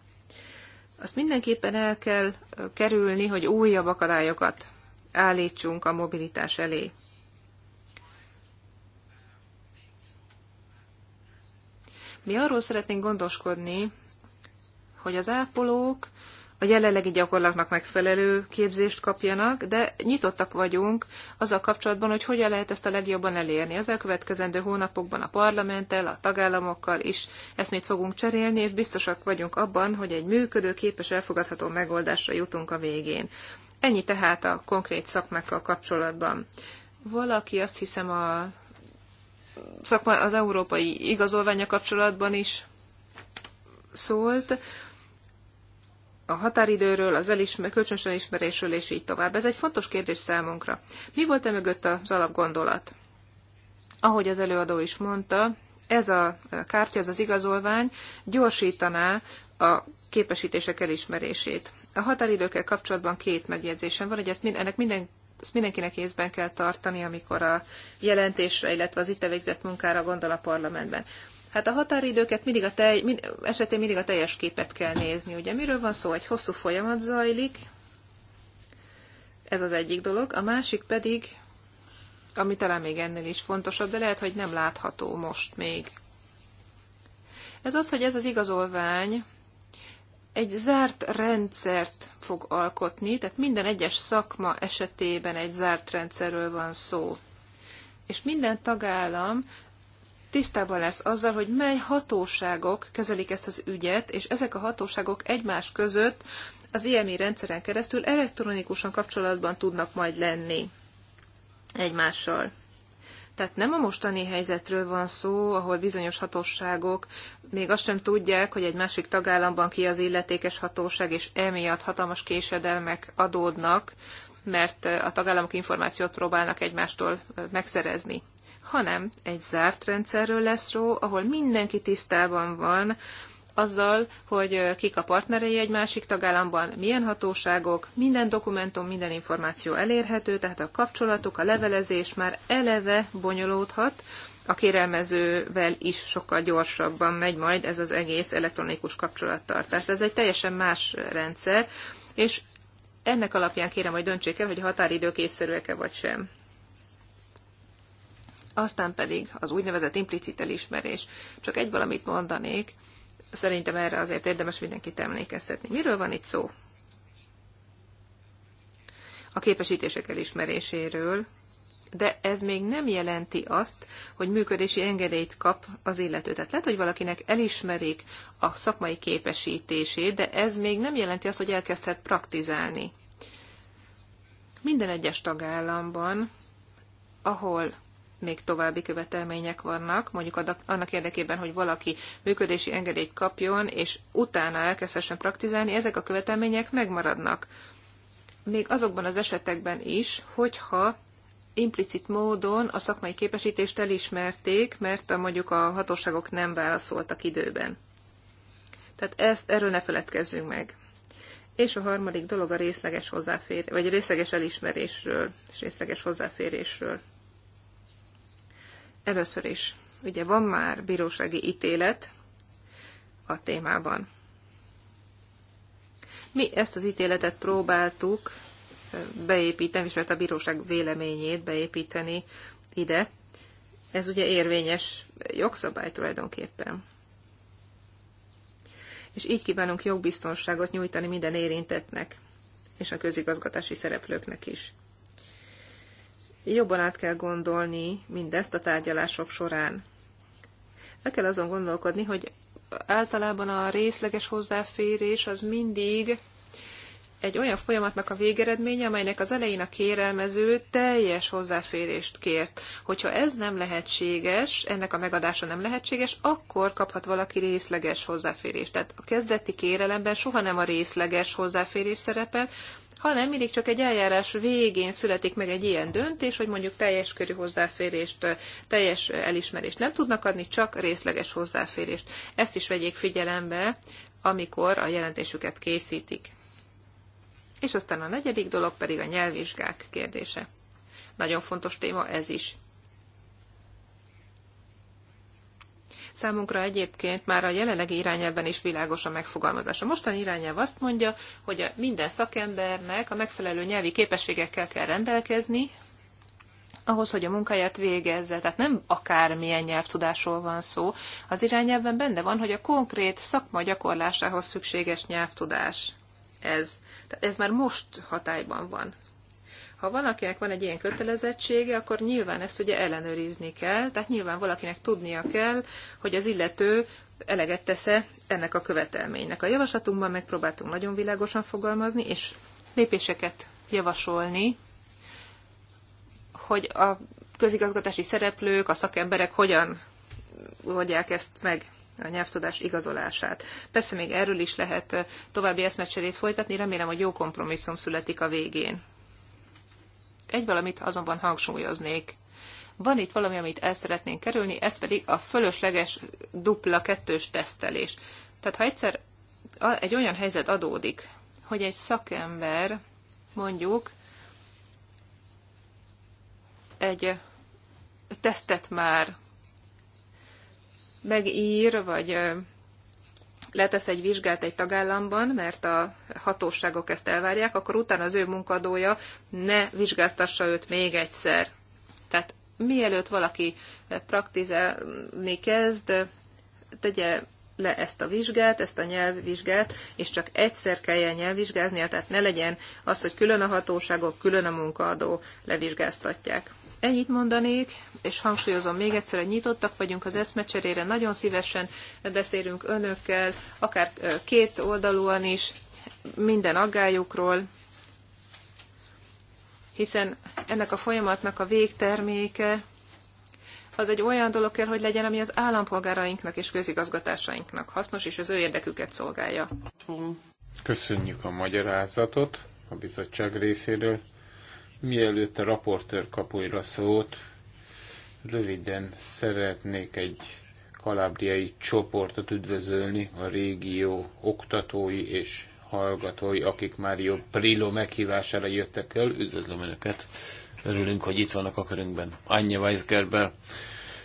azt mindenképpen el kell kerülni, hogy újabb akadályokat állítsunk a mobilitás elé. Mi arról szeretnénk gondoskodni, hogy az ápolók a jelenlegi gyakorlatnak megfelelő képzést kapjanak, de nyitottak vagyunk azzal kapcsolatban, hogy hogyan lehet ezt a legjobban elérni. Az elkövetkezendő hónapokban a parlamenttel, a tagállamokkal is eszmét fogunk cserélni, és biztosak vagyunk abban, hogy egy működő, képes, elfogadható megoldásra jutunk a végén. Ennyi tehát a konkrét szakmákkal kapcsolatban. Valaki azt hiszem a szakma, az európai igazolványa kapcsolatban is szólt a határidőről, az elismer, kölcsönösen elismerésről, és így tovább. Ez egy fontos kérdés számunkra. Mi volt e mögött az alapgondolat? Ahogy az előadó is mondta, ez a kártya, ez az igazolvány gyorsítaná a képesítések elismerését. A határidőkkel kapcsolatban két megjegyzésem van, hogy ezt, mind, ennek minden, ezt mindenkinek észben kell tartani, amikor a jelentésre, illetve az itt végzett munkára gondol a parlamentben. Hát a határidőket mindig a tej, mind, esetén mindig a teljes képet kell nézni. Ugye miről van szó? Egy hosszú folyamat zajlik, ez az egyik dolog. A másik pedig, ami talán még ennél is fontosabb, de lehet, hogy nem látható most még. Ez az, hogy ez az igazolvány egy zárt rendszert fog alkotni, tehát minden egyes szakma esetében egy zárt rendszerről van szó. És minden tagállam tisztában lesz azzal, hogy mely hatóságok kezelik ezt az ügyet, és ezek a hatóságok egymás között az IMI rendszeren keresztül elektronikusan kapcsolatban tudnak majd lenni egymással. Tehát nem a mostani helyzetről van szó, ahol bizonyos hatóságok még azt sem tudják, hogy egy másik tagállamban ki az illetékes hatóság, és emiatt hatalmas késedelmek adódnak, mert a tagállamok információt próbálnak egymástól megszerezni hanem egy zárt rendszerről lesz szó, ahol mindenki tisztában van azzal, hogy kik a partnerei egy másik tagállamban, milyen hatóságok, minden dokumentum, minden információ elérhető, tehát a kapcsolatok, a levelezés már eleve bonyolódhat, a kérelmezővel is sokkal gyorsabban megy majd ez az egész elektronikus kapcsolattartás. Ez egy teljesen más rendszer, és ennek alapján kérem, hogy döntsék el, hogy határidők észszerűek-e vagy sem. Aztán pedig az úgynevezett implicit elismerés. Csak egy valamit mondanék, szerintem erre azért érdemes mindenkit emlékeztetni. Miről van itt szó? A képesítések elismeréséről, de ez még nem jelenti azt, hogy működési engedélyt kap az illető. Tehát lehet, hogy valakinek elismerik a szakmai képesítését, de ez még nem jelenti azt, hogy elkezdhet praktizálni. Minden egyes tagállamban, ahol még további követelmények vannak, mondjuk annak érdekében, hogy valaki működési engedélyt kapjon, és utána elkezdhessen praktizálni, ezek a követelmények megmaradnak. Még azokban az esetekben is, hogyha implicit módon a szakmai képesítést elismerték, mert a, mondjuk a hatóságok nem válaszoltak időben. Tehát ezt erről ne feledkezzünk meg. És a harmadik dolog a részleges hozzáférés, vagy részleges elismerésről, és részleges hozzáférésről Először is, ugye van már bírósági ítélet a témában. Mi ezt az ítéletet próbáltuk beépíteni, és a bíróság véleményét beépíteni ide. Ez ugye érvényes jogszabály tulajdonképpen. És így kívánunk jogbiztonságot nyújtani minden érintetnek, és a közigazgatási szereplőknek is jobban át kell gondolni mindezt a tárgyalások során. Le kell azon gondolkodni, hogy általában a részleges hozzáférés az mindig egy olyan folyamatnak a végeredménye, amelynek az elején a kérelmező teljes hozzáférést kért. Hogyha ez nem lehetséges, ennek a megadása nem lehetséges, akkor kaphat valaki részleges hozzáférést. Tehát a kezdeti kérelemben soha nem a részleges hozzáférés szerepel, hanem mindig csak egy eljárás végén születik meg egy ilyen döntés, hogy mondjuk teljes körű hozzáférést, teljes elismerést nem tudnak adni, csak részleges hozzáférést. Ezt is vegyék figyelembe, amikor a jelentésüket készítik. És aztán a negyedik dolog pedig a nyelvvizsgák kérdése. Nagyon fontos téma ez is. Számunkra egyébként már a jelenlegi irányelben is világos a megfogalmazása. Mostani irányelv azt mondja, hogy a minden szakembernek a megfelelő nyelvi képességekkel kell rendelkezni, ahhoz, hogy a munkáját végezze. Tehát nem akármilyen nyelvtudásról van szó. Az irányelven benne van, hogy a konkrét szakma gyakorlásához szükséges nyelvtudás. Ez, tehát ez már most hatályban van. Ha valakinek van egy ilyen kötelezettsége, akkor nyilván ezt ugye ellenőrizni kell, tehát nyilván valakinek tudnia kell, hogy az illető eleget tesz-e ennek a követelménynek. A javaslatunkban megpróbáltunk nagyon világosan fogalmazni, és lépéseket javasolni, hogy a közigazgatási szereplők, a szakemberek hogyan oldják ezt meg a nyelvtudás igazolását. Persze még erről is lehet további eszmecserét folytatni, remélem, hogy jó kompromisszum születik a végén. Egy valamit azonban hangsúlyoznék. Van itt valami, amit el szeretnénk kerülni, ez pedig a fölösleges dupla kettős tesztelés. Tehát ha egyszer egy olyan helyzet adódik, hogy egy szakember mondjuk egy tesztet már megír, vagy letesz egy vizsgát egy tagállamban, mert a hatóságok ezt elvárják, akkor utána az ő munkadója ne vizsgáztassa őt még egyszer. Tehát mielőtt valaki praktizálni kezd, tegye le ezt a vizsgát, ezt a nyelvvizsgát, és csak egyszer kelljen nyelvvizsgáznia, tehát ne legyen az, hogy külön a hatóságok, külön a munkaadó levizsgáztatják. Ennyit mondanék, és hangsúlyozom még egyszer, hogy nyitottak vagyunk az eszmecserére, nagyon szívesen beszélünk önökkel, akár két oldalúan is, minden aggályukról, hiszen ennek a folyamatnak a végterméke az egy olyan dolog kell, hogy legyen, ami az állampolgárainknak és közigazgatásainknak hasznos, és az ő érdeküket szolgálja.
Köszönjük a magyarázatot a bizottság részéről. Mielőtt a raportőr kapóira szót, röviden szeretnék egy kalábriai csoportot üdvözölni, a régió oktatói és hallgatói, akik már jó Prilo meghívására jöttek el. Üdvözlöm Önöket! Örülünk, hogy itt vannak a körünkben. Anya Weisgerber.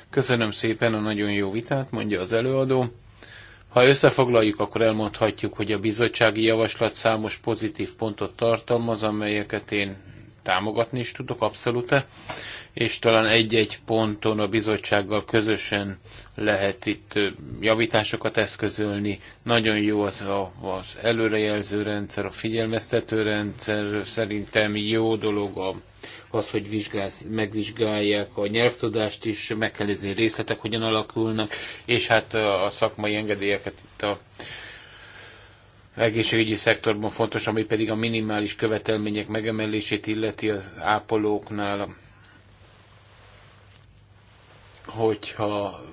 Köszönöm szépen a nagyon jó vitát, mondja az előadó. Ha összefoglaljuk, akkor elmondhatjuk, hogy a bizottsági javaslat számos pozitív pontot tartalmaz, amelyeket én támogatni is tudok abszolút, és talán egy-egy ponton a bizottsággal közösen lehet itt javításokat eszközölni. Nagyon jó az, a, az előrejelző rendszer, a figyelmeztető rendszer, szerintem jó dolog a az, hogy vizsgálsz, megvizsgálják a nyelvtudást is, meg kell részletek, hogyan alakulnak, és hát a szakmai engedélyeket itt a egészségügyi szektorban fontos, ami pedig a minimális követelmények megemelését illeti az ápolóknál, hogyha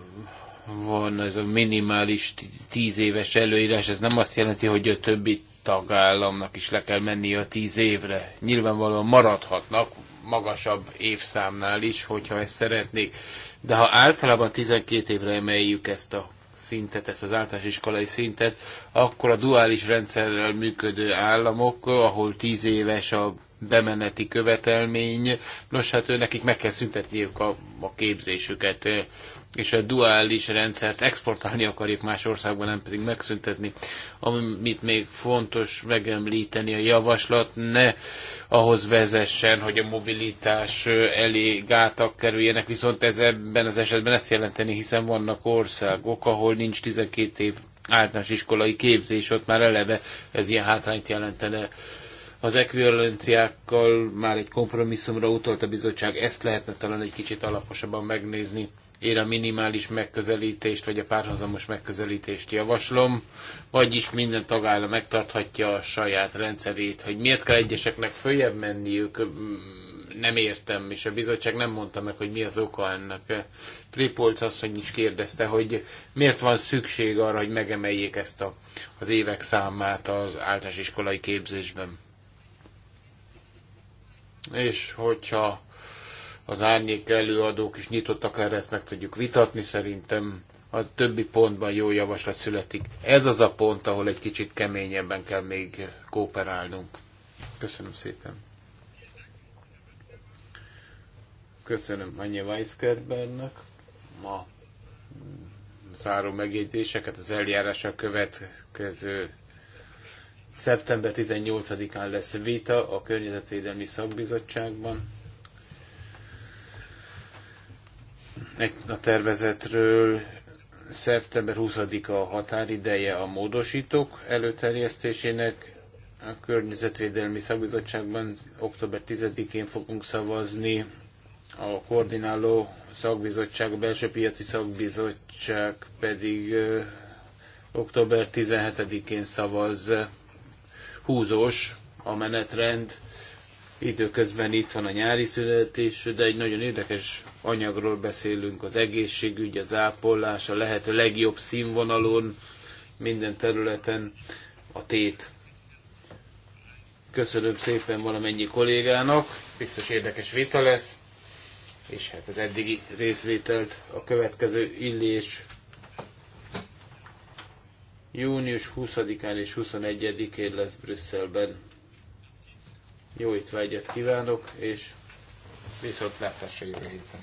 van ez a minimális tíz éves előírás, ez nem azt jelenti, hogy a többi tagállamnak is le kell menni a tíz évre. Nyilvánvalóan maradhatnak magasabb évszámnál is, hogyha ezt szeretnék. De ha általában 12 évre emeljük ezt a szintet, ezt az általános iskolai szintet, akkor a duális rendszerrel működő államok, ahol tíz éves a bemeneti követelmény, nos hát nekik meg kell szüntetniük a, a képzésüket és a duális rendszert exportálni akarjuk más országban, nem pedig megszüntetni. Amit még fontos megemlíteni, a javaslat ne ahhoz vezessen, hogy a mobilitás elé gátak kerüljenek, viszont ez ebben az esetben ezt jelenteni, hiszen vannak országok, ahol nincs 12 év általános iskolai képzés, ott már eleve ez ilyen hátrányt jelentene az ekvivalenciákkal már egy kompromisszumra utolt a bizottság, ezt lehetne talán egy kicsit alaposabban megnézni. Én a minimális megközelítést, vagy a párhuzamos megközelítést javaslom, vagyis minden tagállam megtarthatja a saját rendszerét, hogy miért kell egyeseknek följebb menniük, nem értem, és a bizottság nem mondta meg, hogy mi az oka ennek. Pripolt asszony is kérdezte, hogy miért van szükség arra, hogy megemeljék ezt a, az évek számát az általános iskolai képzésben. És hogyha az árnyék előadók is nyitottak erre, ezt meg tudjuk vitatni szerintem. A többi pontban jó javaslat születik. Ez az a pont, ahol egy kicsit keményebben kell még kooperálnunk. Köszönöm szépen. Köszönöm Anya Weiskerbernek. Ma záró megjegyzéseket az eljárással következő szeptember 18-án lesz vita a Környezetvédelmi Szakbizottságban a tervezetről szeptember 20-a a határideje a módosítók előterjesztésének. A Környezetvédelmi Szakbizottságban október 10-én fogunk szavazni a koordináló szakbizottság, a belső piaci szakbizottság pedig ö, október 17-én szavaz húzós a menetrend. Időközben itt van a nyári is, de egy nagyon érdekes anyagról beszélünk, az egészségügy, az ápolás, a lehető legjobb színvonalon, minden területen a tét. Köszönöm szépen valamennyi kollégának, biztos érdekes vita lesz, és hát az eddigi részvételt a következő illés június 20-án és 21-én lesz Brüsszelben. Jó étvágyat kívánok, és viszont látásra jövő héten.